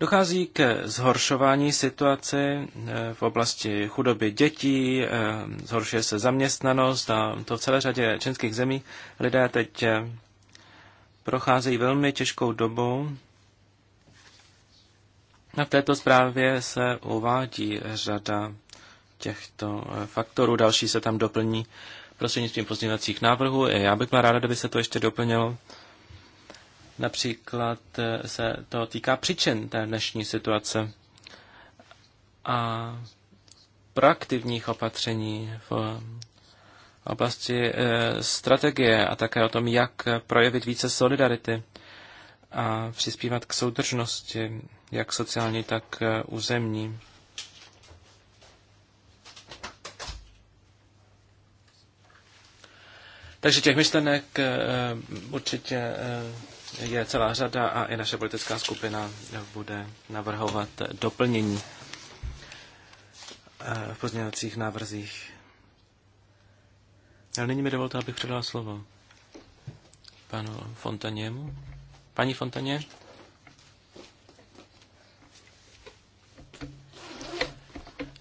Dochází k zhoršování situaci eh, v oblasti chudoby dětí, zhoršuje se zaměstnanost a to v celé řadě čínských zemí. Lidé teď procházejí velmi těžkou dobou na v této zprávě se uvádí řada těchto eh, faktorů. Další se tam doplní prostřednictvím pozměňovacích návrhů. Já bych byla ráda, kdyby se to ještě doplnilo. Například eh, se to týká příčin té dnešní situace a proaktivních opatření v oblasti eh, strategie a také o tom, jak projevit více solidarity a přispívat k soudržnosti jak sociální, tak eh, územní. Takže těch myšlenek eh, určitě eh, je celá řada a i naše politická skupina bude navrhovat doplnění v pozměňovacích návrzích. Ale nyní mi dovolte, abych předala slovo panu Fontaněmu. Paní Fontaně?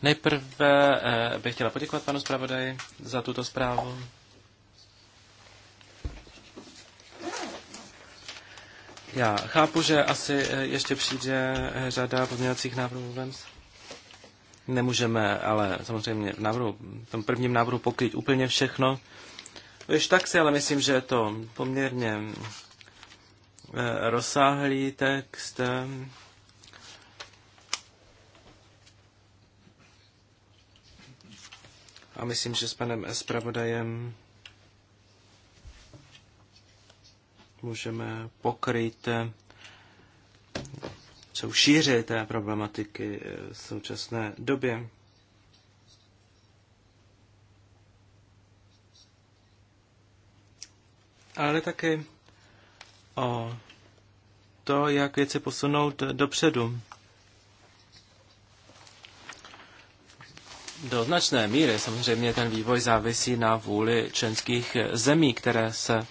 Nejprve eh, bych chtěla poděkovat panu zpravodaji za tuto zprávu. Já chápu, že asi eh, ještě přijde eh, řada pozměňovacích návrhů VEMS. Nemůžeme, ale samozřejmě v, návrhu, v tom prvním návrhu pokrýt úplně všechno. Ještě tak si ale myslím, že je to poměrně rozsáhlý text a myslím, že s panem zpravodajem můžeme pokryt co šíři té problematiky v současné době. Ale taky o to, jak věci posunout dopředu. Do značné míry samozřejmě ten vývoj závisí na vůli členských zemí, které se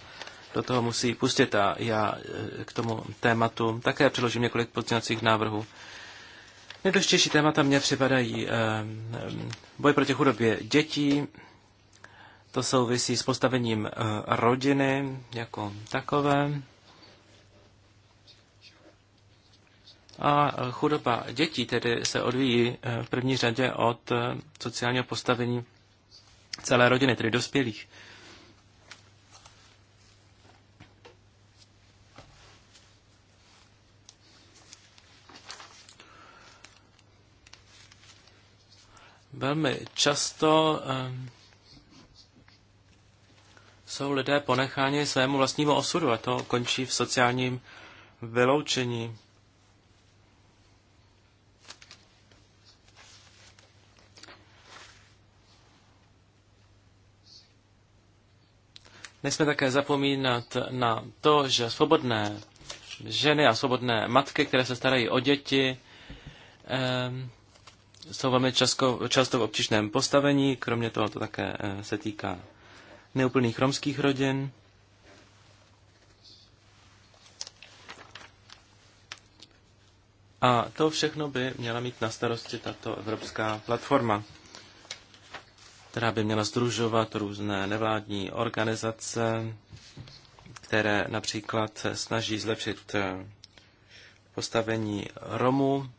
do toho musí pustit a já eh, k tomu tématu také přiložím několik pozměňovacích návrhů. Nejdůležitější témata mě připadají eh, eh, boj proti chudobě dětí, to souvisí s postavením rodiny jako takové. A chudoba dětí tedy se odvíjí eh, v první řadě od eh, sociálního postavení celé rodiny, tedy dospělých. Velmi často eh, jsou lidé ponecháni svému vlastnímu osudu a to končí v sociálním vyloučení. Nesmíme také zapomínat na to, že svobodné ženy a svobodné matky, které se starají o děti, jsou velmi často, často v obtížném postavení. Kromě toho to také eh, se týká neúplných romských rodin. A to všechno by měla mít na starosti tato evropská platforma která by měla združovat různé nevládní organizace, které například snaží zlepšit eh, postavení Romů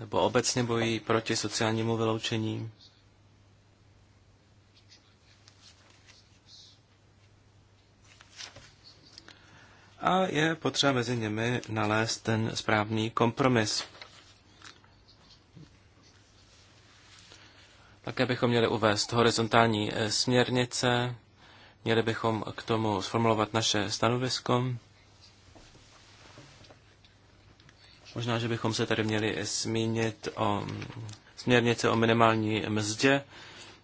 nebo obecně bojí proti sociálnímu vyloučení. A je potřeba mezi nimi nalézt ten správný kompromis. Také bychom měli uvést horizontální eh, směrnice, měli bychom k tomu sformulovat naše stanovisko. Možná, že bychom se tady měli zmínit o mm, směrnici o minimální mzdě.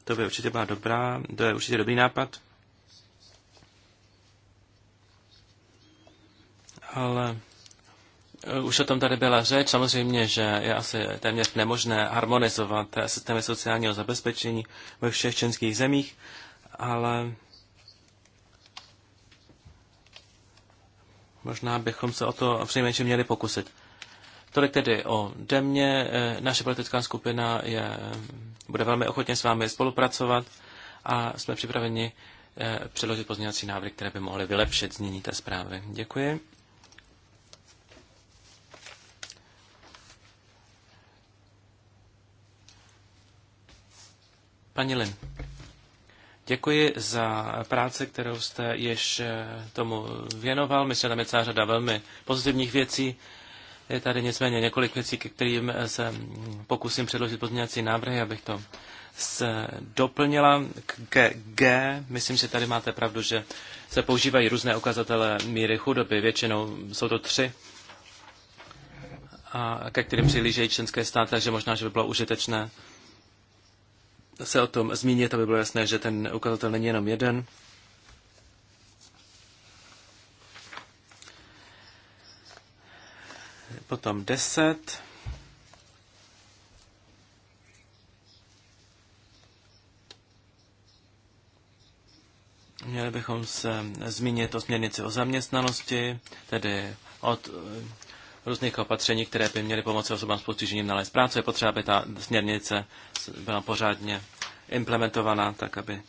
To by určitě byla dobrá, to je určitě dobrý nápad. Ale Eh, už o tom tady byla řeč. Samozřejmě, že je asi téměř nemožné harmonizovat eh, systémy sociálního zabezpečení ve všech členských zemích, ale možná bychom se o to přinejmenším měli pokusit. Tolik tedy o demě. Eh, naše politická skupina je, bude velmi ochotně s vámi spolupracovat a jsme připraveni předložit pozměňovací návrhy, které by mohly vylepšit znění té zprávy. Děkuji. Paní Lin, děkuji za práci, kterou jste již tomu věnoval. Myslím, že tam je celá řada velmi pozitivních věcí. Je tady nicméně několik věcí, ke kterým se pokusím předložit pozměňovací návrhy, abych to se doplnila k G. Myslím, že tady máte pravdu, že se používají různé ukazatele míry chudoby. Většinou jsou to tři, a ke kterým přihlížejí členské státy, takže možná, že by bylo užitečné se o tom zmínit, aby bylo jasné, že ten ukazatel není jenom jeden. Potom 10. Měli bychom se zmínit o směrnici o zaměstnanosti, tedy od různých opatření, které by měly pomoci osobám s postižením nalézt práci. Je potřeba, aby ta směrnice byla pořádně implementovaná, tak aby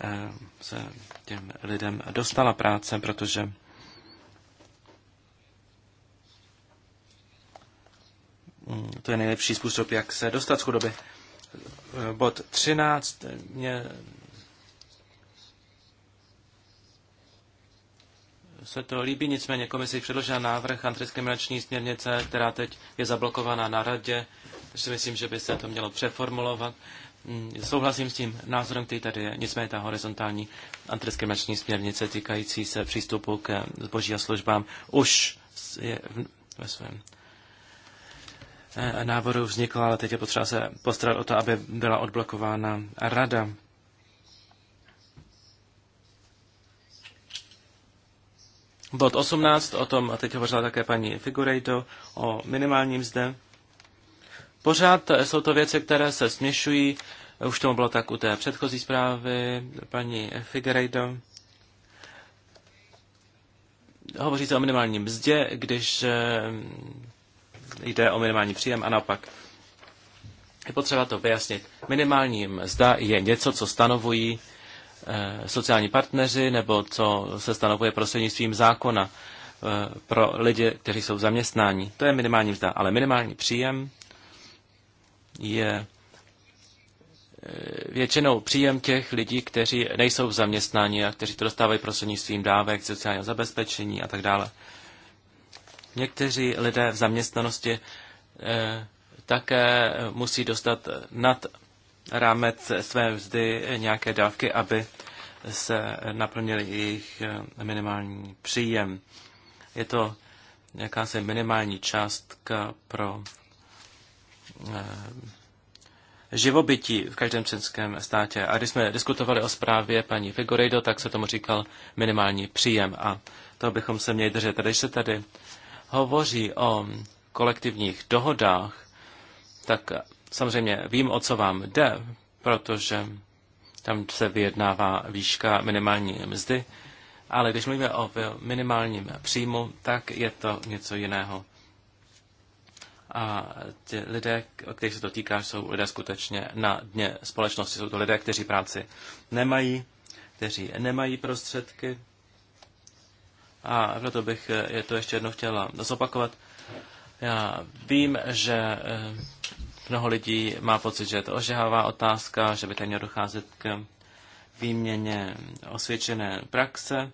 eh, se těm lidem dostala práce, protože to je nejlepší způsob, jak se dostat z chudoby. Eh, bod 13 mě se to líbí, nicméně komisi předložila návrh antidiskriminační směrnice, která teď je zablokovaná na radě, takže si myslím, že by se to mělo přeformulovat. Mm, souhlasím s tím názorem, který tady je, nicméně ta horizontální antidiskriminační směrnice týkající se přístupu k zboží a službám už je ve svém eh, návrhu vznikla, ale teď je potřeba se postarat o to, aby byla odblokována rada. Bod 18, o tom a teď hovořila také paní Figurejdo, o minimálním zde. Pořád jsou to věci, které se směšují. Už tomu bylo tak u té předchozí zprávy, paní Figueiredo. Hovoří se o minimálním mzdě, když eh, jde o minimální příjem a naopak. Je potřeba to vyjasnit. Minimální mzda je něco, co stanovují Eh, sociální partneři nebo co se stanovuje prostřednictvím zákona eh, pro lidi, kteří jsou v zaměstnání. To je minimální mzda, ale minimální příjem je eh, většinou příjem těch lidí, kteří nejsou v zaměstnání a kteří to dostávají prostřednictvím dávek, sociálního zabezpečení a tak dále. Někteří lidé v zaměstnanosti také musí dostat nad rámec své vzdy nějaké dávky, aby se naplnili jejich eh, minimální příjem. Je to jakási minimální částka pro eh, živobytí v každém českém státě. A když jsme diskutovali o zprávě paní Figurejdo, tak se tomu říkal minimální příjem. A to bychom se měli držet. když se tady hovoří o kolektivních dohodách, tak Samozřejmě vím, o co vám jde, protože tam se vyjednává výška minimální mzdy, ale když mluvíme o minimálním příjmu, tak je to něco jiného. A ti lidé, o kterých se to týká, jsou lidé skutečně na dně společnosti. Jsou to lidé, kteří práci nemají, kteří nemají prostředky. A proto bych je to ještě jednou chtěla zopakovat. Já vím, že eh, Mnoho lidí má pocit, že je to ožehavá otázka, že by tady mělo docházet k výměně osvědčené praxe.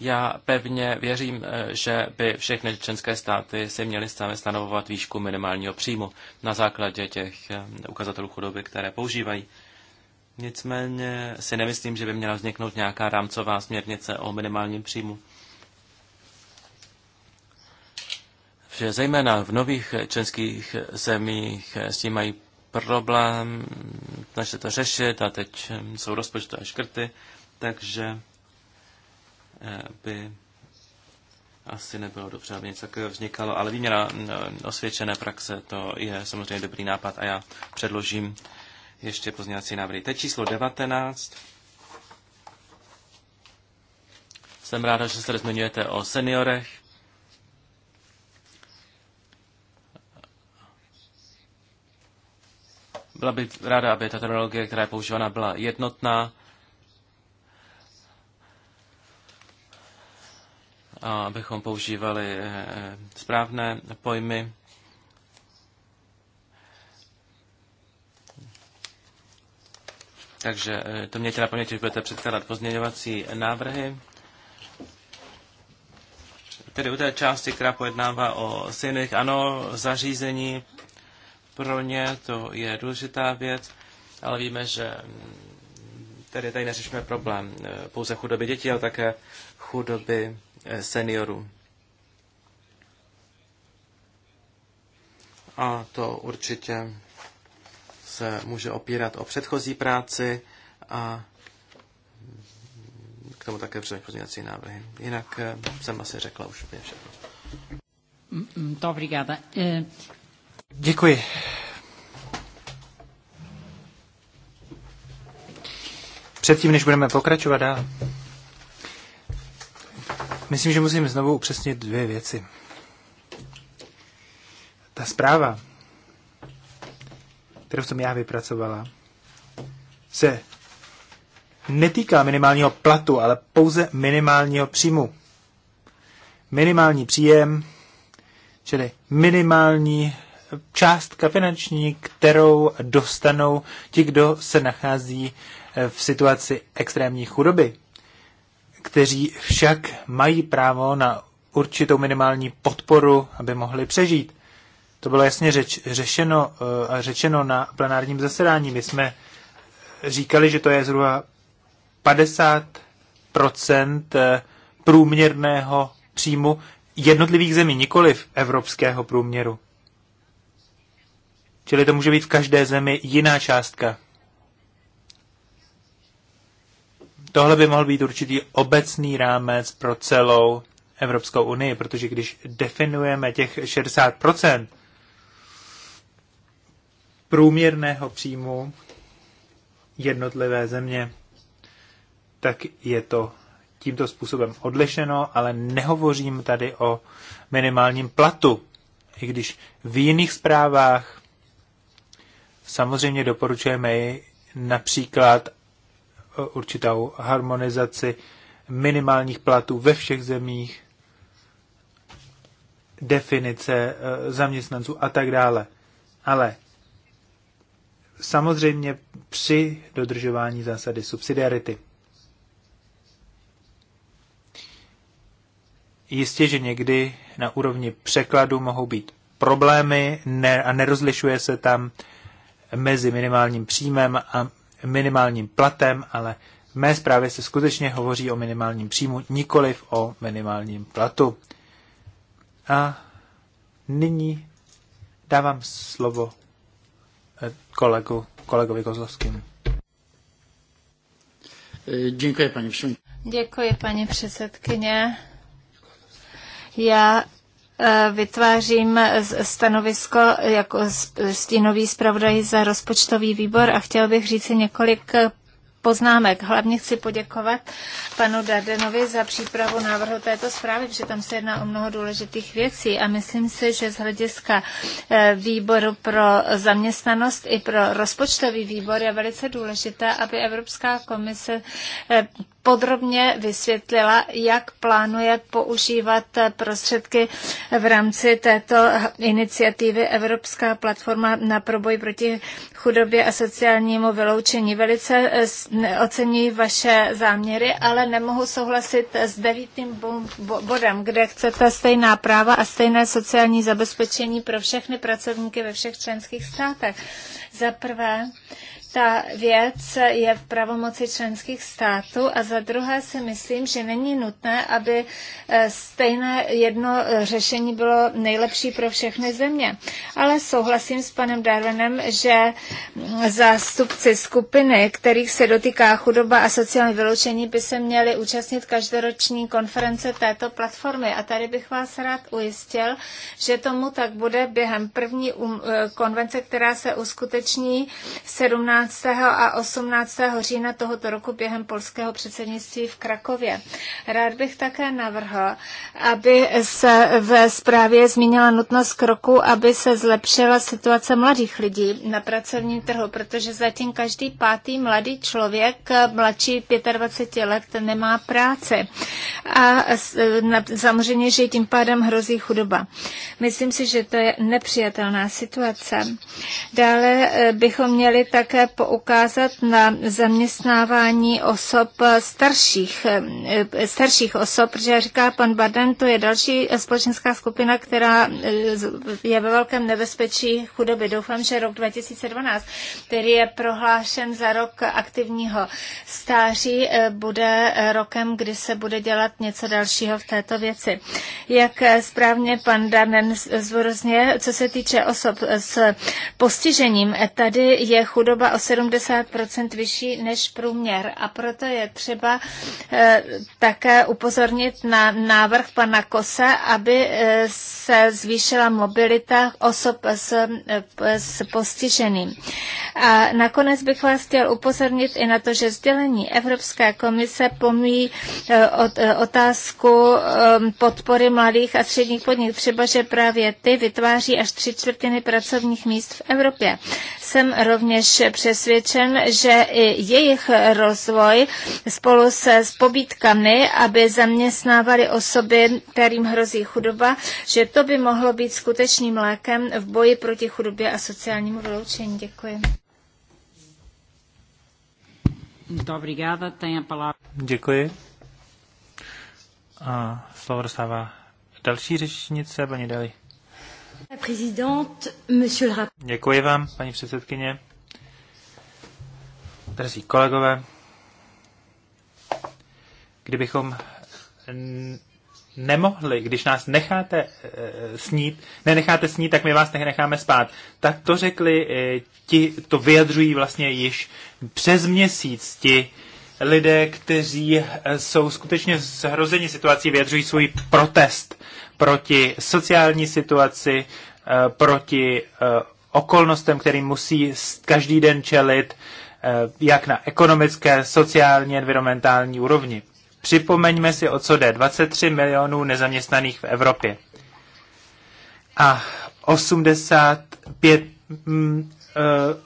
Já pevně věřím, eh, že by všechny členské státy si měly sami stanovovat výšku minimálního příjmu na základě těch eh, ukazatelů chudoby, které používají. Nicméně si nemyslím, že by měla vzniknout nějaká rámcová směrnice o minimálním příjmu. že zejména v nových členských zemích s tím mají problém, snaží to řešit a teď jsou rozpočtové škrty, takže eh, by asi nebylo dobře, aby něco takového vznikalo, ale výměna eh, osvědčené praxe, to je samozřejmě dobrý nápad a já předložím ještě pozměňovací návrhy. Teď číslo 19. Jsem ráda, že se zmiňujete o seniorech. Byla bych ráda, aby ta terminologie, která je používána, byla jednotná. A abychom používali eh, eh, správné pojmy. Takže eh, to mějte na paměti, že budete předkládat pozměňovací návrhy. Tedy u té části, která pojednává o synech, ano, zařízení pro ně, to je důležitá věc, ale víme, že tady tady neřešíme problém eh, pouze chudoby dětí, ale také chudoby eh, seniorů. A to určitě se může opírat o předchozí práci a k tomu také předchozí návrhy. Jinak eh, jsem asi řekla už všechno. Dobrigada. Děkuji. Předtím, než budeme pokračovat dál, myslím, že musím znovu upřesnit dvě věci. Ta zpráva, kterou jsem já vypracovala, se netýká minimálního platu, ale pouze minimálního příjmu. Minimální příjem, čili minimální částka finanční, kterou dostanou ti, kdo se nachází eh, v situaci extrémní chudoby, kteří však mají právo na určitou minimální podporu, aby mohli přežít. To bylo jasně řeč, řešeno, eh, řečeno na plenárním zasedání. My jsme říkali, že to je zhruba 50 eh, průměrného příjmu jednotlivých zemí, nikoli v evropského průměru. Čili to může být v každé zemi jiná částka. Tohle by mohl být určitý obecný rámec pro celou Evropskou unii, protože když definujeme těch 60% průměrného příjmu jednotlivé země, tak je to tímto způsobem odlišeno, ale nehovořím tady o minimálním platu. I když v jiných zprávách Samozřejmě doporučujeme ji například e, určitou harmonizaci minimálních platů ve všech zemích, definice e, zaměstnanců a tak dále. Ale samozřejmě při dodržování zásady subsidiarity. Jistě, že někdy na úrovni překladu mohou být problémy a nerozlišuje se tam uh, mezi minimálním příjmem a minimálním platem, ale v mé zprávě se skutečně hovoří o minimálním příjmu, nikoliv o minimálním platu. A nyní dávám slovo eh, kolegu, kolegovi Kozlovskému. Eh, děkuji, paní předsedkyně. Děkuji, paní předsedkyně. Já Eh, vytvářím eh, stanovisko jako stínový zpravodaj za rozpočtový výbor a chtěl bych říct několik eh, poznámek. Hlavně chci poděkovat panu Dardenovi za přípravu návrhu této zprávy, protože tam se jedná o mnoho důležitých věcí a myslím si, že z hlediska výboru pro zaměstnanost i pro rozpočtový výbor je velice důležité, aby Evropská komise podrobně vysvětlila, jak plánuje používat prostředky v rámci této iniciativy Evropská platforma na proboj proti chudobě a sociálnímu vyloučení. Velice ocení vaše záměry, ale nemohu souhlasit s devítým bodem, kde chcete stejná práva a stejné sociální zabezpečení pro všechny pracovníky ve všech členských státech. Za prvé, ta věc je v pravomoci členských států a za druhé si myslím, že není nutné, aby eh, stejné jedno eh, řešení bylo nejlepší pro všechny země. Ale souhlasím s panem Darwinem, že mm, zástupci skupiny, kterých se dotýká chudoba a sociální vyloučení, by se měli účastnit každoroční konference této platformy. A tady bych vás rád ujistil, že tomu tak bude během první um, eh, konvence, která se uskuteční 17 17. a 18. října tohoto roku během polského předsednictví v Krakově. Rád bych také navrhl, aby se ve zprávě zmínila nutnost kroku, aby se zlepšila situace mladých lidí na pracovním trhu, protože zatím každý pátý mladý člověk mladší 25 let nemá práci. A samozřejmě, že tím pádem hrozí chudoba. Myslím si, že to je nepřijatelná situace. Dále eh, bychom měli také poukázat na zaměstnávání osob starších, eh, starších osob, protože říká pan Baden, to je další společenská skupina, která eh, je ve velkém nebezpečí chudoby. Doufám, že rok 2012, který je prohlášen za rok aktivního stáří, eh, bude rokem, kdy se bude dělat něco dalšího v této věci. Jak správně pan Danen zvorozně, co se týče osob s postižením, tady je chudoba 70 vyšší než průměr. A proto je třeba eh, také upozornit na návrh pana Kose, aby eh, se zvýšila mobilita osob s, s postiženým. A nakonec bych vás chtěl upozornit i na to, že sdělení Evropské komise pomíjí eh, otázku podpory mladých a středních podniků. Třeba, že právě ty vytváří až tři čtvrtiny pracovních míst v Evropě. Jsem rovněž před přesvědčen, že i jejich rozvoj spolu se s pobítkami, aby zaměstnávali osoby, kterým hrozí chudoba, že to by mohlo být skutečným lékem v boji proti chudobě a sociálnímu vyloučení. Děkuji. Děkuji. A slovo dostává další řečnice, paní Deli. Děkuji vám, paní předsedkyně. Drzí kolegové, kdybychom nemohli, když nás necháte eh, snít, snít, necháte snít, tak my vás necháme spát. Tak to řekli, eh, ti to vyjadřují vlastně již přes měsíc ti lidé, kteří eh, jsou skutečně zhrozeni situací, vyjadřují svůj protest proti sociální situaci, proti okolnostem, kterým musí každý den čelit, Eh, jak na ekonomické, sociální, environmentální úrovni. Připomeňme si, o co jde. 23 milionů nezaměstnaných v Evropě. A 85 mm,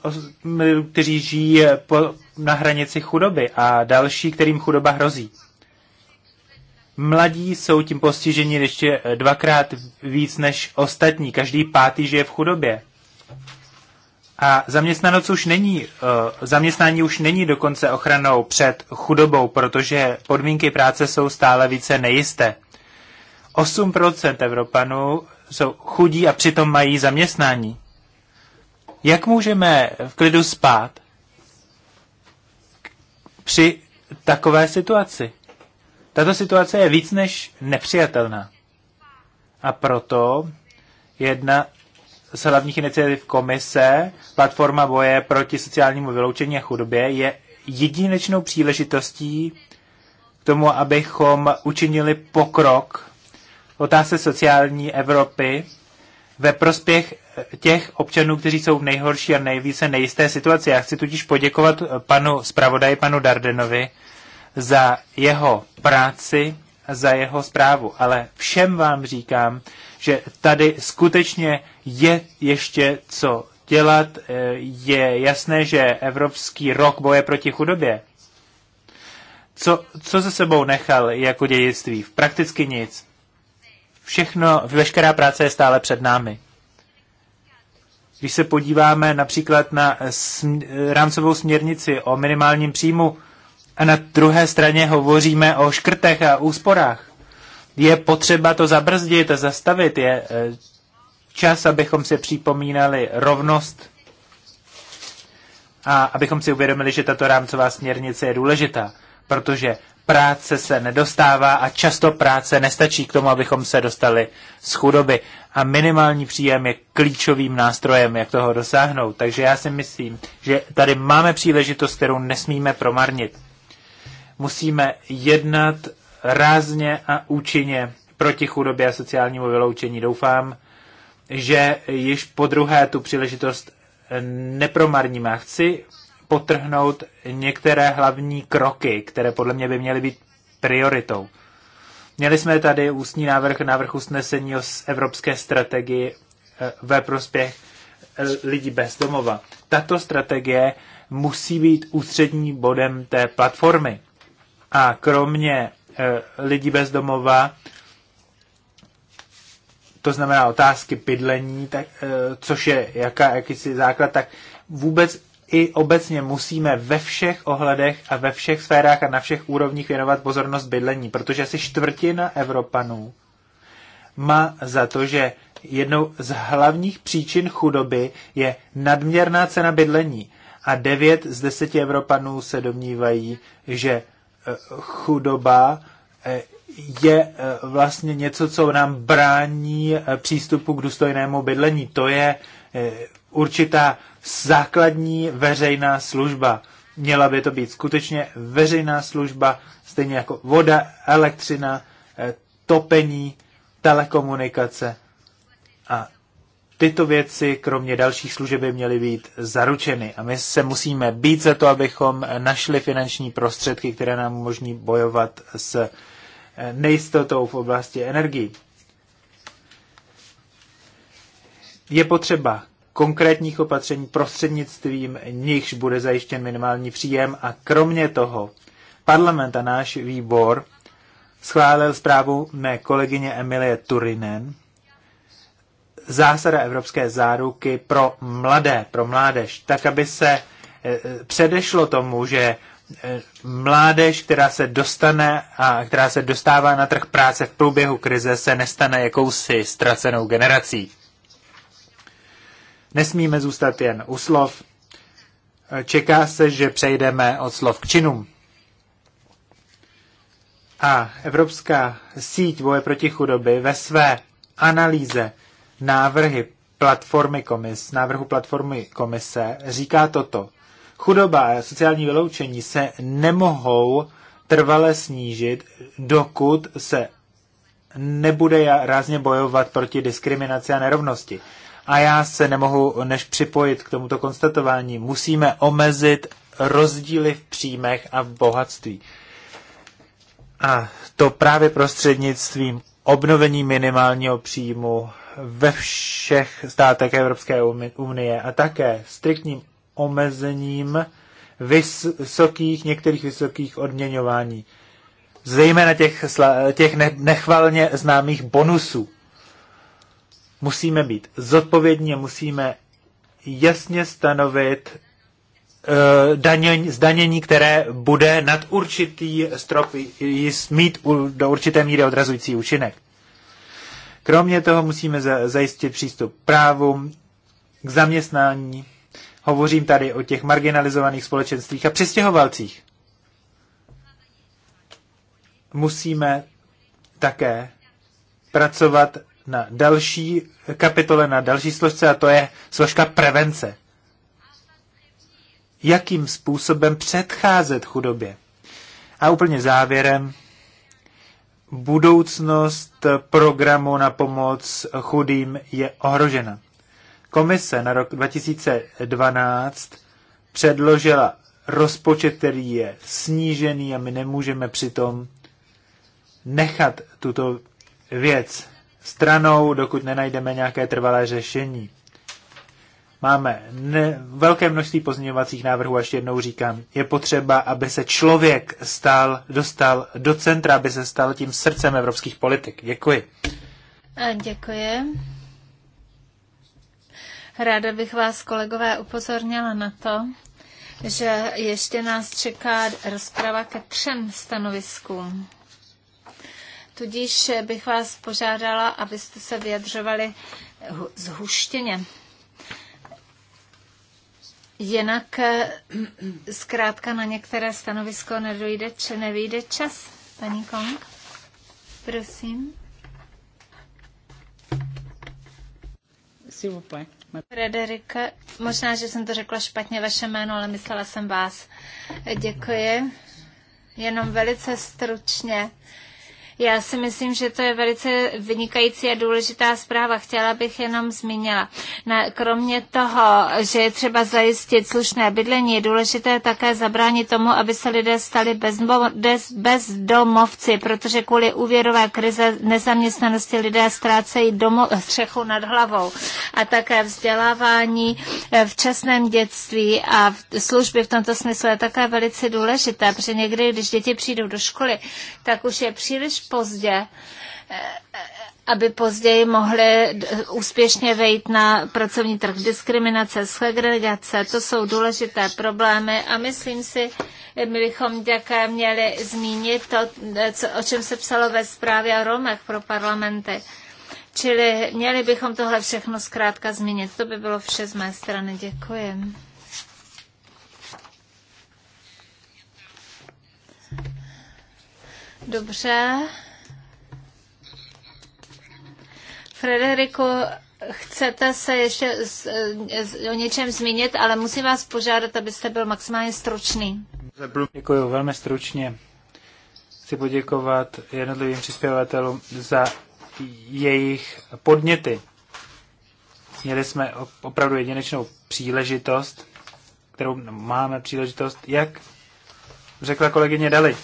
eh, kteří žijí eh, na hranici chudoby a další, kterým chudoba hrozí. Mladí jsou tím postiženi ještě dvakrát víc než ostatní. Každý pátý žije v chudobě. A zaměstnanost už není, eh, zaměstnání už není dokonce ochranou před chudobou, protože podmínky práce jsou stále více nejisté. 8% Evropanů jsou chudí a přitom mají zaměstnání. Jak můžeme v klidu spát při takové situaci? Tato situace je víc než nepřijatelná. A proto jedna z hlavních iniciativ komise Platforma boje proti sociálnímu vyloučení a chudobě je jedinečnou příležitostí k tomu, abychom učinili pokrok v otázce sociální Evropy ve prospěch eh, těch občanů, kteří jsou v nejhorší a nejvíce nejisté situaci. Já chci tudíž poděkovat panu zpravodaji, panu Dardenovi, za jeho práci, za jeho zprávu. Ale všem vám říkám, že tady skutečně je ještě co dělat. Eh, je jasné, že Evropský rok boje proti chudobě. Co, co se sebou nechal jako dědictví? Prakticky nic. Všechno, veškerá práce je stále před námi. Když se podíváme například na sm- rámcovou směrnici o minimálním příjmu a na druhé straně hovoříme o škrtech a úsporách je potřeba to zabrzdit a zastavit. Je eh, čas, abychom si připomínali rovnost a abychom si uvědomili, že tato rámcová směrnice je důležitá, protože práce se nedostává a často práce nestačí k tomu, abychom se dostali z chudoby. A minimální příjem je klíčovým nástrojem, jak toho dosáhnout. Takže já si myslím, že tady máme příležitost, kterou nesmíme promarnit. Musíme jednat rázně a účinně proti chudobě a sociálnímu vyloučení. Doufám, že již po druhé tu příležitost nepromarníme. Chci potrhnout některé hlavní kroky, které podle mě by měly být prioritou. Měli jsme tady ústní návrh, návrh usnesení o evropské strategii eh, ve prospěch eh, lidí bez domova. Tato strategie musí být ústřední bodem té platformy. A kromě Eh, lidí bez domova, to znamená otázky bydlení, tak, eh, což je jaká, jakýsi základ, tak vůbec i obecně musíme ve všech ohledech a ve všech sférách a na všech úrovních věnovat pozornost bydlení, protože asi čtvrtina Evropanů má za to, že jednou z hlavních příčin chudoby je nadměrná cena bydlení. A 9 z 10 Evropanů se domnívají, že chudoba eh, je eh, vlastně něco, co nám brání eh, přístupu k důstojnému bydlení. To je určitá základní veřejná služba. Měla by to být skutečně veřejná služba, stejně jako voda, elektřina, topení, telekomunikace. A tyto věci, kromě dalších služeb, by měly být zaručeny. A my se musíme být za to, abychom našli finanční prostředky, které nám umožní bojovat s eh, nejistotou v oblasti energií. Je potřeba konkrétních opatření prostřednictvím nichž bude zajištěn minimální příjem a kromě toho parlament a náš výbor schválil zprávu mé kolegyně Emilie Turinen, zásada evropské záruky pro mladé, pro mládež, tak aby se e, předešlo tomu, že e, mládež, která se dostane a která se dostává na trh práce v průběhu krize, se nestane jakousi ztracenou generací. Nesmíme zůstat jen u slov. E, čeká se, že přejdeme od slov k činům. A Evropská síť boje proti chudoby ve své analýze návrhy platformy komis, návrhu platformy komise říká toto. Chudoba a sociální vyloučení se nemohou trvale snížit, dokud se nebude rázně bojovat proti diskriminaci a nerovnosti. A já se nemohu než připojit k tomuto konstatování. Musíme omezit rozdíly v příjmech a v bohatství. A to právě prostřednictvím obnovení minimálního příjmu ve všech státech Evropské unie a také striktním omezením vysokých, některých vysokých odměňování, zejména těch, těch nechvalně známých bonusů. Musíme být zodpovědní a musíme jasně stanovit eh, daně zdanění, které bude nad určitý strop mít do určité míry odrazující účinek. Kromě toho musíme zajistit přístup právům k zaměstnání. Hovořím tady o těch marginalizovaných společenstvích a přestěhovalcích. Musíme také pracovat na další kapitole, na další složce, a to je složka prevence. Jakým způsobem předcházet chudobě? A úplně závěrem, budoucnost programu na pomoc chudým je ohrožena. Komise na rok 2012 předložila rozpočet, který je snížený a my nemůžeme přitom nechat tuto věc stranou, dokud nenajdeme nějaké trvalé řešení. Máme ne, velké množství pozměňovacích návrhů, až jednou říkám, je potřeba, aby se člověk stál, dostal do centra, aby se stal tím srdcem evropských politik. Děkuji. A děkuji. Ráda bych vás, kolegové, upozornila na to, že ještě nás čeká rozprava ke třem stanoviskům. Tudíž bych vás požádala, abyste se vyjadřovali zhuštěně. Jinak eh, zkrátka na některé stanovisko nedojde, či nevyjde čas. Paní Kong, prosím. Frederika, možná, že jsem to řekla špatně vaše jméno, ale myslela jsem vás. Děkuji. Jenom velice stručně. Já si myslím, že to je velice vynikající a důležitá zpráva. Chtěla bych jenom zmínila. Na, kromě toho, že je třeba zajistit slušné bydlení, je důležité také zabránit tomu, aby se lidé stali bezdomovci, protože kvůli úvěrové krize nezaměstnanosti lidé ztrácejí domo, střechu nad hlavou. A také vzdělávání eh, v časném dětství a služby v tomto smyslu je také velice důležité, protože někdy, když děti přijdou do školy, tak už je příliš pozdě eh, aby později mohli úspěšně vejít na pracovní trh. Diskriminace, segregace, to jsou důležité problémy a myslím si, my bychom také měli zmínit to, eh, co, o čem se psalo ve zprávě o Romech pro parlamenty. Čili měli bychom tohle všechno zkrátka zmínit. To by bylo vše z mé strany. Děkuji. Dobře. Frederiku, chcete se ještě o něčem zmínit, ale musím vás požádat, abyste byl maximálně stručný. Děkuji velmi stručně. Chci poděkovat jednotlivým přispěvatelům za jejich podněty. Měli jsme opravdu jedinečnou příležitost, kterou máme příležitost, jak řekla kolegyně Dali,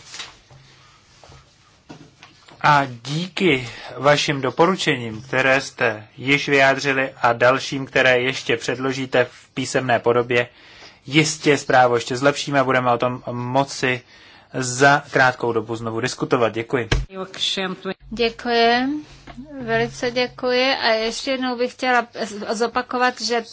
a díky vašim doporučením, které jste již vyjádřili a dalším, které ještě předložíte v písemné podobě, jistě zprávu ještě zlepšíme a budeme o tom moci za krátkou dobu znovu diskutovat. Děkuji. Děkuji. Velice děkuji a ještě jednou bych chtěla zopakovat, že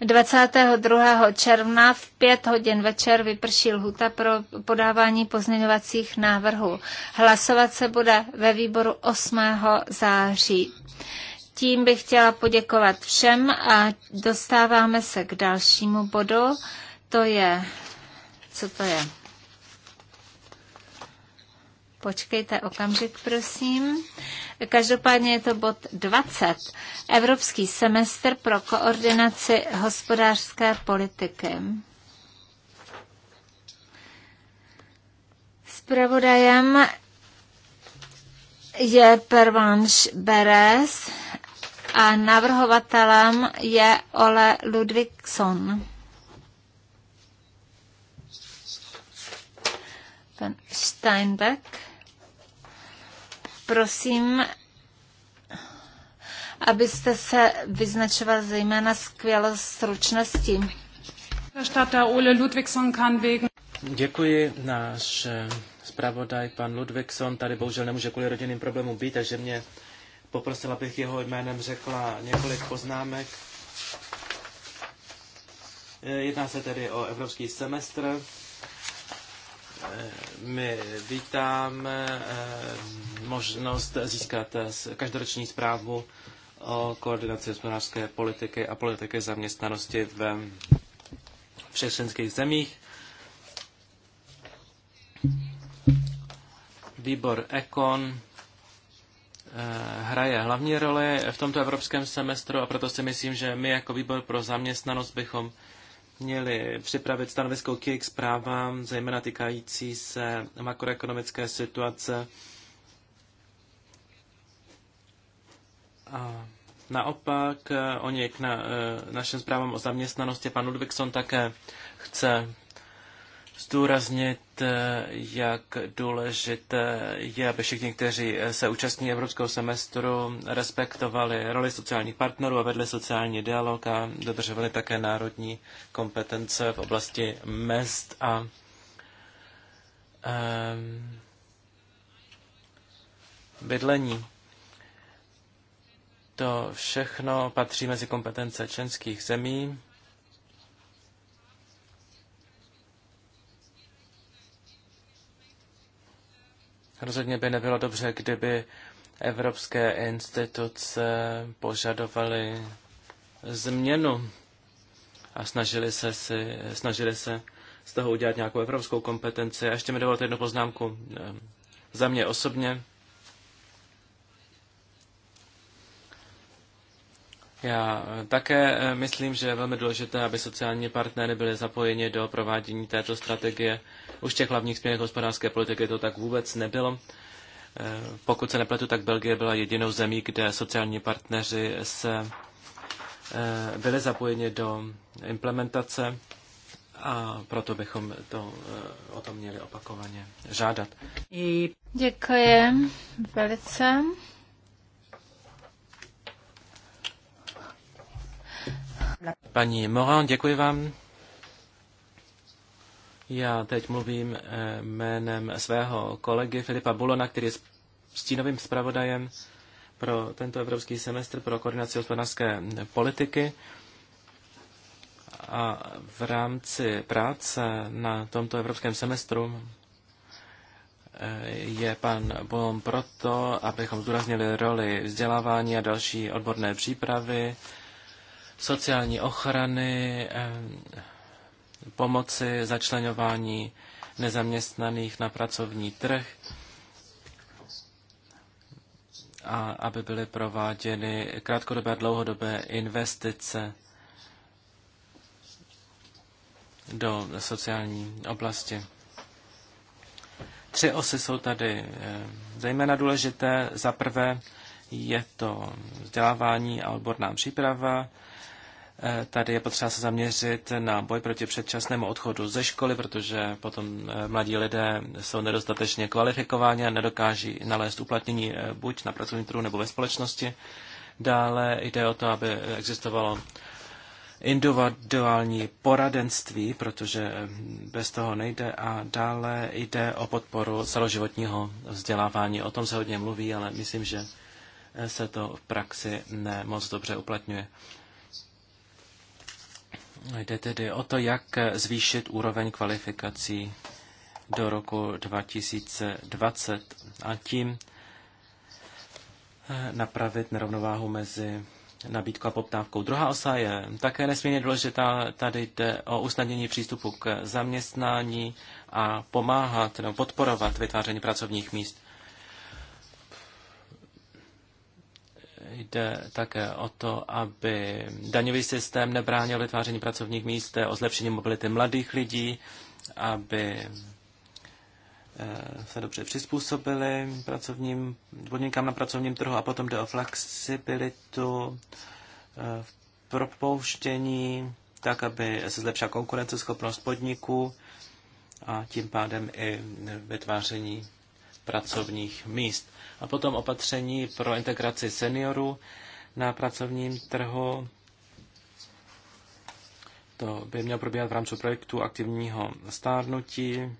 22. června v 5 hodin večer vyprší lhuta pro podávání pozměňovacích návrhů. Hlasovat se bude ve výboru 8. září. Tím bych chtěla poděkovat všem a dostáváme se k dalšímu bodu. To je, co to je? Počkejte okamžik, prosím. Každopádně je to bod 20. Evropský semestr pro koordinaci hospodářské politiky. Spravodajem je Pervanš Beres a navrhovatelem je Ole Ludvíkson. Pan Steinbeck. Prosím, abyste se vyznačoval zejména skvělou stručností. Děkuji. Náš eh, zpravodaj, pan Ludvigson, tady bohužel nemůže kvůli rodinným problémům být, takže mě poprosil, abych jeho jménem řekla několik poznámek. Eh, jedná se tedy o evropský semestr. My vítáme eh, možnost získat eh, každoroční zprávu o koordinaci hospodářské politiky a politiky zaměstnanosti ve eh, všech členských zemích. Výbor Econ hraje hlavní roli v tomto evropském semestru a proto si myslím, že my jako výbor pro zaměstnanost bychom měli připravit stanovisko k jejich zprávám, zejména týkající se makroekonomické situace. A naopak, eh, o něj k na, eh, našem zprávám o zaměstnanosti pan Ludvíkson také chce zdůraznit Eh, jak důležité je, aby všichni, kteří eh, se účastní evropského semestru, respektovali roli sociálních partnerů a vedli sociální dialog a dodržovali také národní kompetence v oblasti mest a um, bydlení. To všechno patří mezi kompetence členských zemí Rozhodně by nebylo dobře, kdyby evropské instituce požadovaly změnu a snažili se, si, snažili se z toho udělat nějakou evropskou kompetenci. A ještě mi dovolte jednu poznámku eh, za mě osobně. Já eh, také eh, myslím, že je velmi důležité, aby sociální partnery byly zapojeni do provádění této strategie. Už v těch hlavních směrech hospodářské politiky to tak vůbec nebylo. Eh, pokud se nepletu, tak Belgie byla jedinou zemí, kde sociální partneři se byli zapojeni do implementace a proto bychom to, o tom měli opakovaně žádat. Děkuji velice. Paní Morán, děkuji vám. Já teď mluvím eh, jménem svého kolegy Filipa Bulona, který je stínovým zpravodajem pro tento evropský semestr pro koordinaci hospodářské politiky. A v rámci práce na tomto evropském semestru eh, je pan Bulon proto, abychom zdůraznili roli vzdělávání a další odborné přípravy, sociální ochrany, eh, pomoci začlenování nezaměstnaných na pracovní trh a aby byly prováděny krátkodobé a dlouhodobé investice do sociální oblasti. Tři osy jsou tady eh, zejména důležité. Za prvé je to vzdělávání a odborná příprava, Eh, tady je potřeba se zaměřit na boj proti předčasnému odchodu ze školy, protože potom eh, mladí lidé jsou nedostatečně kvalifikováni a nedokáží nalézt uplatnění eh, buď na pracovní trhu nebo ve společnosti. Dále jde o to, aby existovalo individuální poradenství, protože bez toho nejde a dále jde o podporu celoživotního vzdělávání. O tom se hodně mluví, ale myslím, že se to v praxi nemoc dobře uplatňuje. Jde tedy o to, jak zvýšit úroveň kvalifikací do roku 2020 a tím eh, napravit nerovnováhu mezi nabídkou a poptávkou. Druhá osa je také nesmírně důležitá. Tady jde o usnadnění přístupu k zaměstnání a pomáhat nebo podporovat vytváření pracovních míst. Jde také o to, aby daňový systém nebránil vytváření pracovních míst, o zlepšení mobility mladých lidí, aby eh, se dobře přizpůsobili pracovním podmínkám na pracovním trhu a potom jde o flexibilitu eh, v propouštění, tak aby se zlepšila konkurenceschopnost podniků a tím pádem i vytváření pracovních míst. A potom opatření pro integraci seniorů na pracovním trhu. To by mělo probíhat v rámci projektu aktivního stárnutí.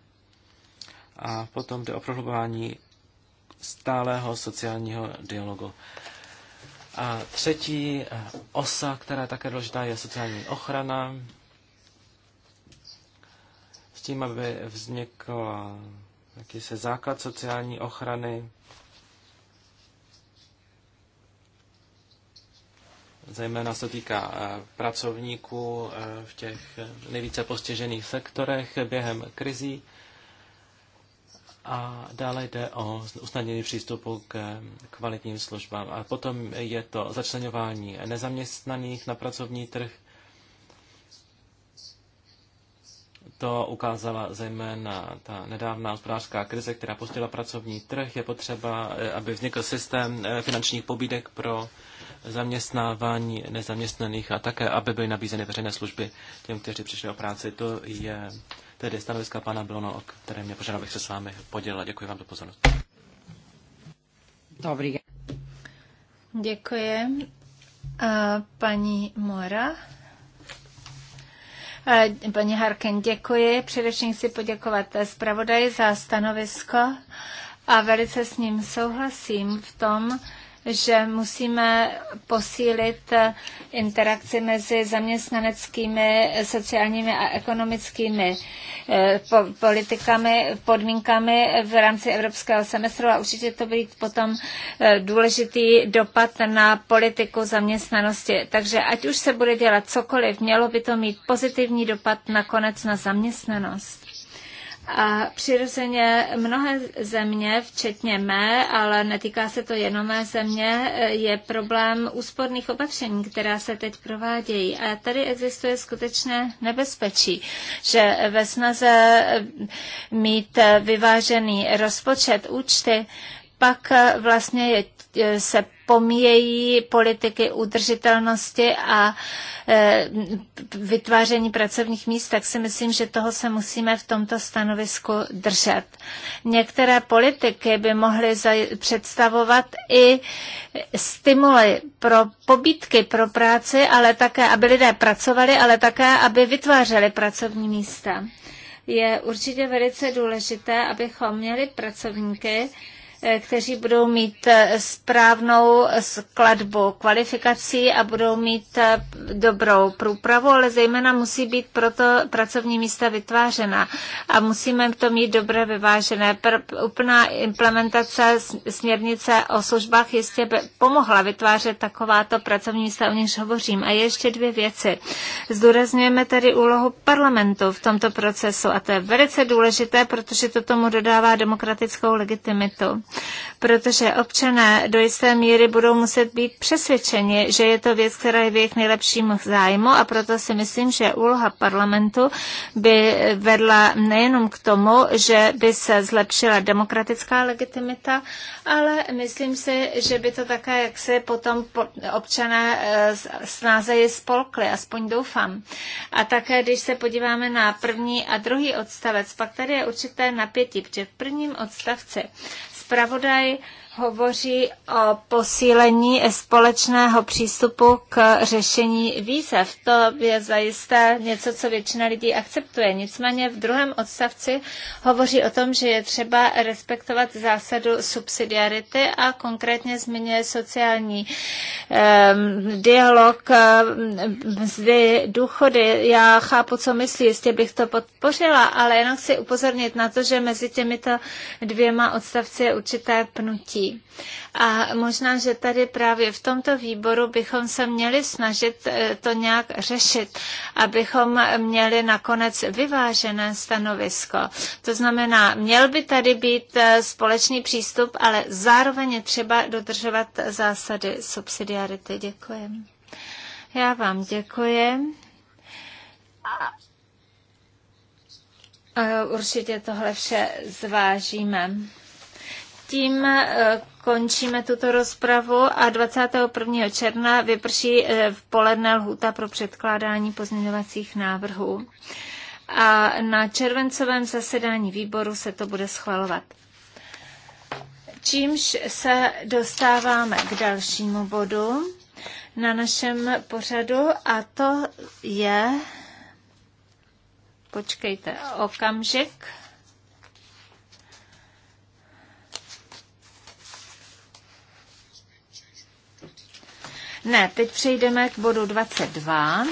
A potom jde o prohlubování stálého sociálního dialogu. A třetí osa, která je také důležitá, je sociální ochrana. S tím, aby vznikla jaký se základ sociální ochrany, zejména se týká eh, pracovníků eh, v těch nejvíce postižených sektorech během krizí. A dále jde o usnadnění přístupu k eh, kvalitním službám. A potom je to začlenování nezaměstnaných na pracovní trh. To ukázala zejména ta nedávná hospodářská krize, která postihla pracovní trh. Je potřeba, eh, aby vznikl systém eh, finančních pobídek pro zaměstnávání nezaměstnaných a také, aby byly nabízeny veřejné služby těm, kteří přišli o práci. To je tedy stanoviska pana Blono, o které mě požádal, abych se s vámi podělila. Děkuji vám za pozornost. Dobrý. Děkuji. A paní Mora Eh, paní Harken, děkuji. Především chci poděkovat zpravodaji za stanovisko a velice s ním souhlasím v tom, že musíme posílit interakci mezi zaměstnaneckými, sociálními a ekonomickými eh, politikami, podmínkami v rámci evropského semestru a určitě to být potom eh, důležitý dopad na politiku zaměstnanosti. Takže ať už se bude dělat cokoliv, mělo by to mít pozitivní dopad nakonec na zaměstnanost. A přirozeně mnohé země, včetně mé, ale netýká se to jenom mé země, je problém úsporných opatření, která se teď provádějí. A tady existuje skutečné nebezpečí, že ve snaze mít vyvážený rozpočet účty pak eh, vlastně je, se pomíjejí politiky udržitelnosti a eh, vytváření pracovních míst, tak si myslím, že toho se musíme v tomto stanovisku držet. Některé politiky by mohly představovat i stimuly pro pobítky pro práci, ale také, aby lidé pracovali, ale také, aby vytvářeli pracovní místa. Je určitě velice důležité, abychom měli pracovníky, Eh, kteří budou mít eh, správnou skladbu kvalifikací a budou mít eh, dobrou průpravu, ale zejména musí být proto pracovní místa vytvářena a musíme to mít dobře vyvážené. Pr- úplná implementace směrnice o službách jistě pomohla vytvářet takováto pracovní místa, o nichž hovořím. A ještě dvě věci. Zdůrazňujeme tady úlohu parlamentu v tomto procesu a to je velice důležité, protože to tomu dodává demokratickou legitimitu protože občané do jisté míry budou muset být přesvědčeni, že je to věc, která je v jejich nejlepším zájmu a proto si myslím, že úloha parlamentu by vedla nejenom k tomu, že by se zlepšila demokratická legitimita, ale myslím si, že by to také jak se potom občané eh, snáze je spolkli, aspoň doufám. A také, když se podíváme na první a druhý odstavec, pak tady je určité napětí, protože v prvním odstavci zpravodaj hovoří o posílení společného přístupu k řešení výzev. To je zajisté něco, co většina lidí akceptuje. Nicméně v druhém odstavci hovoří o tom, že je třeba respektovat zásadu subsidiarity a konkrétně zmiňuje sociální um, dialog, ehm, mzdy, důchody. Já chápu, co myslí, jistě bych to podpořila, ale jenom chci upozornit na to, že mezi těmito dvěma odstavci je určité pnutí. A možná, že tady právě v tomto výboru bychom se měli snažit eh, to nějak řešit, abychom měli nakonec vyvážené stanovisko. To znamená, měl by tady být eh, společný přístup, ale zároveň je třeba dodržovat zásady subsidiarity. Děkuji. Já vám děkuji. A eh, určitě tohle vše zvážíme. Tím eh, končíme tuto rozpravu a 21. června vyprší eh, v poledne lhůta pro předkládání pozměňovacích návrhů. A na červencovém zasedání výboru se to bude schvalovat. Čímž se dostáváme k dalšímu bodu na našem pořadu a to je, počkejte okamžik, Ne, teď přejdeme k bodu 22.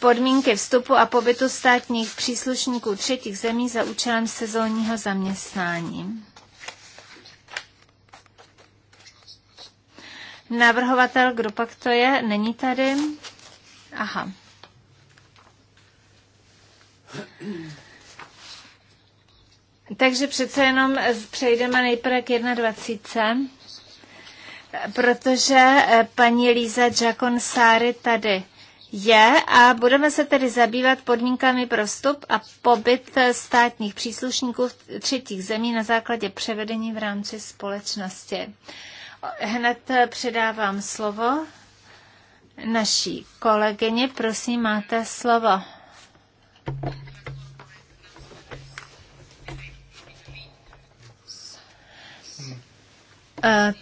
Podmínky vstupu a pobytu státních příslušníků třetích zemí za účelem sezónního zaměstnání. Navrhovatel, kdo pak to je, není tady. Aha. Takže přece jenom přejdeme nejprve k 21 protože eh, paní Líza Sáry tady je a budeme se tedy zabývat podmínkami pro vstup a pobyt eh, státních příslušníků třetích zemí na základě převedení v rámci společnosti. Hned eh, předávám slovo naší kolegyně. Prosím, máte slovo.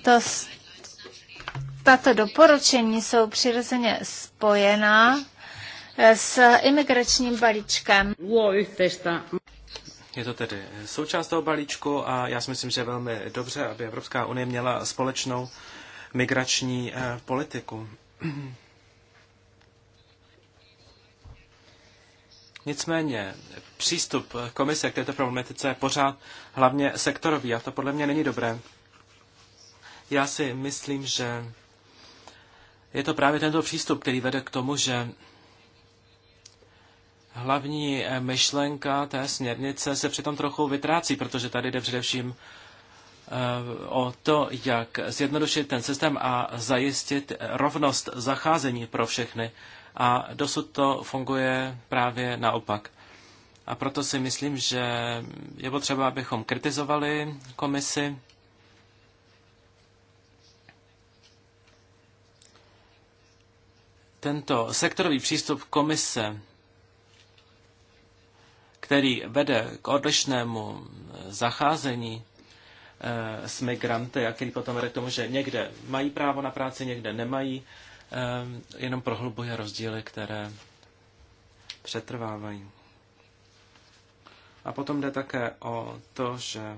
To tato doporučení jsou přirozeně spojená eh, s imigračním balíčkem. Je to tedy eh, součást toho balíčku a já si myslím, že je velmi dobře, aby Evropská unie měla společnou migrační eh, politiku. Nicméně přístup komise k této problematice je pořád hlavně sektorový a to podle mě není dobré. Já si myslím, že je to právě tento přístup, který vede k tomu, že hlavní myšlenka té směrnice se přitom trochu vytrácí, protože tady jde především eh, o to, jak zjednodušit ten systém a zajistit rovnost zacházení pro všechny. A dosud to funguje právě naopak. A proto si myslím, že je potřeba, abychom kritizovali komisi Tento sektorový přístup komise, který vede k odlišnému zacházení eh, s migranty a který potom vede k tomu, že někde mají právo na práci, někde nemají, eh, jenom prohlubuje rozdíly, které přetrvávají. A potom jde také o to, že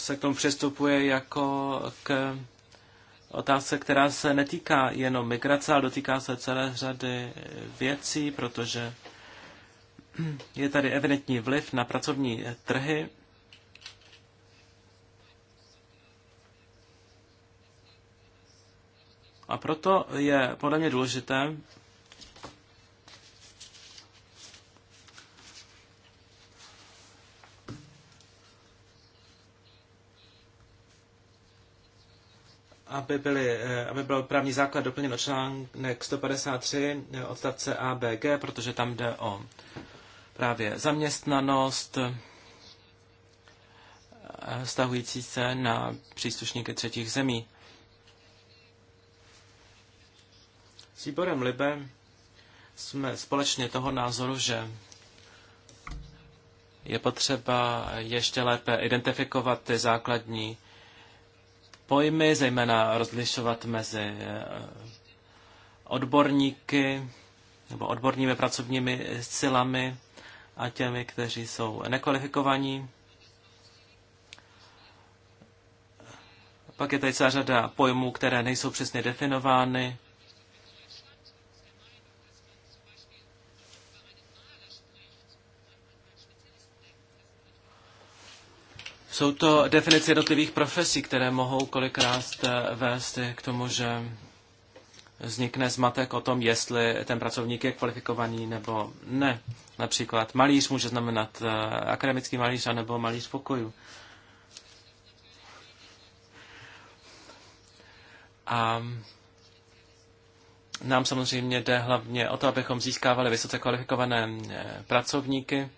se k tomu přistupuje jako k otázce, která se netýká jenom migrace, ale dotýká se celé řady věcí, protože je tady evidentní vliv na pracovní trhy. A proto je podle mě důležité, aby, byly, eh, aby byl právní základ doplněn o článek 153 eh, odstavce ABG, protože tam jde o právě zaměstnanost, stahující eh, se na příslušníky třetích zemí. S výborem Libe jsme společně toho názoru, že je potřeba ještě lépe identifikovat ty základní pojmy, zejména rozlišovat mezi eh, odborníky nebo odbornými pracovními silami a těmi, kteří jsou nekvalifikovaní. Pak je tady celá řada pojmů, které nejsou přesně definovány. Jsou to definice jednotlivých profesí, které mohou kolikrát eh, vést k tomu, že vznikne zmatek o tom, jestli ten pracovník je kvalifikovaný nebo ne. Například malíř může znamenat eh, akademický malíř nebo malíř pokoju. A nám samozřejmě jde hlavně o to, abychom získávali vysoce kvalifikované eh, pracovníky,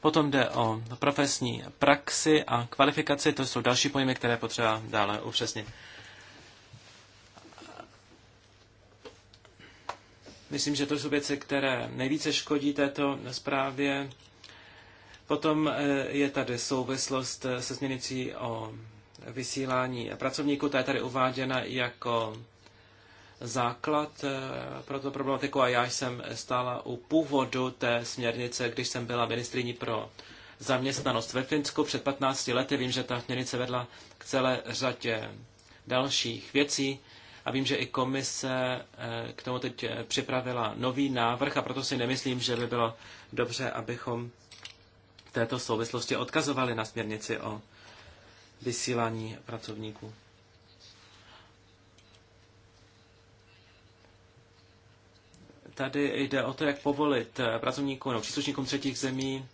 Potom jde o profesní praxi a kvalifikaci, to jsou další pojmy, které potřeba dále upřesnit. Myslím, že to jsou věci, které nejvíce škodí této zprávě. Potom eh, je tady souvislost eh, se změnicí o vysílání pracovníků, ta je tady uváděna jako základ eh, pro tu problematiku a já jsem stála u původu té směrnice, když jsem byla ministriní pro zaměstnanost ve Finsku před 15 lety. Vím, že ta směrnice vedla k celé řadě dalších věcí a vím, že i komise eh, k tomu teď eh, připravila nový návrh a proto si nemyslím, že by bylo dobře, abychom v této souvislosti odkazovali na směrnici o vysílání pracovníků. tady jde o to, jak povolit eh, pracovníkům nebo příslušníkům třetích zemí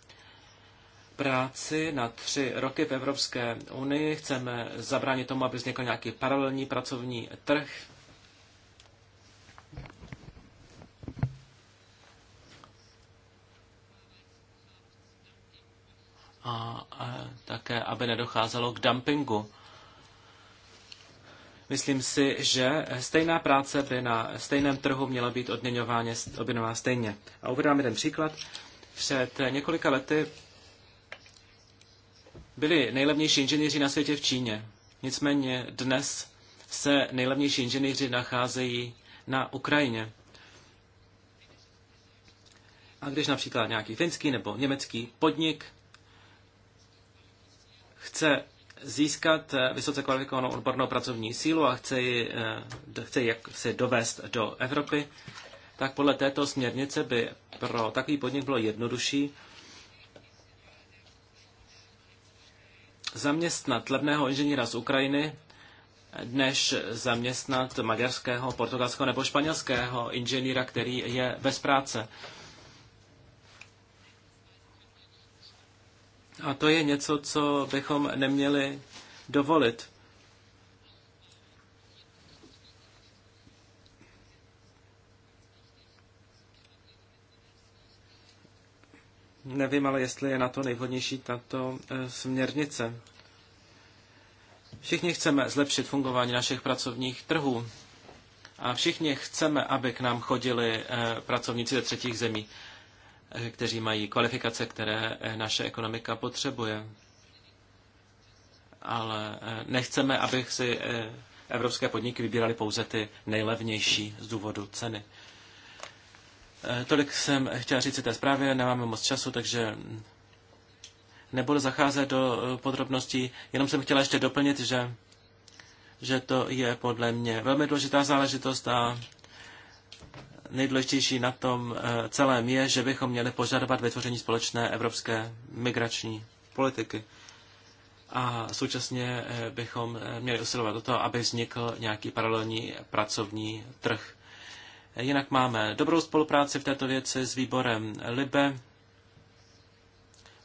práci na tři roky v Evropské unii. Chceme zabránit tomu, aby vznikl nějaký paralelní pracovní trh. A, a eh, také, aby nedocházelo k dumpingu Myslím si, že stejná práce by na stejném trhu měla být odměňována stejně. A uvedám jeden příklad. Před několika lety byli nejlevnější inženýři na světě v Číně. Nicméně dnes se nejlevnější inženýři nacházejí na Ukrajině. A když například nějaký finský nebo německý podnik chce získat eh, vysoce kvalifikovanou odbornou pracovní sílu a chce ji, eh, chce ji si dovést do Evropy, tak podle této směrnice by pro takový podnik bylo jednodušší zaměstnat levného inženýra z Ukrajiny, než zaměstnat maďarského, portugalského nebo španělského inženýra, který je bez práce. A to je něco, co bychom neměli dovolit. Nevím ale, jestli je na to nejvhodnější tato e, směrnice. Všichni chceme zlepšit fungování našich pracovních trhů a všichni chceme, aby k nám chodili e, pracovníci ze třetích zemí. Eh, kteří mají kvalifikace, které eh, naše ekonomika potřebuje. Ale eh, nechceme, aby si evropské podniky vybírali pouze ty nejlevnější z důvodu ceny. Tolik jsem chtěl říct té zprávě, nemáme moc času, takže nebudu zacházet do podrobností, jenom jsem chtěla ještě doplnit, že, že to je podle mě velmi důležitá záležitost a nejdůležitější na tom eh, celém je, že bychom měli požadovat vytvoření společné evropské migrační politiky. A současně eh, bychom eh, měli usilovat o to, aby vznikl nějaký paralelní pracovní trh. Jinak máme dobrou spolupráci v této věci s výborem LIBE.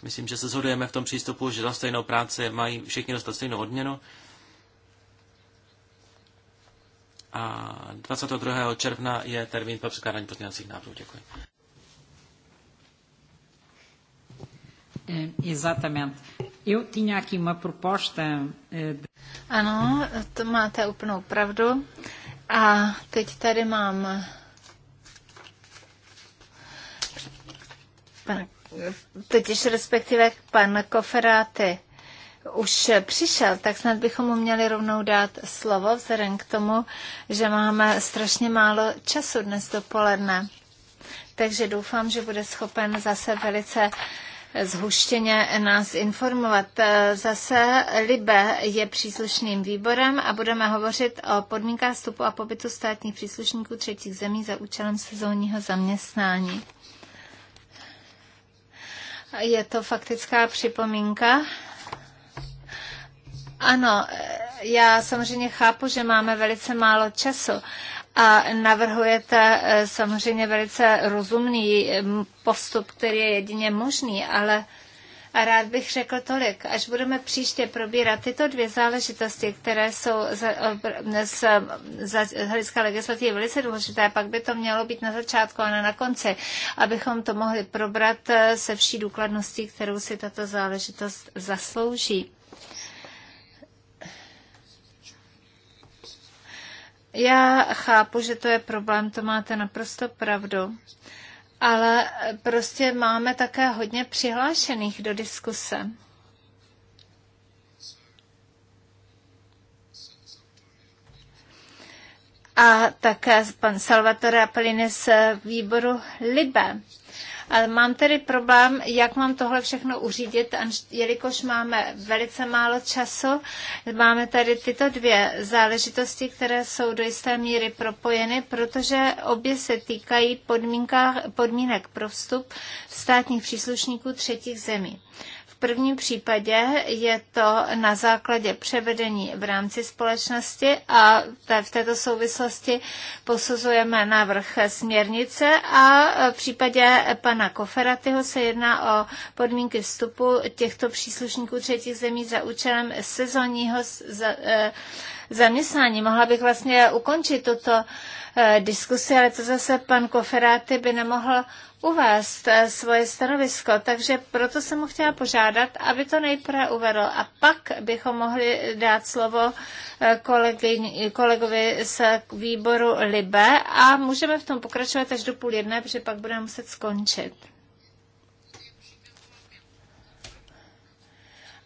Myslím, že se shodujeme v tom přístupu, že za stejnou práci mají všichni dostat stejnou odměnu. A 22. června je termín pro předkládání pozměňovacích návrhů. Děkuji. Exatamente. Eu tinha aqui uma proposta. Ano, to máte úplnou pravdu. A teď tady mám pan, totiž respektive pan Koferáty už přišel, tak snad bychom mu měli rovnou dát slovo, vzhledem k tomu, že máme strašně málo času dnes dopoledne. Takže doufám, že bude schopen zase velice zhuštěně nás informovat. Zase LIBE je příslušným výborem a budeme hovořit o podmínkách vstupu a pobytu státních příslušníků třetích zemí za účelem sezónního zaměstnání. Je to faktická připomínka ano, já samozřejmě chápu, že máme velice málo času a navrhujete eh, samozřejmě velice rozumný eh, postup, který je jedině možný, ale a rád bych řekl tolik, až budeme příště probírat tyto dvě záležitosti, které jsou z, z hlediska legislativy velice důležité, pak by to mělo být na začátku a ne na konci, abychom to mohli probrat eh, se vší důkladností, kterou si tato záležitost zaslouží. Já chápu, že to je problém, to máte naprosto pravdu, ale prostě máme také hodně přihlášených do diskuse. a také pan Salvatore Apellini z výboru Libe. Ale mám tedy problém, jak mám tohle všechno uřídit, jelikož máme velice málo času. Máme tady tyto dvě záležitosti, které jsou do jisté míry propojeny, protože obě se týkají podmínek pro vstup státních příslušníků třetích zemí prvním případě je to na základě převedení v rámci společnosti a v této souvislosti posuzujeme návrh směrnice a v případě pana Koferatyho se jedná o podmínky vstupu těchto příslušníků třetích zemí za účelem sezónního eh, zaměstnání. Mohla bych vlastně ukončit tuto eh, diskusi, ale to zase pan Koferáty by nemohl uvést eh, svoje stanovisko, takže proto jsem mu chtěla požádat, aby to nejprve uvedl a pak bychom mohli dát slovo eh, kolegy, kolegovi z výboru Libe a můžeme v tom pokračovat až do půl jedné, protože pak budeme muset skončit.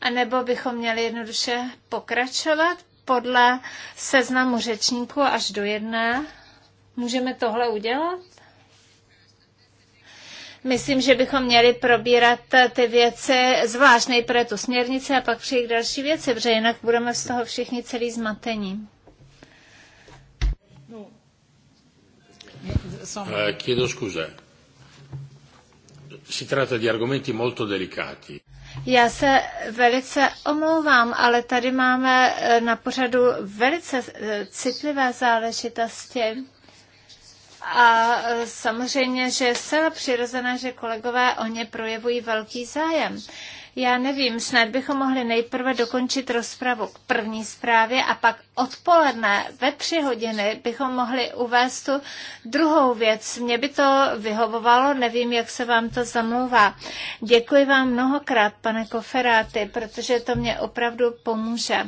A nebo bychom měli jednoduše pokračovat, podle seznamu řečníků až do jedné. Můžeme tohle udělat? Myslím, že bychom měli probírat ty věci zvlášť nejprve tu směrnici a pak přijít další věci, protože jinak budeme z toho všichni celý zmatení. Eh, chiedo scusa. Si tratta di argomenti molto delicati. Já se velice omlouvám, ale tady máme eh, na pořadu velice eh, citlivé záležitosti. A eh, samozřejmě, že je zcela přirozené, že kolegové o ně projevují velký zájem. Já nevím, snad bychom mohli nejprve dokončit rozpravu k první zprávě a pak odpoledne ve tři hodiny bychom mohli uvést tu druhou věc. Mně by to vyhovovalo, nevím, jak se vám to zamlouvá. Děkuji vám mnohokrát, pane Koferáty, protože to mě opravdu pomůže.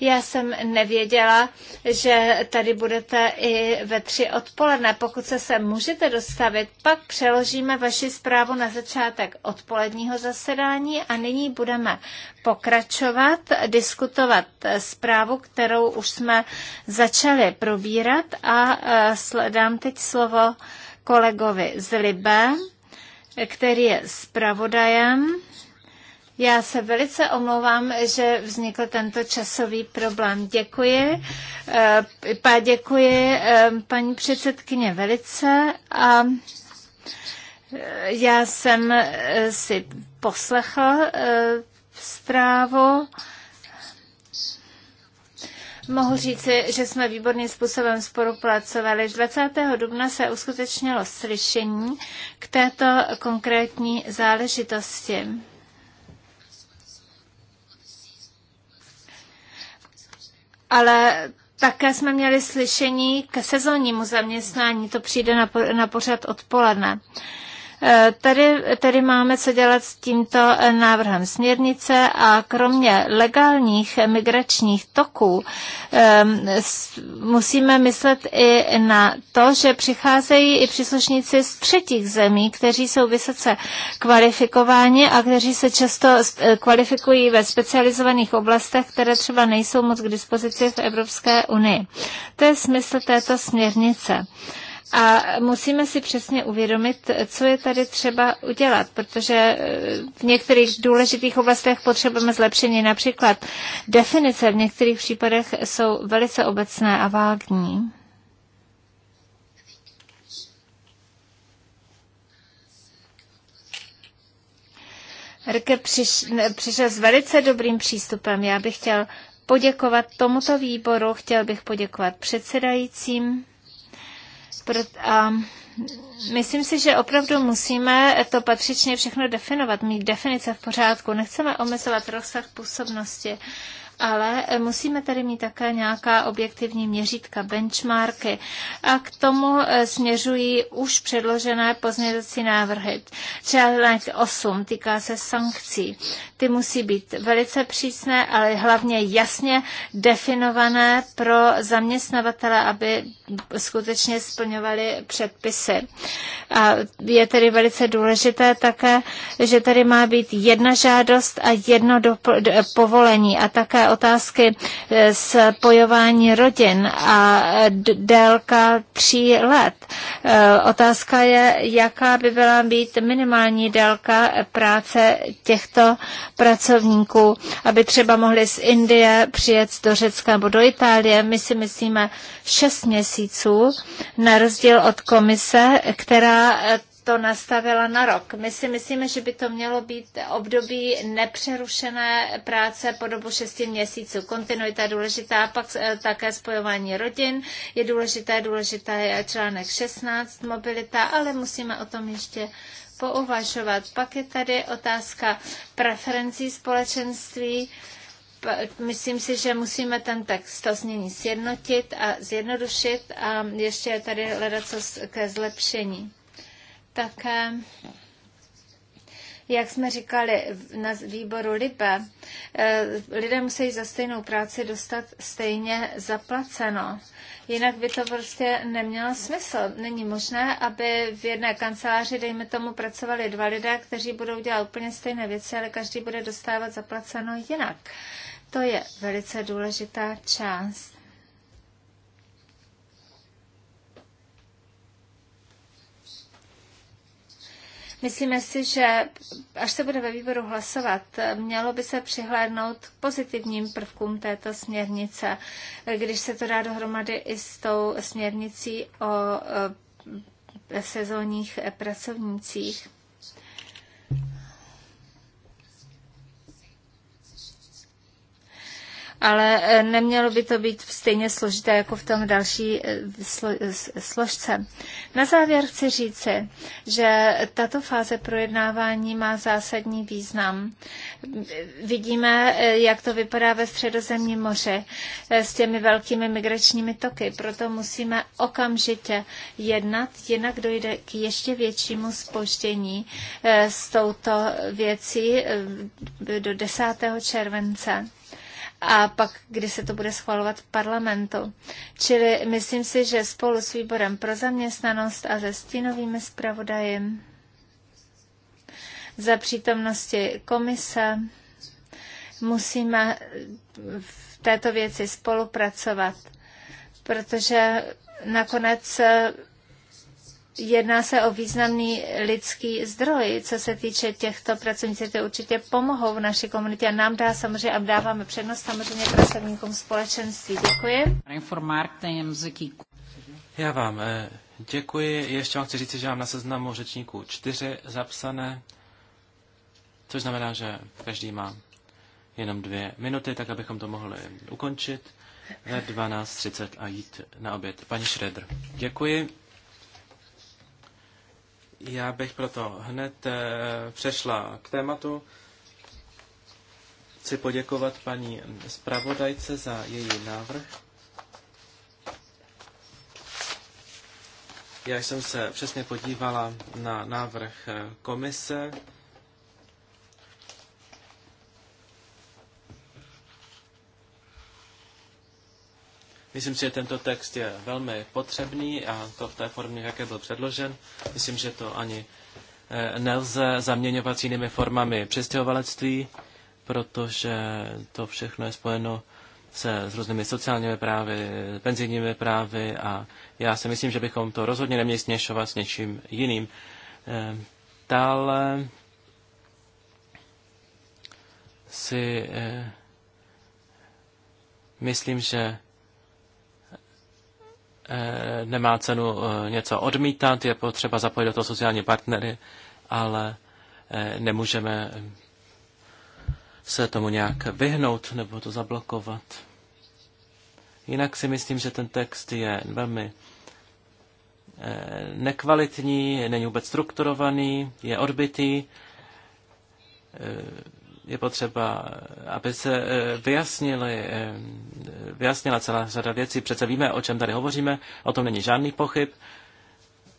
Já jsem nevěděla, že tady budete i ve tři odpoledne. Pokud se sem můžete dostavit, pak přeložíme vaši zprávu na začátek odpoledního zasedání a nyní budeme pokračovat, diskutovat zprávu, kterou už jsme začali probírat a e, dám teď slovo kolegovi z Libe, který je zpravodajem. Já se velice omlouvám, že vznikl tento časový problém. Děkuji. E, pa, děkuji e, paní předsedkyně velice a já jsem si poslechl zprávu. Mohu říci, že jsme výborným způsobem spolupracovali. 20. dubna se uskutečnilo slyšení k této konkrétní záležitosti. Ale také jsme měli slyšení k sezónnímu zaměstnání, to přijde na, pořad odpoledne. Eh, tady, tady máme co dělat s tímto eh, návrhem směrnice a kromě legálních migračních toků ehm, musíme myslet i na to, že přicházejí i příslušníci z třetích zemí, kteří jsou vysoce kvalifikováni a kteří se často eh, kvalifikují ve specializovaných oblastech, které třeba nejsou moc k dispozici v Evropské unii. To je smysl této směrnice. A musíme si přesně uvědomit, co je tady třeba udělat, protože e, v některých důležitých oblastech potřebujeme zlepšení. Například definice v některých případech jsou velice obecné a vágní. Rke přiš, přišel s velice dobrým přístupem. Já bych chtěl poděkovat tomuto výboru, chtěl bych poděkovat předsedajícím. A myslím si, že opravdu musíme to patřičně všechno definovat, mít definice v pořádku. Nechceme omezovat rozsah působnosti ale musíme tady mít také nějaká objektivní měřítka, benchmarky a k tomu eh, směřují už předložené pozměňovací návrhy. Třeba 8 týká se sankcí. Ty musí být velice přísné, ale hlavně jasně definované pro zaměstnavatele, aby skutečně splňovali předpisy. A je tedy velice důležité také, že tady má být jedna žádost a jedno povolení a také otázky eh, spojování rodin a délka tří let. Eh, otázka je, jaká by byla být minimální délka práce těchto pracovníků, aby třeba mohli z Indie přijet do Řecka nebo do Itálie. My si myslíme šest měsíců, na rozdíl od komise, která to nastavila na rok. My si myslíme, že by to mělo být období nepřerušené práce po dobu 6 měsíců. Kontinuita je důležitá, pak eh, také spojování rodin je důležité, důležitá je článek 16, mobilita, ale musíme o tom ještě pouvažovat. Pak je tady otázka preferencí společenství myslím si, že musíme ten text to změní sjednotit a zjednodušit a ještě je tady hledat co ke zlepšení také jak jsme říkali na výboru LIPE, eh, lidé musí za stejnou práci dostat stejně zaplaceno. Jinak by to prostě nemělo smysl. Není možné, aby v jedné kanceláři, dejme tomu, pracovali dva lidé, kteří budou dělat úplně stejné věci, ale každý bude dostávat zaplaceno jinak. To je velice důležitá část. Myslíme si, že až se bude ve výboru hlasovat, mělo by se přihlédnout k pozitivním prvkům této směrnice, když se to dá dohromady i s tou směrnicí o e, sezónních pracovnících. ale e, nemělo by to být stejně složité jako v tom další e, e, složce. Na závěr chci říci, že tato fáze projednávání má zásadní význam. Vidíme, jak to vypadá ve středozemním moři s těmi velkými migračními toky, proto musíme okamžitě jednat, jinak dojde k ještě většímu spoždění s touto věcí do 10. července a pak, kdy se to bude schvalovat v parlamentu. Čili myslím si, že spolu s výborem pro zaměstnanost a se stínovými zpravodaji za přítomnosti komise musíme v této věci spolupracovat, protože nakonec Jedná se o významný lidský zdroj, co se týče těchto pracovníků, to určitě pomohou v naší komunitě a nám dá samozřejmě a dáváme přednost samozřejmě pracovníkům společenství. Děkuji. Já vám eh, děkuji. Ještě vám chci říct, že mám na seznamu řečníků čtyři zapsané, což znamená, že každý má jenom dvě minuty, tak abychom to mohli ukončit ve 12.30 a jít na oběd. Paní Šredr, děkuji. Já bych proto hned eh, přešla k tématu. Chci poděkovat paní zpravodajce za její návrh. Já jsem se přesně podívala na návrh eh, komise Myslím si, že tento text je velmi potřebný a to v té formě, jaké byl předložen. Myslím, že to ani eh, nelze zaměňovat s jinými formami přestěhovalectví, protože to všechno je spojeno se s různými sociálními právy, penzijními právy a já si myslím, že bychom to rozhodně neměli směšovat s něčím jiným. Eh, dále si eh, myslím, že Eh, nemá cenu eh, něco odmítat, je potřeba zapojit do toho sociální partnery, ale eh, nemůžeme se tomu nějak vyhnout nebo to zablokovat. Jinak si myslím, že ten text je velmi nekvalitní, není vůbec strukturovaný, je odbitý, je potřeba, aby se eh, vyjasnili, eh, vyjasnila celá řada věcí. Přece víme, o čem tady hovoříme, o tom není žádný pochyb.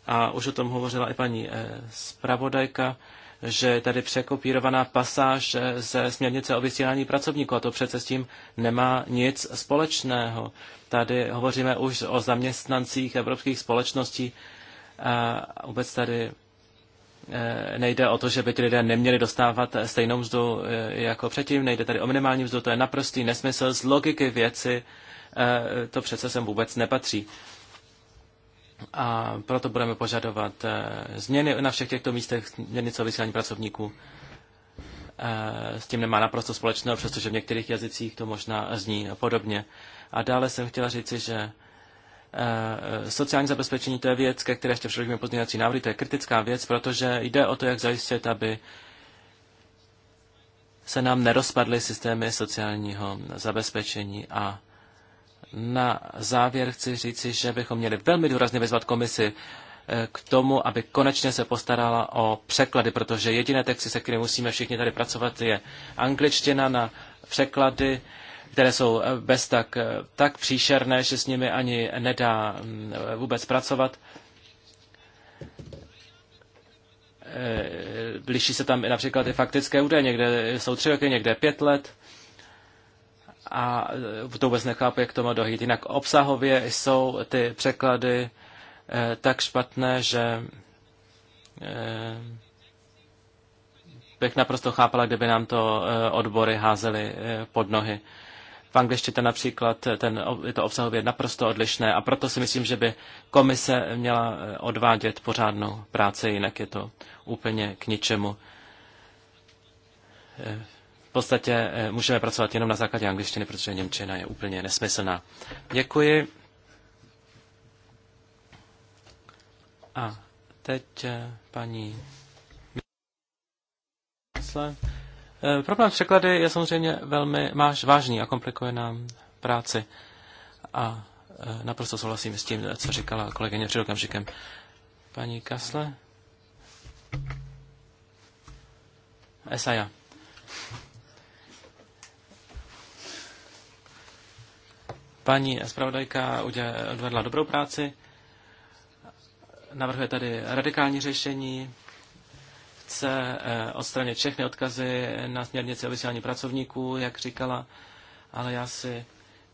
A už o tom hovořila i paní eh, zpravodajka, že je tady překopírovaná pasáž ze směrnice o vysílání pracovníků a to přece s tím nemá nic společného. Tady hovoříme už o zaměstnancích evropských společností a vůbec tady Eh, nejde o to, že by ti lidé neměli dostávat stejnou mzdu eh, jako předtím, nejde tady o minimální mzdu, to je naprostý nesmysl z logiky věci, eh, to přece sem vůbec nepatří. A proto budeme požadovat změny na všech těchto místech, změny co vysílání pracovníků. S tím nemá naprosto společného, přestože v některých jazycích to možná zní podobně. A dále jsem chtěla říci, že Eh, sociální zabezpečení to je věc, ke které ještě předložíme pozměňovací návrhy, to je kritická věc, protože jde o to, jak zajistit, aby se nám nerozpadly systémy sociálního zabezpečení a na závěr chci říci, že bychom měli velmi důrazně vyzvat komisi eh, k tomu, aby konečně se postarala o překlady, protože jediné texty, se kterými musíme všichni tady pracovat, je angličtina na překlady které jsou eh, bez tak, eh, tak příšerné, že s nimi ani nedá mm, eh, vůbec pracovat. Liší se tam i například i faktické údaje, někde jsou tři roky, někde pět let a to vůbec nechápu, jak to má dojít. Jinak obsahově jsou ty překlady tak špatné, že bych naprosto chápala, kdyby nám to odbory házely pod nohy. V angličtině například eh, ten, je to obsahově naprosto odlišné a proto si myslím, že by komise měla eh, odvádět pořádnou práci, jinak je to úplně k ničemu. Eh, v podstatě můžeme pracovat jenom na základě angličtiny, protože Němčina je úplně nesmyslná. Děkuji. A teď paní Mysle. Eh, problém překlady je samozřejmě velmi vážný a komplikuje nám práci. A eh, naprosto souhlasím s tím, co říkala kolegyně před okamžikem. Paní Kasle? Esaja. Paní zpravodajka odvedla dobrou práci, navrhuje tady radikální řešení, chce eh, odstranit všechny odkazy na směrnici o vysílání pracovníků, jak říkala, ale já si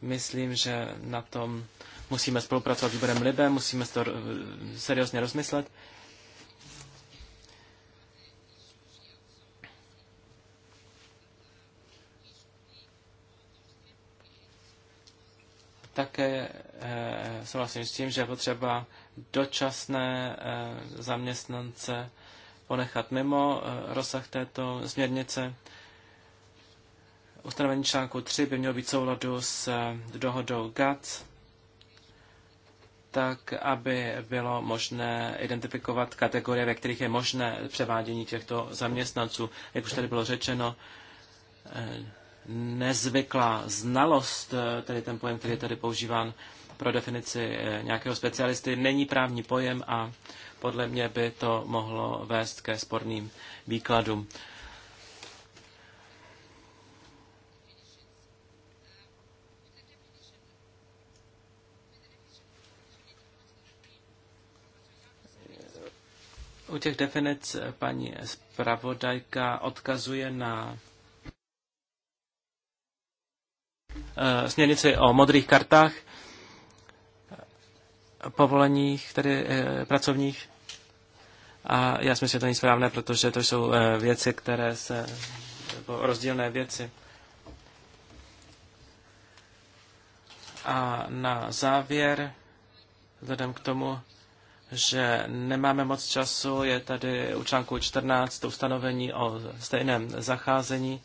myslím, že na tom musíme spolupracovat s výborem Libe, musíme to eh, seriózně rozmyslet. Také eh, souhlasím s tím, že je potřeba dočasné zaměstnance ponechat mimo eh, rozsah této směrnice. Ustanovení článku 3 by mělo být souladu s eh, dohodou GATS, tak aby bylo možné identifikovat kategorie, ve kterých je možné převádění těchto zaměstnanců. Jak už tady bylo řečeno, eh, nezvyklá znalost, tedy ten pojem, který je tady používán, pro definici eh, nějakého specialisty není právní pojem a podle mě by to mohlo vést ke sporným výkladům. U těch definic eh, paní zpravodajka odkazuje na eh, směrnici o modrých kartách povoleních tedy eh, pracovních. A já si myslím, že to není správné, protože to jsou eh, věci, které se, nebo rozdílné věci. A na závěr, vzhledem k tomu, že nemáme moc času, je tady u článku 14 ustanovení o stejném zacházení.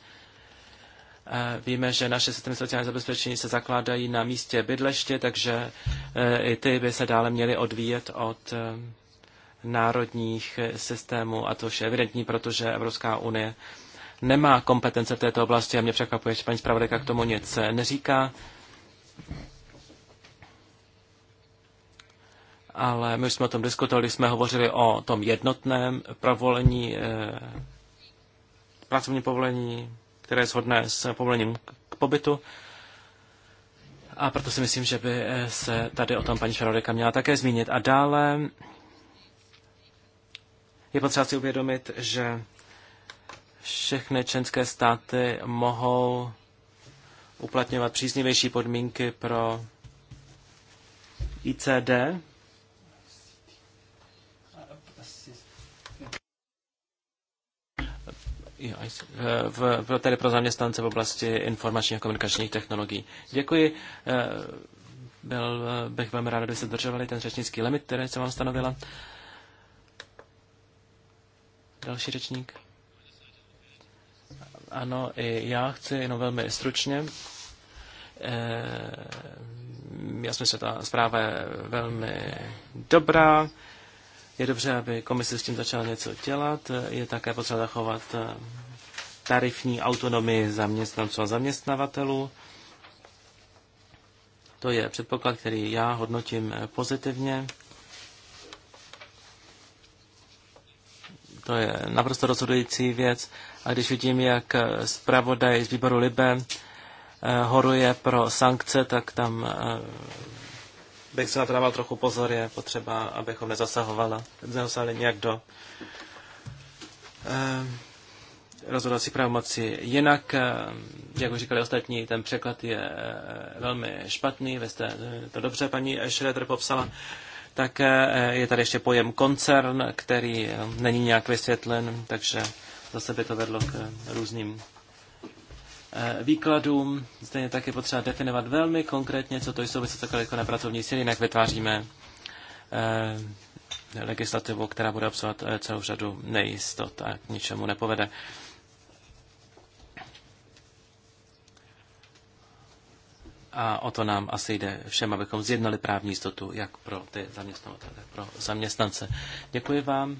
Víme, že naše systémy sociální zabezpečení se zakládají na místě bydleště, takže e, i ty by se dále měly odvíjet od e, národních systémů a to je evidentní, protože Evropská unie nemá kompetence v této oblasti a mě překvapuje, že paní zpravodajka k tomu nic neříká. Ale my jsme o tom diskutovali, jsme hovořili o tom jednotném provolení, e, pracovní povolení které je shodné s povolením k pobytu. A proto si myslím, že by eh, se tady o tom paní Šarodeka měla také zmínit. A dále je potřeba si uvědomit, že všechny členské státy mohou uplatňovat příznivější podmínky pro ICD, Eh, v, tedy pro zaměstnance v oblasti informačních a komunikačních technologií. Děkuji. Eh, byl, eh, bych velmi rád, kdybyste držovali ten řečnický limit, který jsem vám stanovila. Další řečník. Ano, i já chci jenom velmi stručně. Já si myslím, že ta zpráva je velmi dobrá. Je dobře, aby komise s tím začala něco dělat. Je také potřeba zachovat eh, tarifní autonomii zaměstnanců a zaměstnavatelů. To je předpoklad, který já hodnotím eh, pozitivně. To je naprosto rozhodující věc. A když vidím, jak eh, zpravodaj z výboru Libe horuje pro sankce, tak tam bych se na to dával trochu pozor, je potřeba, abychom nezasahovala, nezasahovali nějak do eh, rozhodovací pravomoci. Jinak, eh, jak už říkali ostatní, ten překlad je eh, velmi špatný, vy jste eh, to dobře paní Schroeder popsala. Tak eh, je tady ještě pojem koncern, který eh, není nějak vysvětlen, takže zase by to vedlo k eh, různým Eh, výkladům. Stejně tak je potřeba definovat velmi konkrétně, co to jsou vysokokvalifikované pracovní síly, jinak vytváříme eh, legislativu, která bude obsahovat eh, celou řadu nejistot a k ničemu nepovede. A o to nám asi jde všem, abychom zjednali právní jistotu jak pro ty zaměstnavatele, tak pro zaměstnance. Děkuji vám.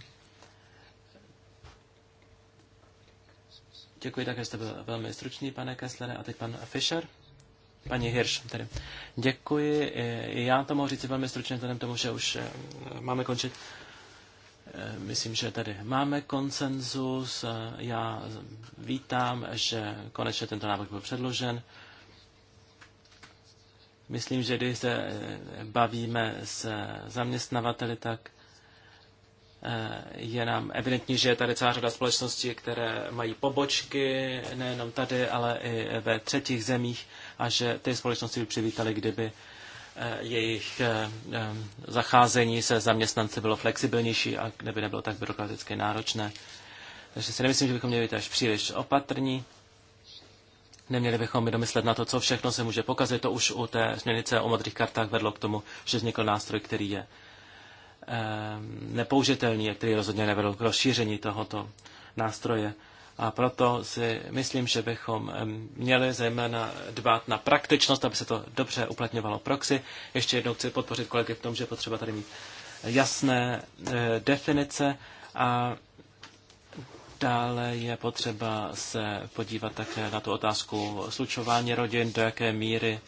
Děkuji také, jste byl velmi stručný, pane Kesslere. A teď pan Fischer. Paní Hirš, tedy. Děkuji. Já to mohu říct velmi stručně, vzhledem tomu, že už eh, máme končit. Eh, myslím, že tady máme konsenzus. Eh, já vítám, že konečně tento návrh byl předložen. Myslím, že když se bavíme s zaměstnavateli, tak Eh, je nám evidentní, že je tady celá řada společností, které mají pobočky nejenom tady, ale i ve třetích zemích a že ty společnosti by přivítaly, kdyby eh, jejich eh, zacházení se zaměstnanci bylo flexibilnější a kdyby nebylo tak byrokraticky náročné. Takže si nemyslím, že bychom měli být až příliš opatrní. Neměli bychom mi domyslet na to, co všechno se může pokazit. To už u té směrnice o modrých kartách vedlo k tomu, že vznikl nástroj, který je Eh, nepoužitelný a který rozhodně nevedl k rozšíření tohoto nástroje. A proto si myslím, že bychom eh, měli zejména dbát na praktičnost, aby se to dobře uplatňovalo proxy. Ještě jednou chci podpořit kolegy v tom, že potřeba tady mít jasné eh, definice a dále je potřeba se podívat také na tu otázku slučování rodin, do jaké míry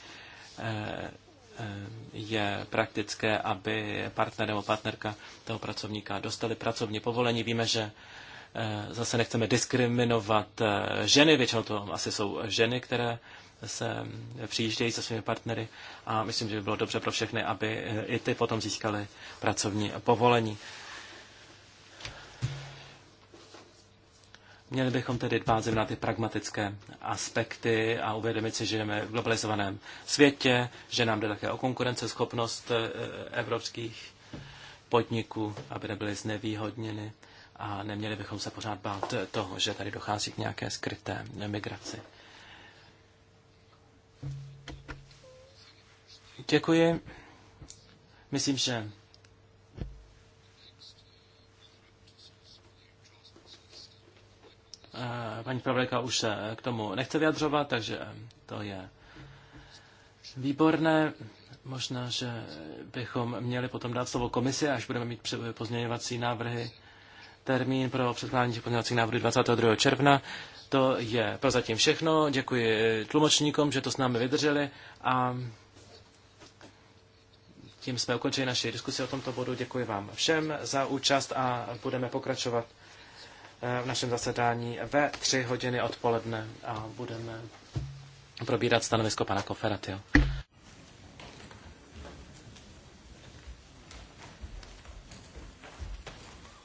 je praktické, aby partner nebo partnerka toho pracovníka dostali pracovní povolení. Víme, že eh, zase nechceme diskriminovat eh, ženy, většinou to asi jsou ženy, které se přijíždějí se svými partnery a myslím, že by bylo dobře pro všechny, aby eh, i ty potom získali pracovní povolení. Měli bychom tedy dbát na ty pragmatické aspekty a uvědomit si, že žijeme v globalizovaném světě, že nám jde také o konkurenceschopnost eh, eh, evropských podniků, aby nebyly znevýhodněny a neměli bychom se pořád bát toho, že tady dochází k nějaké skryté migraci. Děkuji. Myslím, že Paní Pravlika už se k tomu nechce vyjadřovat, takže eh, to je výborné. Možná, že bychom měli potom dát slovo komisi, až budeme mít pozměňovací návrhy. Termín pro předkládání pozměňovacích návrhů 22. června. To je prozatím všechno. Děkuji eh, tlumočníkům, že to s námi vydrželi a tím jsme ukončili naši diskusi o tomto bodu. Děkuji vám všem za účast a budeme pokračovat v našem zasedání ve tři hodiny odpoledne a budeme probírat stanovisko pana Koferatio.